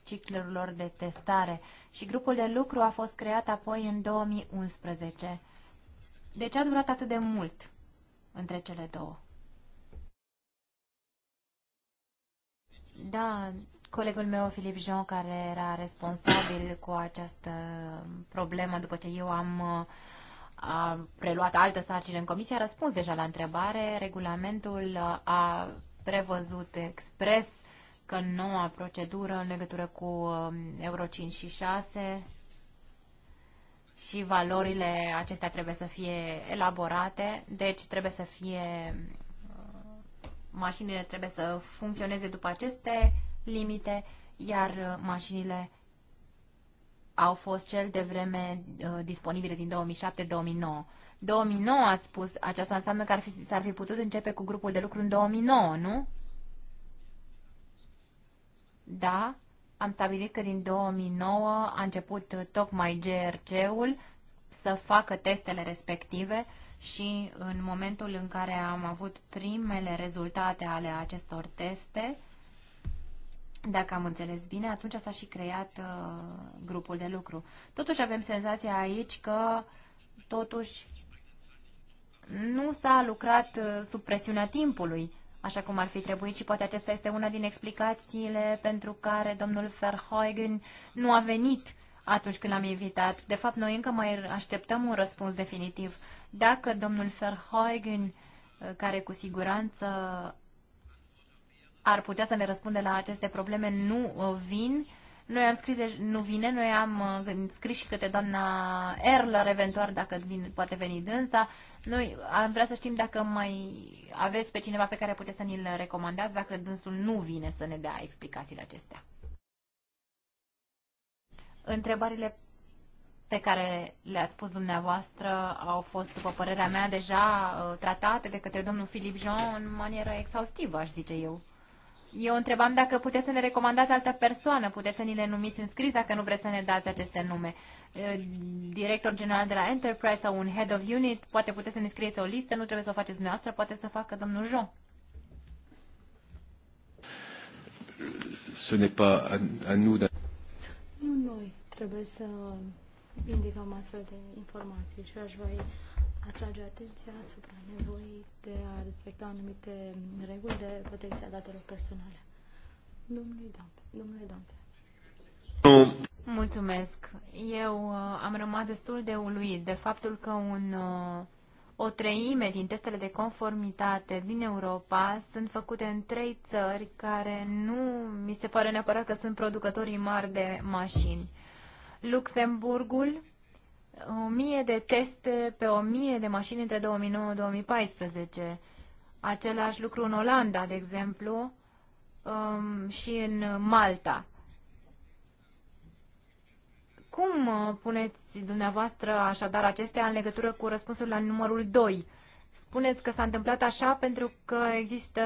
[SPEAKER 4] ciclurilor de testare și grupul de lucru a fost creat apoi în 2011. De ce a durat atât de mult între cele două? Da, colegul meu, Filip Jean, care era responsabil cu această problemă după ce eu am a preluat altă sarcină în comisie, a răspuns deja la întrebare. Regulamentul a prevăzut expres că noua procedură în legătură cu um, Euro 5 și 6 și valorile acestea trebuie să fie elaborate, deci trebuie să fie mașinile trebuie să funcționeze după aceste limite, iar uh, mașinile au fost cel de vreme uh, disponibile din 2007-2009. 2009 ați spus, aceasta înseamnă că ar fi, s-ar fi putut începe cu grupul de lucru în 2009, nu? Da, am stabilit că din 2009 a început uh, tocmai GRC-ul să facă testele respective și în momentul în care am avut primele rezultate ale acestor teste, dacă am înțeles bine, atunci s-a și creat uh, grupul de lucru. Totuși avem senzația aici că totuși nu s-a lucrat uh, sub presiunea timpului, așa cum ar fi trebuit și poate acesta este una din explicațiile pentru care domnul Verheugen nu a venit atunci când am invitat. De fapt, noi încă mai așteptăm un răspuns definitiv. Dacă domnul Verheugen, care cu siguranță ar putea să ne răspunde la aceste probleme, nu uh, vin, noi am scris, deci, nu vine, noi am uh, scris și câte doamna Erler, eventual, dacă vin, poate veni dânsa. Noi am vrea să știm dacă mai aveți pe cineva pe care puteți să ni-l recomandați, dacă dânsul nu vine să ne dea explicațiile acestea. Întrebările pe care le-a spus dumneavoastră au fost, după părerea mea, deja uh, tratate de către domnul Filip Jean în manieră exhaustivă, aș zice eu. Eu întrebam dacă puteți să ne recomandați altă persoană, puteți să ni le numiți în scris dacă nu vreți să ne dați aceste nume. Uh, director general de la Enterprise sau un head of unit, poate puteți să ne scrieți o listă, nu trebuie să o faceți dumneavoastră, poate să facă domnul Jean.
[SPEAKER 1] Ce n'est pas à, à nous d'a-
[SPEAKER 3] nu noi trebuie să indicăm astfel de informații și aș voi atrage atenția asupra nevoii de a respecta anumite reguli de protecție a datelor personale. Domnule Dante. Domnule Dante.
[SPEAKER 4] Mulțumesc. Eu uh, am rămas destul de uluit de faptul că un uh, o treime din testele de conformitate din Europa sunt făcute în trei țări care nu mi se pare neapărat că sunt producătorii mari de mașini. Luxemburgul, o mie de teste pe o mie de mașini între 2009-2014. Același lucru în Olanda, de exemplu, um, și în Malta. Cum uh, puneți dumneavoastră așadar acestea în legătură cu răspunsul la numărul 2? Spuneți că s-a întâmplat așa pentru că există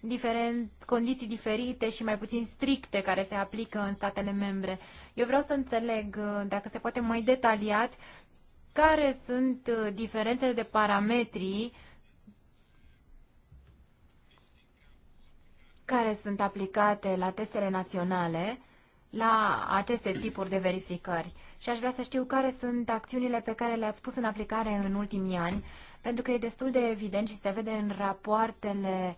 [SPEAKER 4] diferent, condiții diferite și mai puțin stricte care se aplică în statele membre. Eu vreau să înțeleg, uh, dacă se poate mai detaliat, care sunt uh, diferențele de parametri care sunt aplicate la testele naționale la aceste tipuri de verificări. Și aș vrea să știu care sunt acțiunile pe care le-ați pus în aplicare în ultimii ani, pentru că e destul de evident și se vede în rapoartele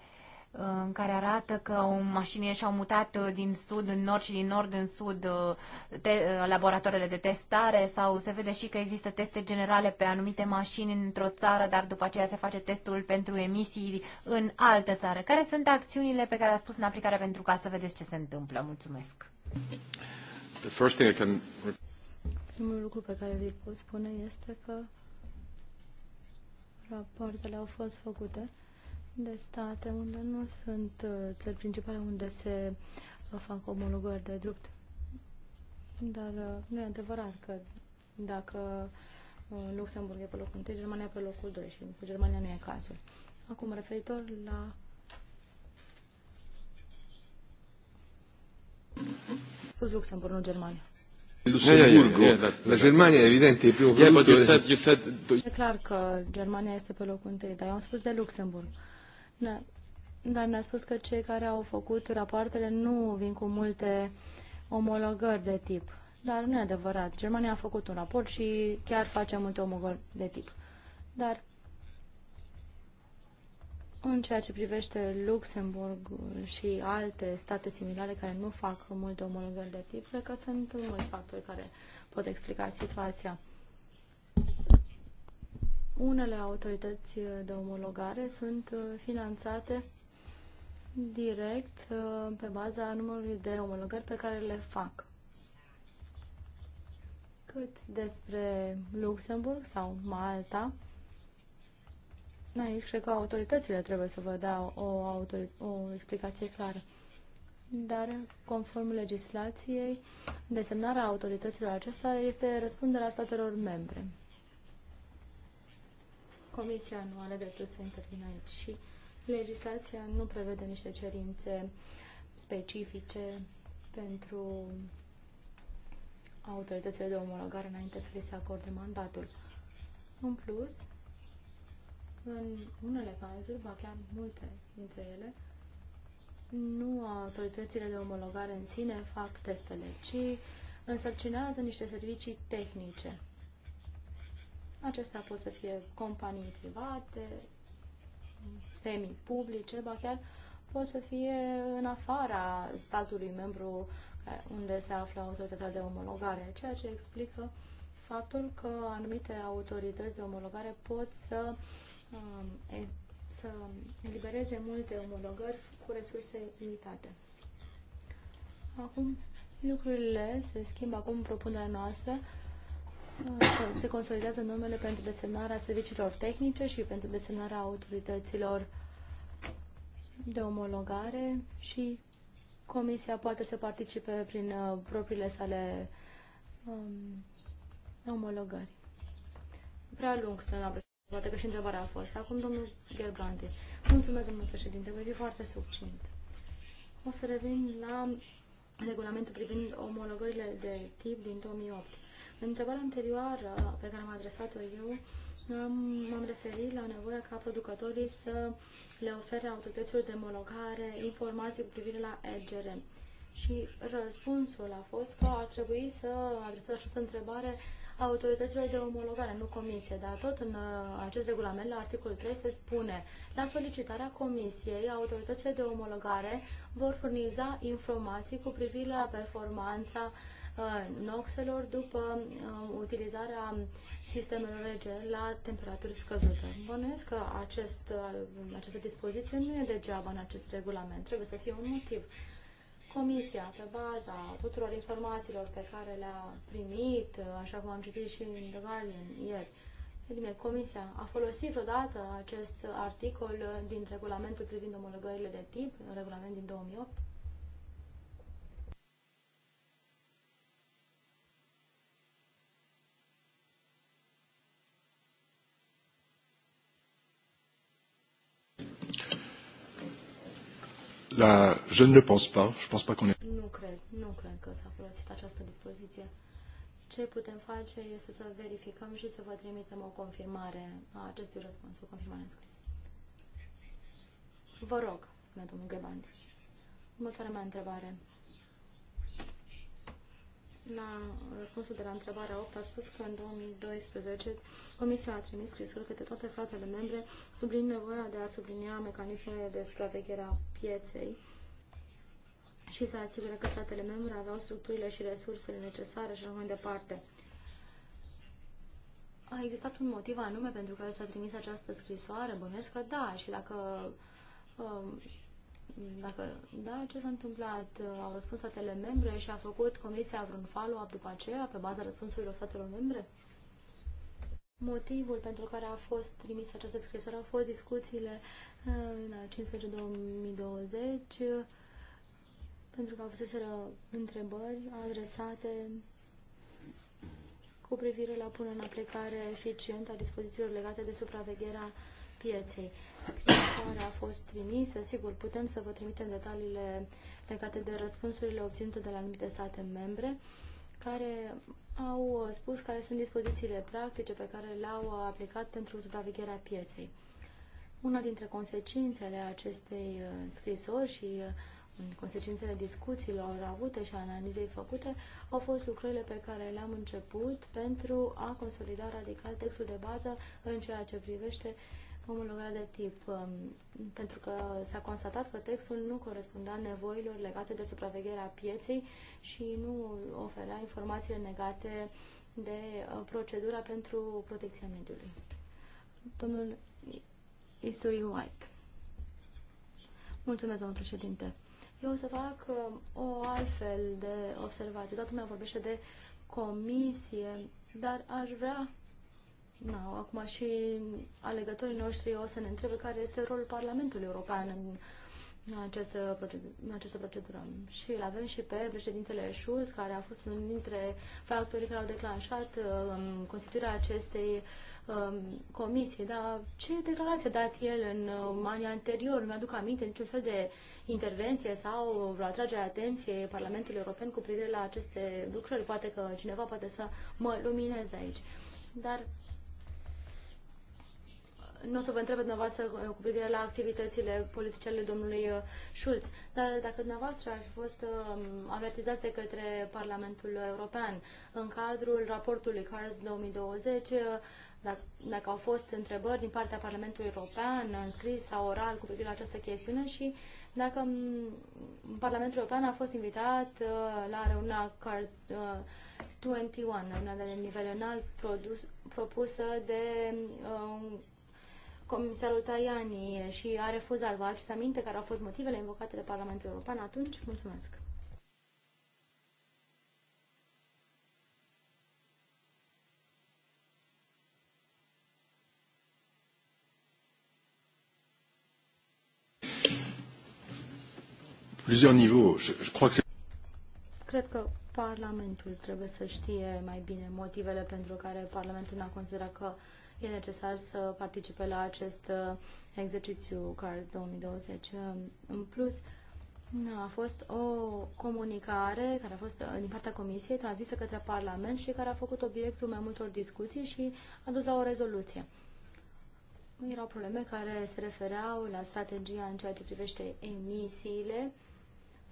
[SPEAKER 4] în care arată că mașinile și-au mutat uh, din sud în nord și din nord în sud uh, te- uh, laboratoarele de testare sau se vede și că există teste generale pe anumite mașini într-o țară, dar după aceea se face testul pentru emisii în altă țară. Care sunt acțiunile pe care le-ați pus în aplicare pentru ca să vedeți ce se întâmplă? Mulțumesc!
[SPEAKER 3] Primul lucru pe care vi-l pot spune este că rapoartele au fost făcute de state unde nu sunt uh, țări principale unde se uh, fac omologări de drept. Dar uh, nu e adevărat că dacă Luxemburg e pe locul 1, Germania pe locul 2 și cu Germania nu e cazul. Acum, referitor la Luxemburg, nu Germania.
[SPEAKER 1] Lussemburgo. Da, da, la Germania, evident, e primul yeah, but you said, you said...
[SPEAKER 3] E clar că Germania este pe locul întâi, dar eu am spus de Luxemburg. Ne, dar ne-a spus că cei care au făcut rapoartele nu vin cu multe omologări de tip. Dar nu e adevărat. Germania a făcut un raport și chiar face multe omologări de tip. Dar în ceea ce privește Luxemburg și alte state similare care nu fac multe omologări de tip, cred că sunt mulți factori care pot explica situația. Unele autorități de omologare sunt uh, finanțate direct uh, pe baza numărului de omologări pe care le fac. Cât despre Luxemburg sau Malta, Aici cred că autoritățile trebuie să vă dea o, o explicație clară. Dar, conform legislației, desemnarea autorităților acesta este răspunderea statelor membre. Comisia nu are dreptul să intervină aici și legislația nu prevede niște cerințe specifice pentru autoritățile de omologare înainte să li se acorde mandatul. În plus, în unele cazuri, ba chiar multe dintre ele, nu autoritățile de omologare în sine fac testele, ci însărcinează niște servicii tehnice. Acestea pot să fie companii private, semi-publice, ba chiar pot să fie în afara statului membru unde se află autoritatea de omologare, ceea ce explică faptul că anumite autorități de omologare pot să uh, Um, să elibereze multe omologări cu resurse limitate. Acum lucrurile se schimbă, acum propunerea noastră uh, se consolidează normele pentru desemnarea serviciilor tehnice și pentru desemnarea autorităților de omologare și comisia poate să participe prin uh, propriile sale um, omologări. Prea lung, spune la Poate că și întrebarea a fost. Acum, domnul Gerbrandi. Mulțumesc, domnul președinte, voi fi foarte succint. O să revin la regulamentul privind omologările de tip din 2008. În întrebarea anterioară pe care am adresat-o eu, m-am referit la nevoia ca producătorii să le ofere autorităților de omologare informații cu privire la EGR. Și răspunsul a fost că ar trebui să adresez această întrebare autorităților de omologare, nu comisie, dar tot în uh, acest regulament, la articolul 3, se spune la solicitarea comisiei, autoritățile de omologare vor furniza informații cu privire la performanța uh, noxelor după uh, utilizarea sistemelor rege la temperaturi scăzute. Bănuiesc că acest, această dispoziție nu e degeaba în acest regulament, trebuie să fie un motiv. Comisia, pe baza tuturor informațiilor pe care le-a primit, așa cum am citit și în The Guardian ieri, e bine, Comisia a folosit vreodată acest articol din regulamentul privind omologările de tip, regulament din 2008?
[SPEAKER 1] La, je ne le pense pas. Je pense pas qu'on est...
[SPEAKER 3] Nu cred, nu cred că s-a folosit această dispoziție. Ce putem face este să verificăm și să vă trimitem o confirmare a acestui răspuns, o confirmare în scris. Vă rog, spune domnul Gebandi. Următoarea mea întrebare. La răspunsul de la întrebarea 8 a spus că în 2012 Comisia a trimis scrisuri către toate statele membre sublin nevoia de a sublinia mecanismele de supraveghere a pieței și să asigure că statele membre aveau structurile și resursele necesare și așa mai departe. A existat un motiv anume pentru care s-a trimis această scrisoare? Bănesc că da, și dacă um, dacă da, ce s-a întâmplat? Au răspuns statele membre și a făcut Comisia vreun follow-up după aceea, pe baza răspunsurilor statelor membre? Motivul pentru care a fost trimis această scrisoare au fost discuțiile uh, în 15-2020, uh, pentru că au fost întrebări adresate cu privire la punerea în aplicare eficientă a dispozițiilor legate de supravegherea pieței. Scrisoarea a fost trimisă, sigur, putem să vă trimitem detaliile legate de răspunsurile obținute de la anumite state membre, care au spus care sunt dispozițiile practice pe care le-au aplicat pentru supravegherea pieței. Una dintre consecințele acestei uh, scrisori și uh, consecințele discuțiilor avute și analizei făcute au fost lucrurile pe care le-am început pentru a consolida radical textul de bază în ceea ce privește uh, omologarea de tip, um, pentru că s-a constatat că textul nu corespundea nevoilor legate de supravegherea pieței și nu oferea informațiile legate de uh, procedura pentru protecția mediului. Domnul Isuri White. Mulțumesc, domnul președinte. Eu o să fac uh, o altfel de observație. Toată lumea vorbește de comisie, dar aș vrea da, acum și alegătorii noștri o să ne întrebe care este rolul Parlamentului European în această, în această procedură. Și îl avem și pe președintele Schulz, care a fost unul dintre factorii care au declanșat um, constituirea acestei um, comisii. Dar ce declarație a dat el în um, anii anterior? Nu mi-aduc aminte niciun fel de intervenție sau vreo atragere atenție Parlamentului European cu privire la aceste lucruri. Poate că cineva poate să mă lumineze aici. Dar nu o să vă întreb dumneavoastră uh, cu privire la activitățile politice ale domnului uh, Schulz, dar dacă dumneavoastră ar fi fost um, avertizați de către Parlamentul European în cadrul raportului CARS 2020, uh, dacă, dacă au fost întrebări din partea Parlamentului European, înscris sau oral cu privire la această chestiune și dacă um, Parlamentul European a fost invitat la reuniunea CARS 21, una de nivel înalt produs, propusă de uh, comisarul Tajani și a refuzat. Vă aduceți aminte care au fost motivele invocate de Parlamentul European atunci? Mulțumesc! Cred că Parlamentul trebuie să știe mai bine motivele pentru care Parlamentul n-a considerat că uh, e necesar să participe la acest uh, exercițiu CARS 2020. Um, în plus, mm, a fost o comunicare care a fost uh, din partea Comisiei transmisă către Parlament și care a făcut obiectul mai multor discuții și a dus la o rezoluție. Erau probleme care se refereau la strategia în ceea ce privește emisiile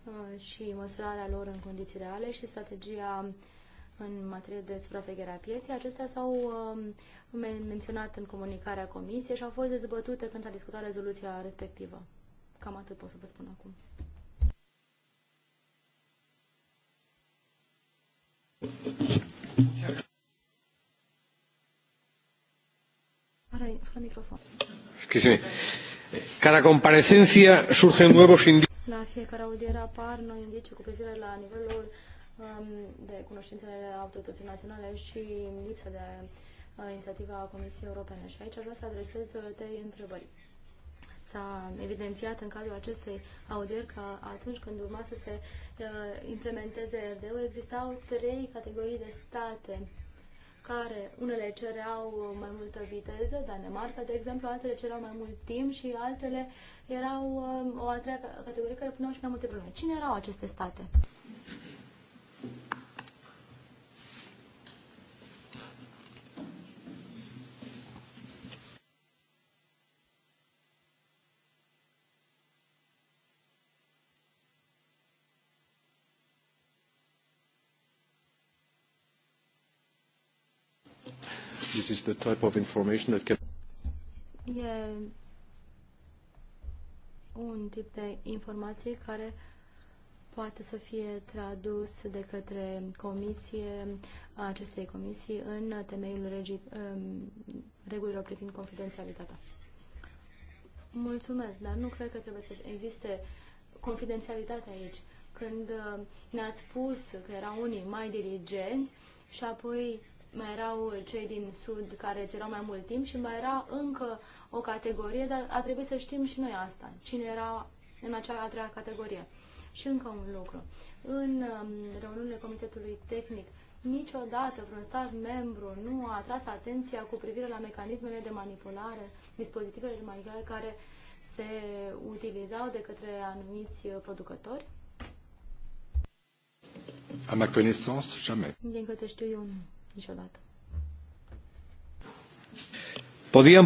[SPEAKER 3] uh, și măsurarea lor în condiții reale și strategia în materie de supraveghere a pieței. Acestea s-au um, men menționat în comunicarea comisiei și au fost dezbătute când s-a discutat rezoluția respectivă. Cam atât pot să vă spun acum. fără microfon.
[SPEAKER 1] Cada comparecencia surgen nuevos indicios.
[SPEAKER 3] La fiecare audiere apar noi indicii cu privire la nivelul Um, de cunoștințele autorităților naționale și lipsa de uh, inițiativa Comisiei Europene. Și aici aș vrea să adresez uh, trei întrebări. S-a evidențiat în cadrul acestei audieri că atunci când urma să se uh, implementeze RD-ul, existau trei categorii de state care unele cereau mai multă viteză, Danemarca, de exemplu, altele cereau mai mult timp și altele erau o a treia categorie care puneau și mai multe probleme. Cine erau aceste state?
[SPEAKER 1] this is the type of information that can...
[SPEAKER 3] E un tip de informație care poate să fie tradus de către comisie, acestei comisii, în temeiul regii, um, regulilor privind confidențialitatea. Mulțumesc, dar nu cred că trebuie să existe confidențialitate aici. Când uh, ne-ați spus că erau unii mai dirigenți și apoi mai erau cei din Sud care cerau mai mult timp și mai era încă o categorie, dar a trebuit să știm și noi asta, cine era în acea a treia categorie. Și încă un lucru. În um, reuniunile Comitetului Tehnic, niciodată vreun stat membru nu a atras atenția cu privire la mecanismele de manipulare, dispozitivele de manipulare care se utilizau de către anumiți producători?
[SPEAKER 1] A ma connaissance, jamais.
[SPEAKER 3] Din câte știu eu, nu niciodată.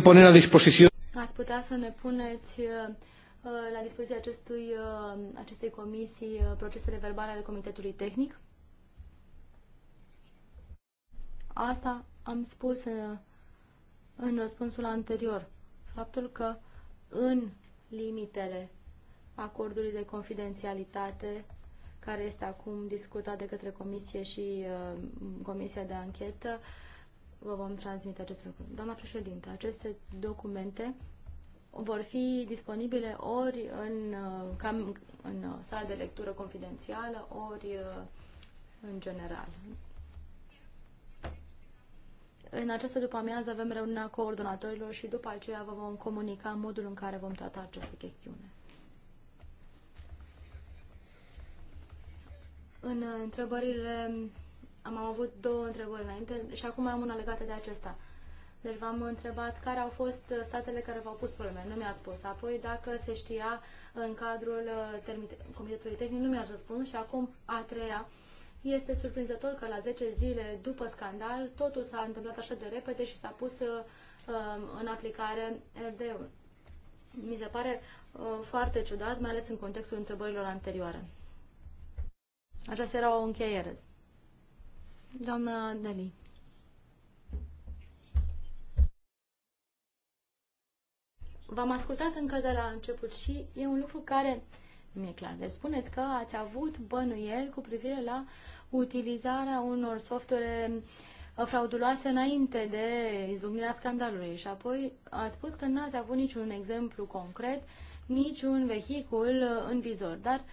[SPEAKER 1] pune la dispoziție...
[SPEAKER 3] Ați putea să ne puneți uh, uh, la dispoziția acestui, uh, acestei comisii procesele verbale ale Comitetului Tehnic? Asta am spus în, în răspunsul anterior. Faptul că în limitele acordului de confidențialitate care este acum discutat de către Comisie și uh, Comisia de Anchetă, vă vom transmite acest lucru. Doamna președinte, aceste documente vor fi disponibile ori în, uh, cam, în uh, sala de lectură confidențială, ori uh, în general. În această după-amiază avem reuniunea coordonatorilor și după aceea vă vom comunica modul în care vom trata această chestiune. În uh, întrebările, am avut două întrebări înainte și acum am una legată de acesta. Deci v-am întrebat care au fost uh, statele care v-au pus probleme. Nu mi-ați spus. Apoi, dacă se știa în cadrul uh, Comitetului Tehnic, nu mi-ați răspuns. Și acum, a treia, este surprinzător că la 10 zile după scandal, totul s-a întâmplat așa de repede și s-a pus uh, um, în aplicare RD-ul. Mi se pare uh, foarte ciudat, mai ales în contextul întrebărilor anterioare. Aceasta era o încheiere. Doamna Deli. V-am ascultat încă de la început și e un lucru care mi-e clar. Deci spuneți că ați avut bănuieli cu privire la utilizarea unor software uh, frauduloase înainte de izbucnirea scandalului și apoi ați spus că n-ați avut niciun exemplu concret, niciun vehicul uh, în vizor, dar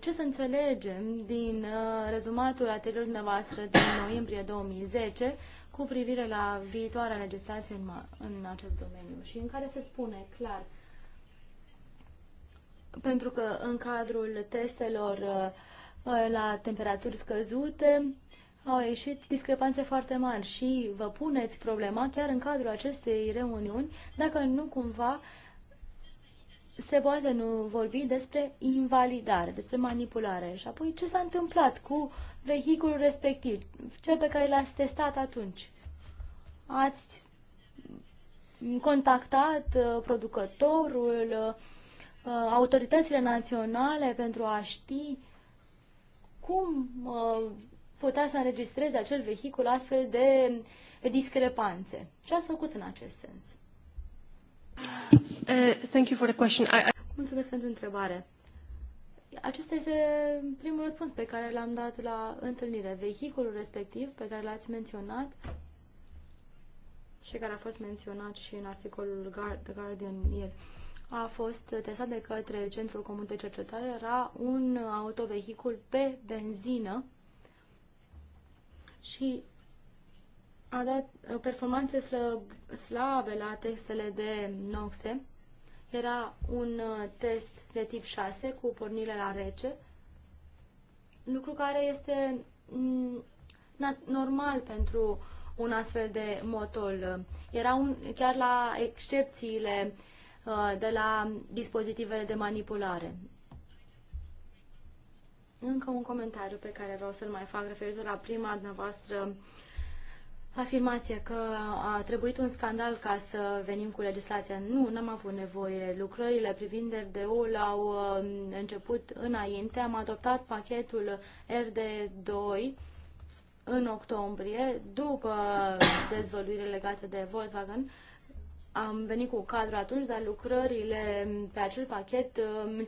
[SPEAKER 3] ce să înțelegem din uh, rezumatul atelierului dumneavoastră din noiembrie 2010 cu privire la viitoarea legislație în, în acest domeniu și în care se spune clar pentru că în cadrul testelor uh, uh, la temperaturi scăzute au ieșit discrepanțe foarte mari și vă puneți problema chiar în cadrul acestei reuniuni dacă nu cumva se poate nu vorbi despre invalidare, despre manipulare. Și apoi ce s-a întâmplat cu vehiculul respectiv, cel pe care l-ați testat atunci? Ați contactat uh, producătorul, uh, uh, autoritățile naționale pentru a ști cum putea să înregistreze acel vehicul astfel de discrepanțe. Ce ați făcut în acest sens?
[SPEAKER 1] Uh,
[SPEAKER 3] Mulțumesc pentru întrebare. Acesta este primul răspuns pe care l-am dat la întâlnire. Vehiculul respectiv pe care l-ați menționat și care a fost menționat și în articolul The Guardian ieri, a fost testat de către Centrul Comun de Cercetare. Era un autovehicul pe benzină și a dat uh, performanțe slabe la testele de noxe. Era un uh, test de tip 6 cu pornire la rece, lucru care este mm, normal pentru un astfel de motor. Era un, chiar la excepțiile uh, de la dispozitivele de manipulare. Încă un comentariu pe care vreau să-l mai fac referitor la prima dumneavoastră uh, afirmație că a trebuit un scandal ca să venim cu legislația. Nu, n-am avut nevoie. Lucrările privind RDU-ul au um, început înainte. Am adoptat pachetul RD2 în octombrie, după dezvăluire legate de Volkswagen. Am venit cu cadrul atunci, dar lucrările pe acel pachet um,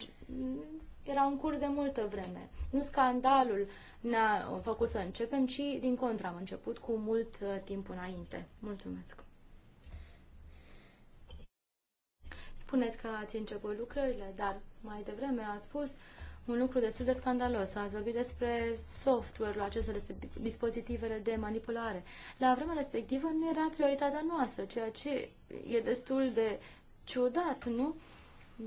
[SPEAKER 3] era un curs de multă vreme. Nu scandalul ne-a făcut să începem, ci din contra am început cu mult uh, timp înainte. Mulțumesc! Spuneți că ați început lucrările, dar mai devreme ați spus un lucru destul de scandalos. Ați vorbit despre software-ul acesta, despre dispozitivele de manipulare. La vremea respectivă nu era prioritatea noastră, ceea ce e destul de ciudat, nu?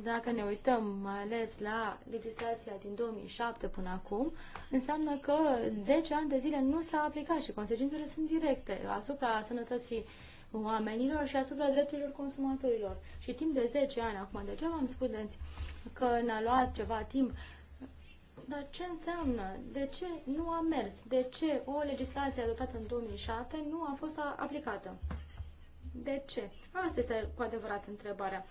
[SPEAKER 3] dacă ne uităm mai ales la legislația din 2007 până acum, înseamnă că 10 ani de zile nu s-a aplicat și consecințele sunt directe asupra sănătății oamenilor și asupra drepturilor consumatorilor. Și timp de 10 ani acum, ce am spuneți că ne-a luat ceva timp, dar ce înseamnă? De ce nu a mers? De ce o legislație adoptată în 2007 nu a fost aplicată? De ce? Asta este cu adevărat întrebarea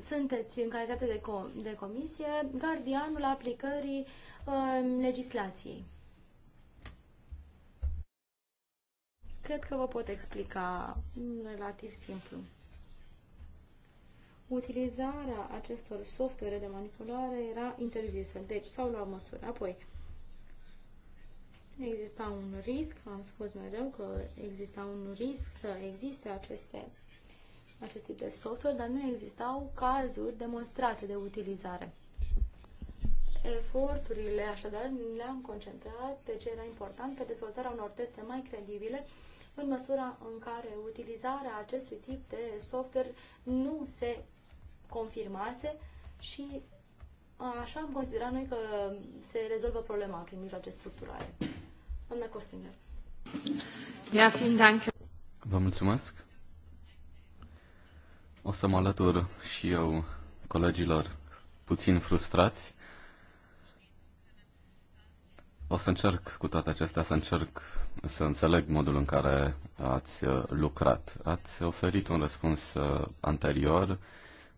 [SPEAKER 3] sunteți în calitate de, com- de comisie gardianul aplicării uh, legislației. Cred că vă pot explica relativ simplu. Utilizarea acestor software de manipulare era interzisă, deci s-au luat măsuri. Apoi, exista un risc, am spus mereu că exista un risc să existe aceste acest tip de software, dar nu existau cazuri demonstrate de utilizare. Eforturile, așadar, le-am concentrat pe ce era important, pe dezvoltarea unor teste mai credibile, în măsura în care utilizarea acestui tip de software nu se confirmase și așa am considerat noi că se rezolvă problema prin mijloace structurale. Doamna Costinger.
[SPEAKER 4] Ia, fiind
[SPEAKER 2] Vă mulțumesc. O să mă alătur și eu colegilor puțin frustrați. O să încerc cu toate acestea să încerc să înțeleg modul în care ați uh, lucrat. Ați oferit un răspuns uh, anterior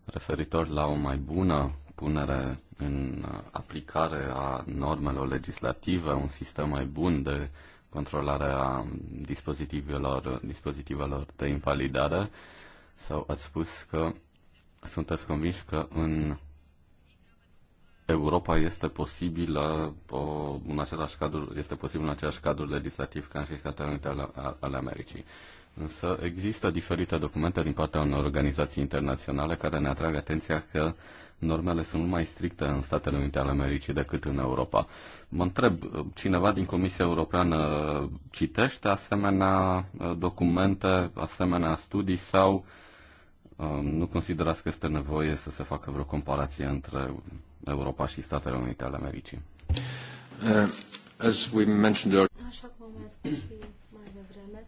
[SPEAKER 2] referitor la o mai bună punere în uh, aplicare a normelor legislative, un sistem mai bun de controlare a dispozitivelor, dispozitivelor de invalidare sau ați spus că sunteți convinși că în Europa este posibil o, în același cadru, este posibil în același cadru legislativ ca în și Statele Unite ale, ale Americii. Însă există diferite documente din partea unor organizații internaționale care ne atrag atenția că normele sunt mai stricte în Statele Unite ale Americii decât în Europa. Mă întreb, cineva din Comisia Europeană citește asemenea uh, documente, asemenea studii sau uh, Um, nu considerați că este nevoie să se facă vreo comparație între Europa și Statele Unite ale Americii? Uh, as we mentioned earlier...
[SPEAKER 3] Așa cum am spus și mai devreme,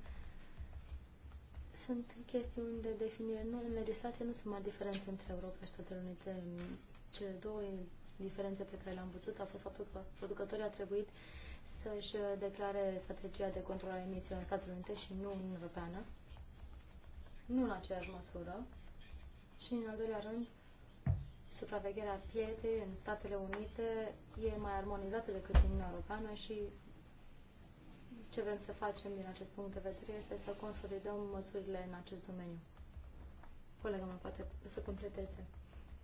[SPEAKER 3] sunt chestiuni de definire. Nu, în legislație nu sunt mari diferențe între Europa și Statele Unite. Cele două diferențe pe care le-am văzut a fost faptul că producătorii a trebuit să-și declare strategia de control a emisiilor în Statele Unite și nu în Europeană. Nu în aceeași măsură. Și în al doilea rând, supravegherea pieței în Statele Unite e mai armonizată decât în Uniunea Europeană și ce vrem să facem din acest punct de vedere este să consolidăm măsurile în acest domeniu. Colega mea poate să completeze.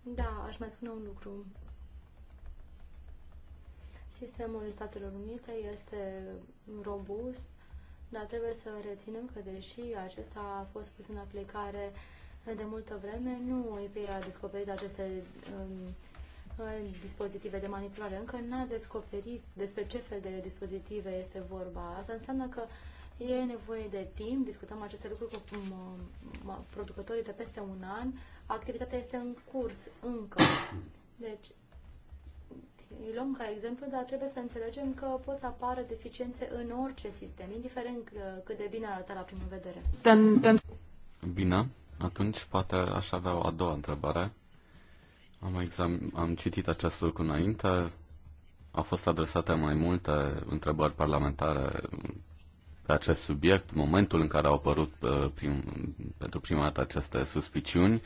[SPEAKER 3] Da, aș mai spune un lucru. Sistemul Statelor Unite este robust, dar trebuie să reținem că deși acesta a fost pus în aplicare uh, de multă vreme nu EPA a descoperit aceste um, uh, dispozitive de manipulare. Încă n-a descoperit despre ce fel de dispozitive este vorba. Asta înseamnă că e nevoie de timp, discutăm aceste lucruri cu um, uh, uh, producătorii de peste un an, activitatea este în curs încă. Deci, îi luăm ca exemplu, dar trebuie să înțelegem că pot să apară deficiențe în orice sistem, indiferent cât de bine arată la primă vedere.
[SPEAKER 2] Bine, atunci poate aș avea o a doua întrebare. Am, exam- am citit acest lucru înainte. Au fost adresate mai multe întrebări parlamentare pe acest subiect, momentul în care au apărut uh, prim, pentru prima dată aceste suspiciuni,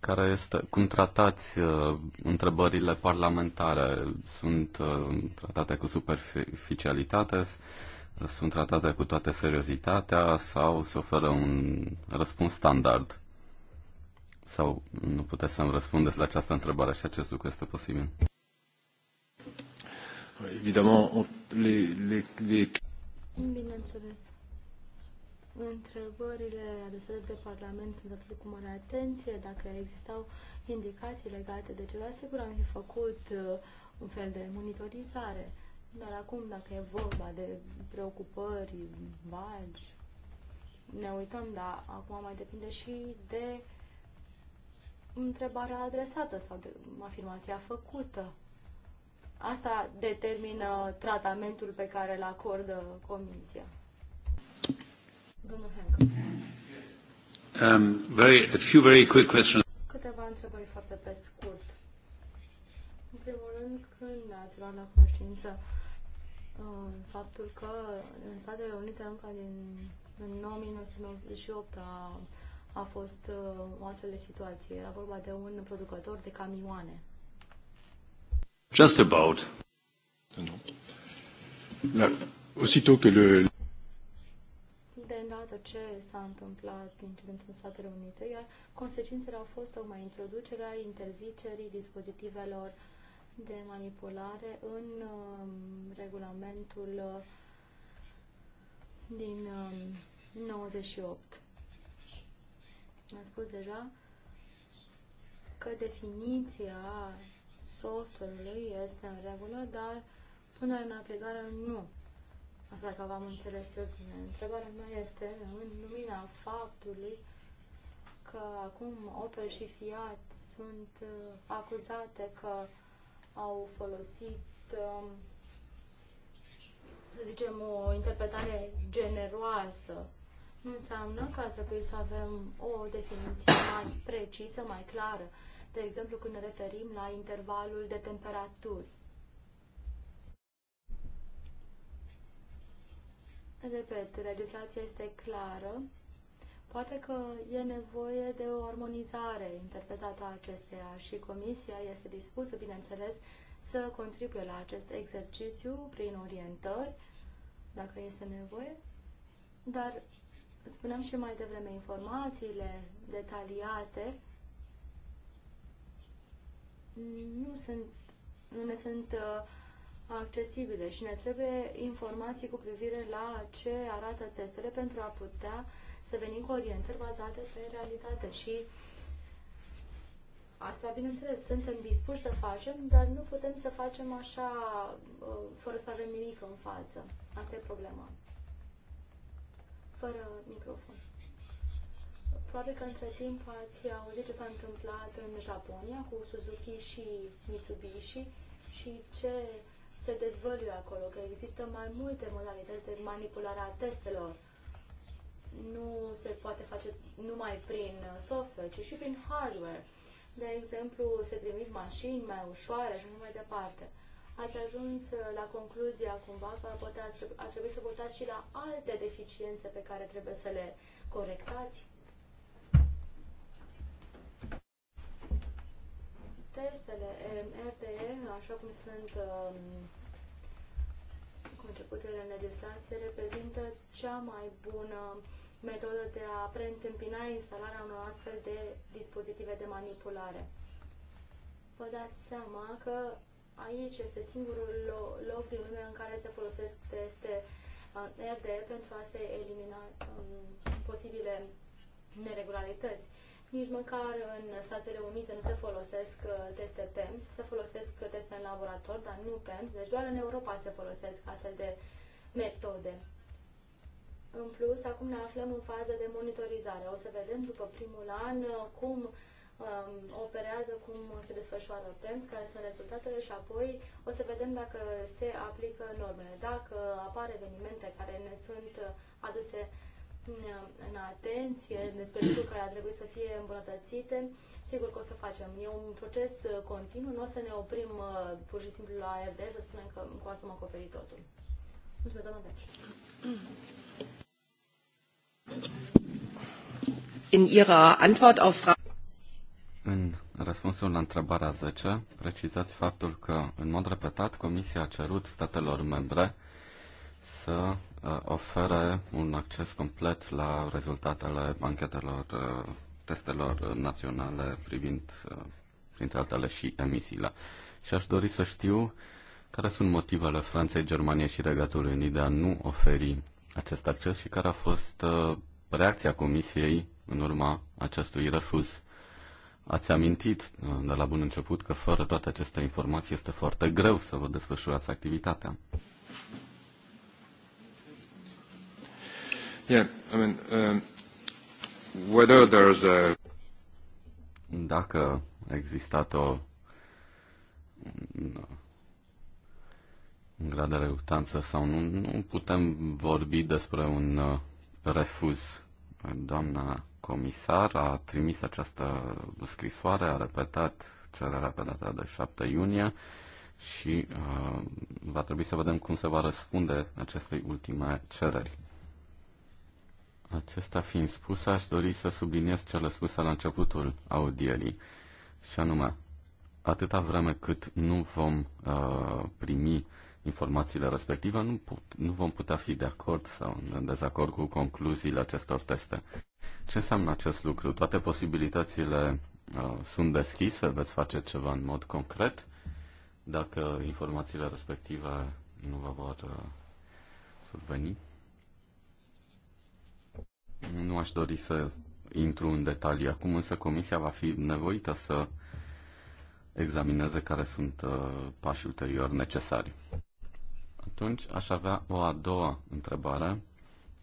[SPEAKER 2] care este cum tratați uh, întrebările parlamentare? Sunt uh, tratate cu superficialitate? sunt tratate cu toată seriozitatea sau se oferă un răspuns standard? Sau nu puteți să-mi răspundeți la această întrebare și acest lucru este posibil?
[SPEAKER 1] Evident, le, le, le...
[SPEAKER 3] Bineînțeles. Întrebările adresate de Parlament sunt atât cu mare atenție. Dacă existau indicații legate de ceva, sigur am fi făcut uh, un fel de monitorizare. Dar acum, dacă e vorba de preocupări vagi, ne uităm, dar acum mai depinde și de întrebarea adresată sau de afirmația făcută. Asta determină tratamentul pe care îl acordă comisia.
[SPEAKER 1] Domnul Henk. Um, very, a few very quick questions.
[SPEAKER 3] Câteva întrebări foarte pe scurt. În primul rând, când ați luat la conștiință faptul că în Statele Unite încă din în 1998 a, a fost uh, o astfel de situație. Era vorba de un producător de camioane.
[SPEAKER 1] Just about. La, aussitôt que le...
[SPEAKER 3] De îndată ce s-a întâmplat incidentul în Statele Unite, iar consecințele au fost tocmai introducerea interzicerii dispozitivelor uh, de manipulare în um, regulamentul uh, din 98. Um, Am spus deja că definiția software-ului este în regulă, dar punerea în aplicare nu. Asta dacă v-am înțeles eu bine. Întrebarea mea este în lumina faptului că acum Opel și Fiat sunt uh, acuzate că au folosit, um, să zicem, o interpretare generoasă. Nu înseamnă că ar trebui să avem o definiție mai precisă, mai clară. De exemplu, când ne referim la intervalul de temperaturi. Repet, legislația este clară Poate că e nevoie de o armonizare interpretată a acesteia și Comisia este dispusă, bineînțeles, să contribuie la acest exercițiu prin orientări, dacă este nevoie, dar spuneam și mai devreme, informațiile detaliate nu sunt, nu ne sunt uh, accesibile și ne trebuie informații cu privire la ce arată testele pentru a putea să venim cu orientări bazate pe realitate și asta, bineînțeles, suntem dispuși să facem, dar nu putem să facem așa uh, fără să avem nimic în față. Asta e problema. Fără microfon. Probabil că între timp ați auzit ce s-a întâmplat în Japonia cu Suzuki și Mitsubishi și ce se dezvăluie acolo, că există mai multe modalități de manipulare a testelor nu se poate face numai prin software, ci și prin hardware. De exemplu, se trimit mașini mai ușoare și nu mai departe. Ați ajuns la concluzia cumva că poate ar trebui, ar trebui să votați și la alte deficiențe pe care trebuie să le corectați? Testele RTE, așa cum sunt um, conceputele în legislație, reprezintă cea mai bună uh, metodă de a preîntâmpina instalarea unor astfel de dispozitive de manipulare. Vă dați seama că aici este singurul loc din lume în care se folosesc teste uh, RD pentru a se elimina um, posibile neregularități. Nici măcar în Statele Unite nu se folosesc uh, teste PEMS, se folosesc teste în laborator, dar nu PEMS, deci doar în Europa se folosesc astfel de metode. În plus, acum ne aflăm în fază de monitorizare. O să vedem după primul an uh, cum um, operează, cum se desfășoară TENS, care sunt rezultatele și apoi o să vedem dacă se aplică normele. Dacă apar evenimente care ne sunt uh, aduse um, în atenție despre lucruri care ar trebui să fie îmbunătățite, sigur că o să facem. E un proces uh, continuu, nu o să ne oprim pur și simplu la ARD să spunem că cu asta am acoperit totul. Mulțumesc, doamna
[SPEAKER 1] In ihrer Antwort auf
[SPEAKER 2] în răspunsul la întrebarea 10, precizați faptul că, în mod repetat, Comisia a cerut statelor membre să uh, ofere un acces complet la rezultatele anchetelor, uh, testelor naționale privind, uh, printre altele, și emisiile. Și aș dori să știu care sunt motivele Franței, Germaniei și Regatului Unit de a nu oferi acest acces și care a fost uh, reacția Comisiei în urma acestui refuz. Ați amintit uh, de la bun început că fără toate aceste informații este foarte greu să vă desfășurați activitatea.
[SPEAKER 1] Yeah, I mean, uh, whether there's a...
[SPEAKER 2] Dacă a existat o în grad de reluctanță sau nu, nu putem vorbi despre un uh, refuz. Doamna comisar a trimis această scrisoare, a repetat cererea pe data de 7 iunie și uh, va trebui să vedem cum se va răspunde acestei ultime cereri. Acesta fiind spus, aș dori să subliniez cele spuse la începutul audierii, și anume, atâta vreme cât nu vom uh, primi uh, informațiile respective, nu, put, nu vom putea fi de acord sau în dezacord cu concluziile acestor teste. Ce înseamnă acest lucru? Toate posibilitățile uh, sunt deschise? Veți face ceva în mod concret? Dacă informațiile respective nu vă vor uh, surveni? Nu aș dori să intru în detalii acum, însă Comisia va fi nevoită să examineze care sunt uh, pașii ulterior necesari. Atunci aș avea o a doua întrebare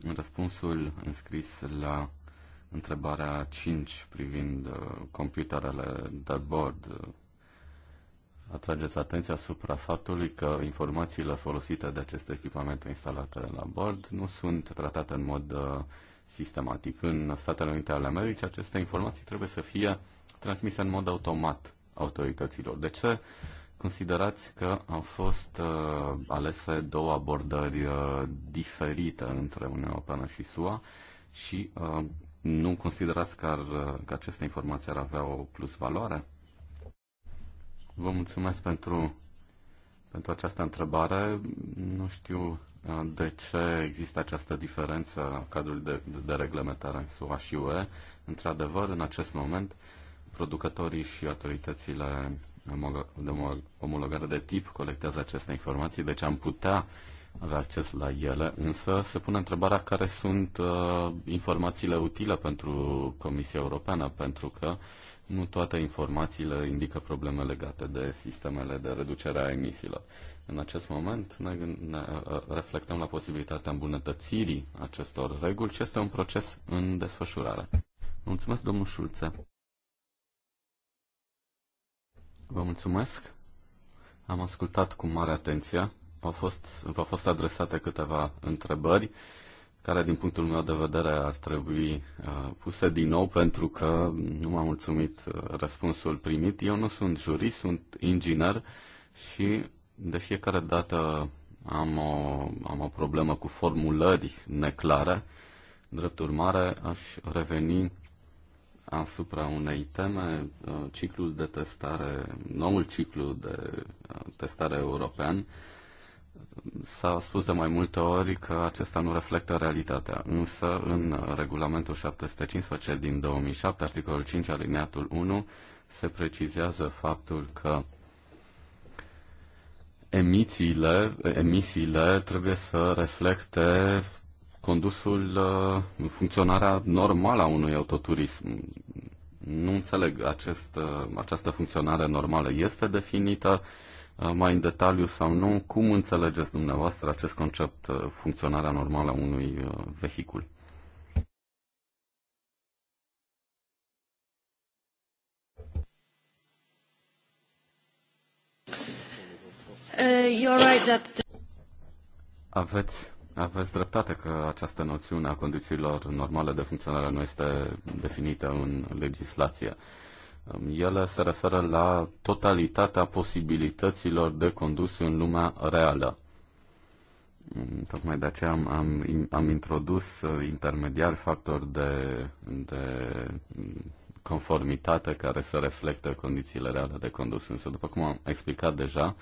[SPEAKER 2] în răspunsul înscris la întrebarea 5 privind uh, computerele de bord. Atrageți atenția asupra faptului că informațiile folosite de aceste echipamente instalate la bord nu sunt tratate în mod uh, sistematic. În Statele Unite ale Americii aceste informații trebuie să fie transmise în mod automat autorităților. De ce Considerați că au fost uh, alese două abordări uh, diferite între Uniunea Europeană și SUA și uh, nu considerați că, ar, uh, că aceste informații ar avea o plus valoare? Vă mulțumesc pentru, pentru această întrebare. Nu știu uh, de ce există această diferență în cadrul de, de reglementare în SUA și UE. Într-adevăr, în acest moment, producătorii și autoritățile de omologare de tip colectează aceste informații, deci am putea avea acces la ele, însă se pune întrebarea care sunt uh, informațiile utile pentru Comisia Europeană, pentru că nu toate informațiile indică probleme legate de sistemele de reducere a emisiilor. În acest moment ne, ne uh, uh, reflectăm la posibilitatea îmbunătățirii acestor reguli și este un proces în desfășurare. Mulțumesc, domnul Șulță! Vă mulțumesc. Am ascultat cu mare atenție. Au fost, v-au fost adresate câteva întrebări care, din punctul meu de vedere, ar trebui uh, puse din nou pentru că nu m-a mulțumit uh, răspunsul primit. Eu nu sunt jurist, sunt inginer și de fiecare dată am o, am o problemă cu formulări neclare. Drept urmare, aș reveni asupra unei teme, uh, ciclul de testare, noul ciclu de uh, testare european, S-a spus de mai multe ori că acesta nu reflectă realitatea, însă în regulamentul 715 din 2007, articolul 5 alineatul 1, se precizează faptul că emisiile, emisiile trebuie să reflecte condusul, uh, funcționarea normală a unui autoturism. Nu înțeleg, acest, uh, această funcționare normală este definită uh, mai în detaliu sau nu? Cum înțelegeți dumneavoastră acest concept, funcționarea normală a unui
[SPEAKER 1] vehicul?
[SPEAKER 4] Uh, you're right that the...
[SPEAKER 2] Aveți aveți dreptate că această noțiune a condițiilor normale de funcționare nu este definită în legislație. Ele se referă la totalitatea posibilităților de condus în lumea reală. Tocmai de aceea am, am, am introdus uh, intermediari factori de, de conformitate care să reflectă condițiile reale de condus. Însă, după cum am explicat deja,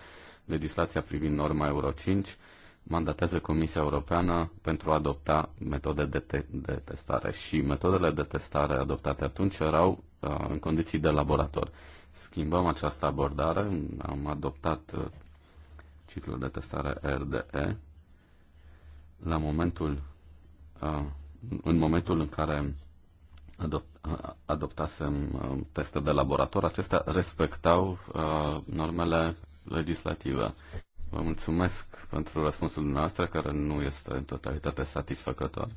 [SPEAKER 2] legislația privind norma Euro 5 Mandatează Comisia Europeană pentru a adopta metode de, te- de testare și metodele de testare adoptate atunci erau uh, în condiții de laborator. Schimbăm această abordare, am adoptat uh, ciclul de testare RDE. La momentul, uh, în momentul în care uh, adoptasem uh, teste de laborator, acestea respectau uh, normele legislative. Vă mulțumesc pentru răspunsul dumneavoastră, care nu este în totalitate satisfăcător.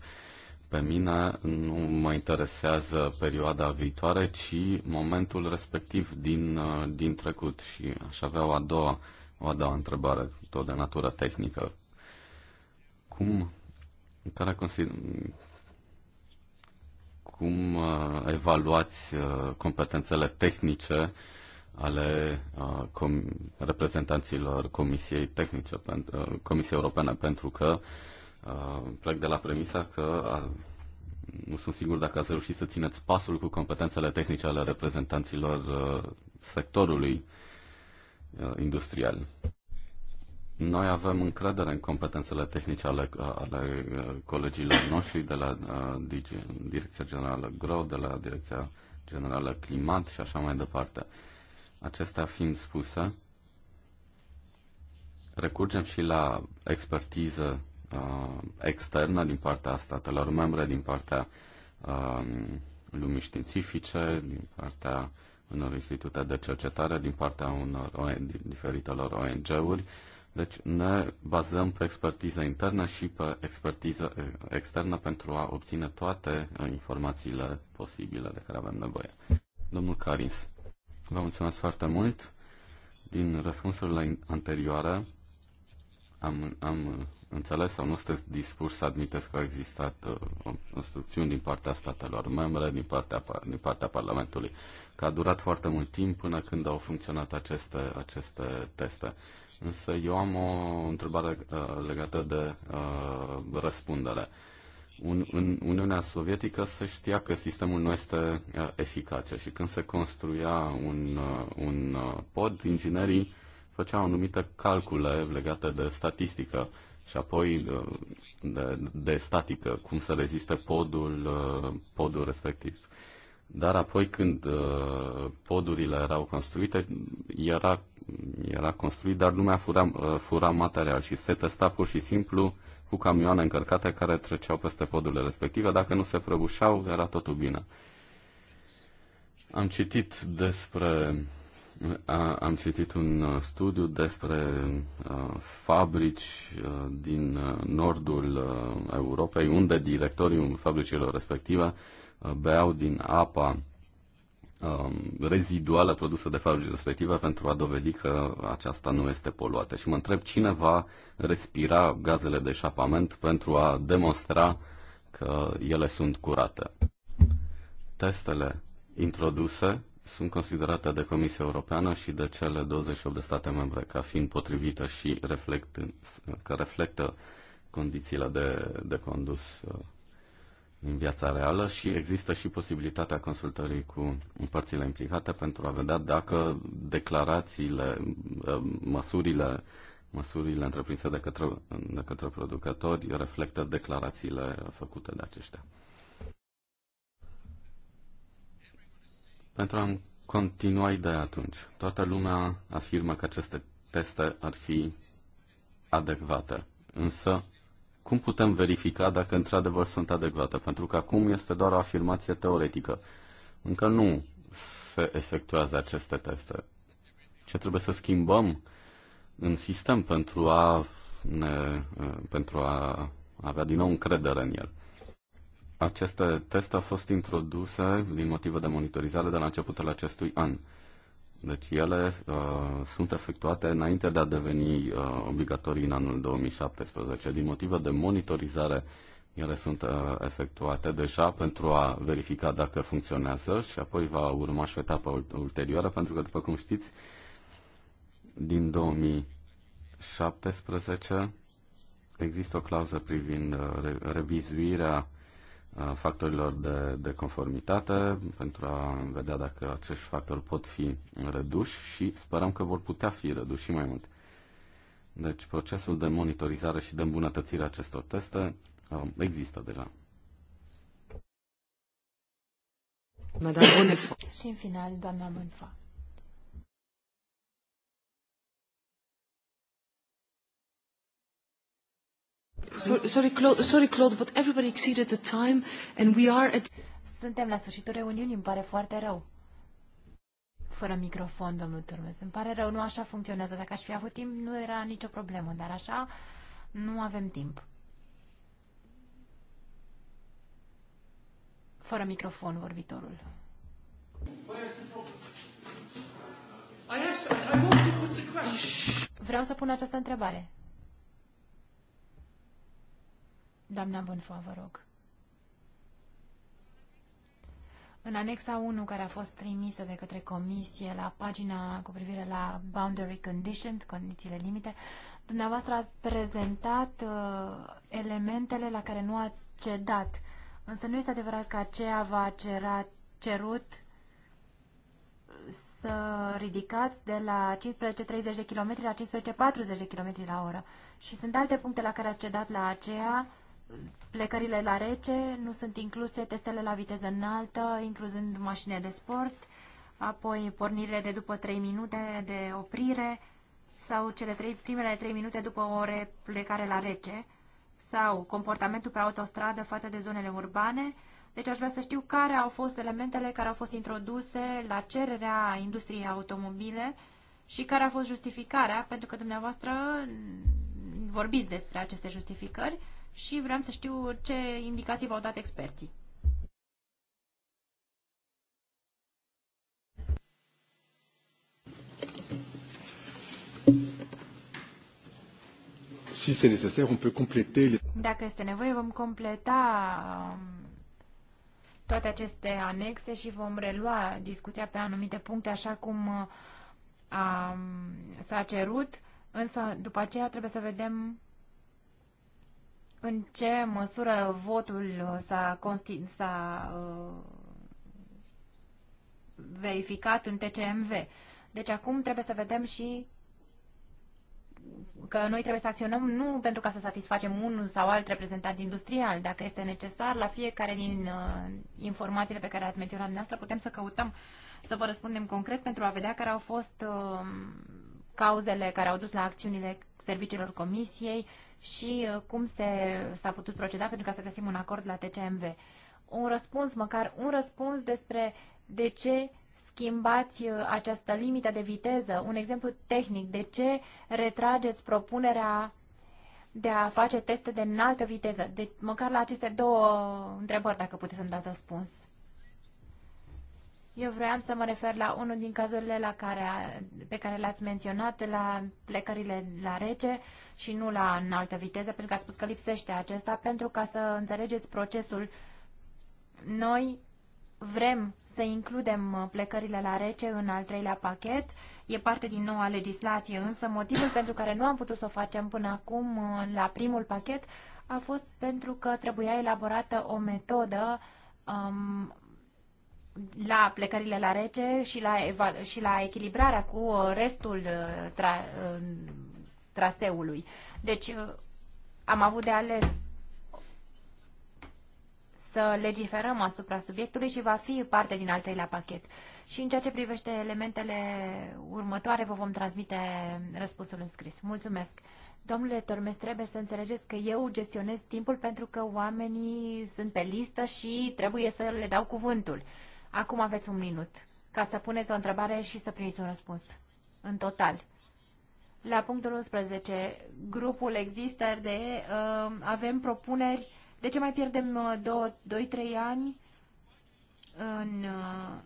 [SPEAKER 2] Pe mine nu mă interesează perioada viitoare, ci momentul respectiv din, din trecut. Și aș avea o a doua, o a doua întrebare, tot de natură tehnică. Cum, care consider, cum uh, evaluați uh, competențele tehnice ale com- reprezentanților Comisiei Tehnice, Comisiei Europene, pentru că plec de la premisa că nu sunt sigur dacă ați reușit să țineți pasul cu competențele tehnice ale reprezentanților sectorului industrial. Noi avem încredere în competențele tehnice ale, ale colegilor noștri de la Direcția Generală GRO, de la Direcția Generală Climat și așa mai departe. Uh, acesta fiind spusă, recurgem și la expertiză uh, externă din partea statelor membre, din partea uh, lumii științifice, din partea unor institute de cercetare, din partea unor ONG, diferitelor ONG-uri. Deci ne bazăm pe expertiză internă și pe expertiză uh, externă pentru a obține toate uh, informațiile posibile de care avem nevoie. Domnul Carins. Vă mulțumesc foarte mult. Din răspunsurile anterioare am, am înțeles sau nu sunteți dispuși să admiteți că au existat uh, obstrucțiuni din partea statelor membre, din partea, din partea Parlamentului, că a durat foarte mult timp până când au funcționat aceste, aceste teste. Însă eu am o întrebare uh, legată de uh, răspundere. Uh, în Uniunea Sovietică se știa că sistemul nu este uh, eficace și când se construia un, uh, un uh, pod, inginerii făceau anumite calcule legate de statistică și apoi de, de statică, cum să reziste podul, podul respectiv. Dar apoi când podurile erau construite, era, era construit, dar lumea fura, fura material și se testa pur și simplu cu camioane încărcate care treceau peste podurile respective. Dacă nu se prăbușau, era totul bine. Am citit despre am citit un uh, studiu despre uh, fabrici uh, din nordul Europei, unde directorii fabricilor respective beau din apa Um, reziduală produsă de fabrici respectivă pentru a dovedi că aceasta nu este poluată. Și mă întreb cine va respira gazele de eșapament pentru a demonstra că ele sunt curate. Testele introduse sunt considerate de Comisia Europeană și de cele 28 de state membre ca fiind potrivite și reflect, că reflectă condițiile de, de condus uh, în viața reală și există și posibilitatea consultării cu părțile implicate pentru a vedea dacă declarațiile, uh, măsurile, măsurile întreprinse de către, de către producători reflectă declarațiile făcute de aceștia. Pentru a continua ideea atunci, toată lumea afirmă că aceste teste ar fi adecvate, însă cum putem verifica dacă într-adevăr sunt adecvate? Pentru că acum este doar o afirmație teoretică. Încă nu se efectuează aceste teste. Ce trebuie să schimbăm în sistem pentru a, ne, pentru a avea din nou încredere în el? Aceste teste au fost introduse din motive de monitorizare de la începutul acestui an. Deci ele uh, sunt efectuate înainte de a deveni uh, obligatorii în anul 2017. Din motive de monitorizare, ele sunt uh, efectuate deja pentru a verifica dacă funcționează și apoi va urma și o etapă ulterioară, pentru că, după cum știți, din 2017 există o clauză privind uh, revizuirea factorilor de, de conformitate pentru a vedea dacă acești factori pot fi reduși și sperăm că vor putea fi reduși și mai mult. Deci procesul de monitorizare și de îmbunătățire acestor teste um, există
[SPEAKER 4] deja. Madame Bonefa. Și în final, doamna Bonefa. Sorry, Claude, sorry, Claude, but everybody exceeded the time and we are at... Suntem la sfârșitul reuniunii, îmi pare foarte rău. Fără microfon, domnul Turmes. Îmi pare rău, nu așa funcționează. Dacă aș fi avut timp, nu era nicio problemă, dar așa nu avem timp. Fără microfon, vorbitorul. Vreau să pun această întrebare. Doamna Bânfoa, vă rog. În anexa 1, care a fost trimisă de către comisie la pagina cu privire la boundary conditions, condițiile limite, dumneavoastră ați prezentat uh, elementele la care nu ați cedat. Însă nu este adevărat că aceea v-a cerut să ridicați de la 15-30 de km la 15-40 de km la oră. Și sunt alte puncte la care ați cedat la aceea plecările la rece, nu sunt incluse testele la viteză înaltă, incluzând mașinile de sport, apoi pornirile de după 3 minute de oprire sau cele 3, primele 3 minute după o ore plecare la rece sau comportamentul pe autostradă față de zonele urbane. Deci aș vrea să știu care au fost elementele care au fost introduse la cererea industriei automobile și care a fost justificarea, pentru că dumneavoastră vorbiți despre aceste justificări și vreau să știu ce indicații v-au dat experții.
[SPEAKER 1] Si c'est nécessaire, on peut compléter les...
[SPEAKER 4] Dacă este nevoie, vom completa um, toate aceste anexe și vom relua discuția pe anumite puncte, așa cum um, s-a cerut, însă după aceea trebuie să vedem în ce măsură votul s-a, consti- uh, verificat în TCMV. Deci acum trebuie să vedem și că noi trebuie să acționăm nu pentru ca să satisfacem unul sau alt reprezentant industrial. Dacă este necesar, la fiecare din uh, informațiile pe care ați menționat dumneavoastră, putem să căutăm să vă răspundem concret pentru a vedea care au fost uh, cauzele care au dus la acțiunile serviciilor comisiei, uh, și uh, cum s-a putut proceda pentru ca să găsim un acord la TCMV. Un răspuns, măcar un răspuns despre de ce schimbați uh, această limită de viteză, un exemplu tehnic, de ce retrageți propunerea de a face teste de înaltă viteză? Deci, măcar la aceste două întrebări, dacă puteți să-mi dați răspuns. Eu vreau să mă refer la unul din cazurile la care, pe care le-ați menționat, la plecările la rece și nu la înaltă viteză, pentru că ați spus că lipsește acesta, pentru ca să înțelegeți procesul. Noi vrem să includem plecările la rece în al treilea pachet. E parte din noua legislație, însă motivul pentru care nu am putut să o facem până acum la primul pachet a fost pentru că trebuia elaborată o metodă um, la plecările la rece și la, și la echilibrarea cu restul uh, tra, traseului. Deci uh, am avut de ales să legiferăm asupra subiectului și va fi parte din al treilea pachet. Și în ceea ce privește elementele următoare, vă vom transmite răspunsul în scris. Mulțumesc! Domnule Tormes, trebuie să înțelegeți că eu gestionez timpul pentru că oamenii sunt pe listă și trebuie să le dau cuvântul. Acum aveți un minut ca să puneți o întrebare și să primiți un răspuns. În total. La punctul 11, grupul există de uh, avem propuneri. De ce mai pierdem 2-3 uh, ani în, uh,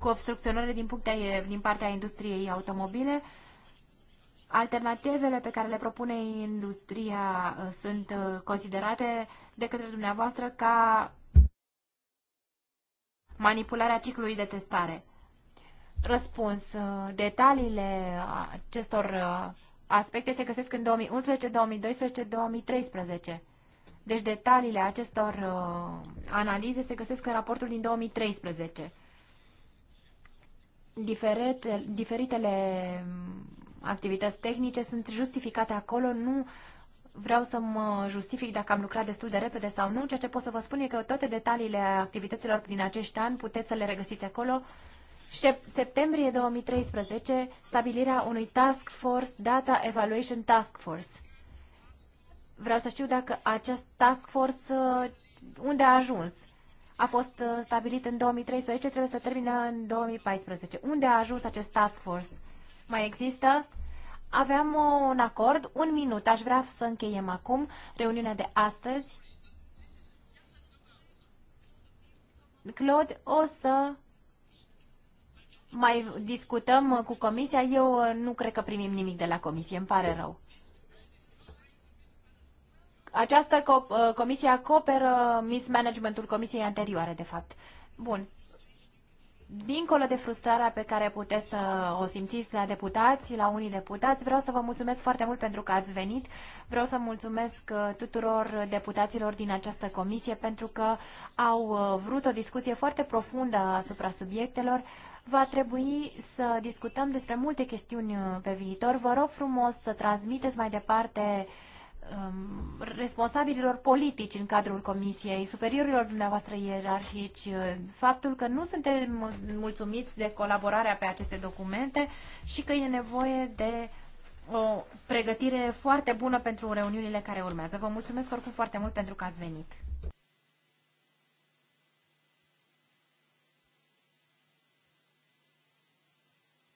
[SPEAKER 4] cu obstrucționare din, punctea, din partea industriei automobile? Alternativele pe care le propune industria uh, sunt uh, considerate de către dumneavoastră ca manipularea ciclului de testare. Răspuns. Uh, detaliile acestor uh, aspecte se găsesc în 2011, 2012, 2013. Deci detaliile acestor uh, analize se găsesc în raportul din 2013. Diferite, diferitele mm, activități tehnice sunt justificate acolo, nu vreau să mă justific dacă am lucrat destul de repede sau nu. Ceea ce pot să vă spun e că toate detaliile activităților din acești ani puteți să le regăsiți acolo. Septembrie 2013, stabilirea unui Task Force, Data Evaluation Task Force. Vreau să știu dacă acest Task Force uh, unde a ajuns. A fost uh, stabilit în 2013, trebuie să termină în 2014. Unde a ajuns acest Task Force? Mai există? Aveam un acord, un minut, aș vrea să încheiem acum reuniunea de astăzi. Claude, o să mai discutăm cu comisia. Eu uh, nu cred că primim nimic de la comisie, îmi pare rău. Această co uh, comisie acoperă mismanagementul comisiei anterioare, de fapt. Bun. Dincolo de frustrarea pe care puteți să o simțiți la deputați, la unii deputați, vreau să vă mulțumesc foarte mult pentru că ați venit. Vreau să mulțumesc uh, tuturor deputaților din această comisie pentru că au uh, vrut o discuție foarte profundă asupra subiectelor. Va trebui să discutăm despre multe chestiuni uh, pe viitor. Vă rog frumos să transmiteți mai departe uh, Um, responsabililor politici în cadrul comisiei, superiorilor dumneavoastră ierarhici, uh, faptul că nu suntem mulțumiți de colaborarea pe aceste documente și că e nevoie de o pregătire foarte bună pentru reuniunile care urmează. Vă mulțumesc oricum foarte mult pentru că ați venit.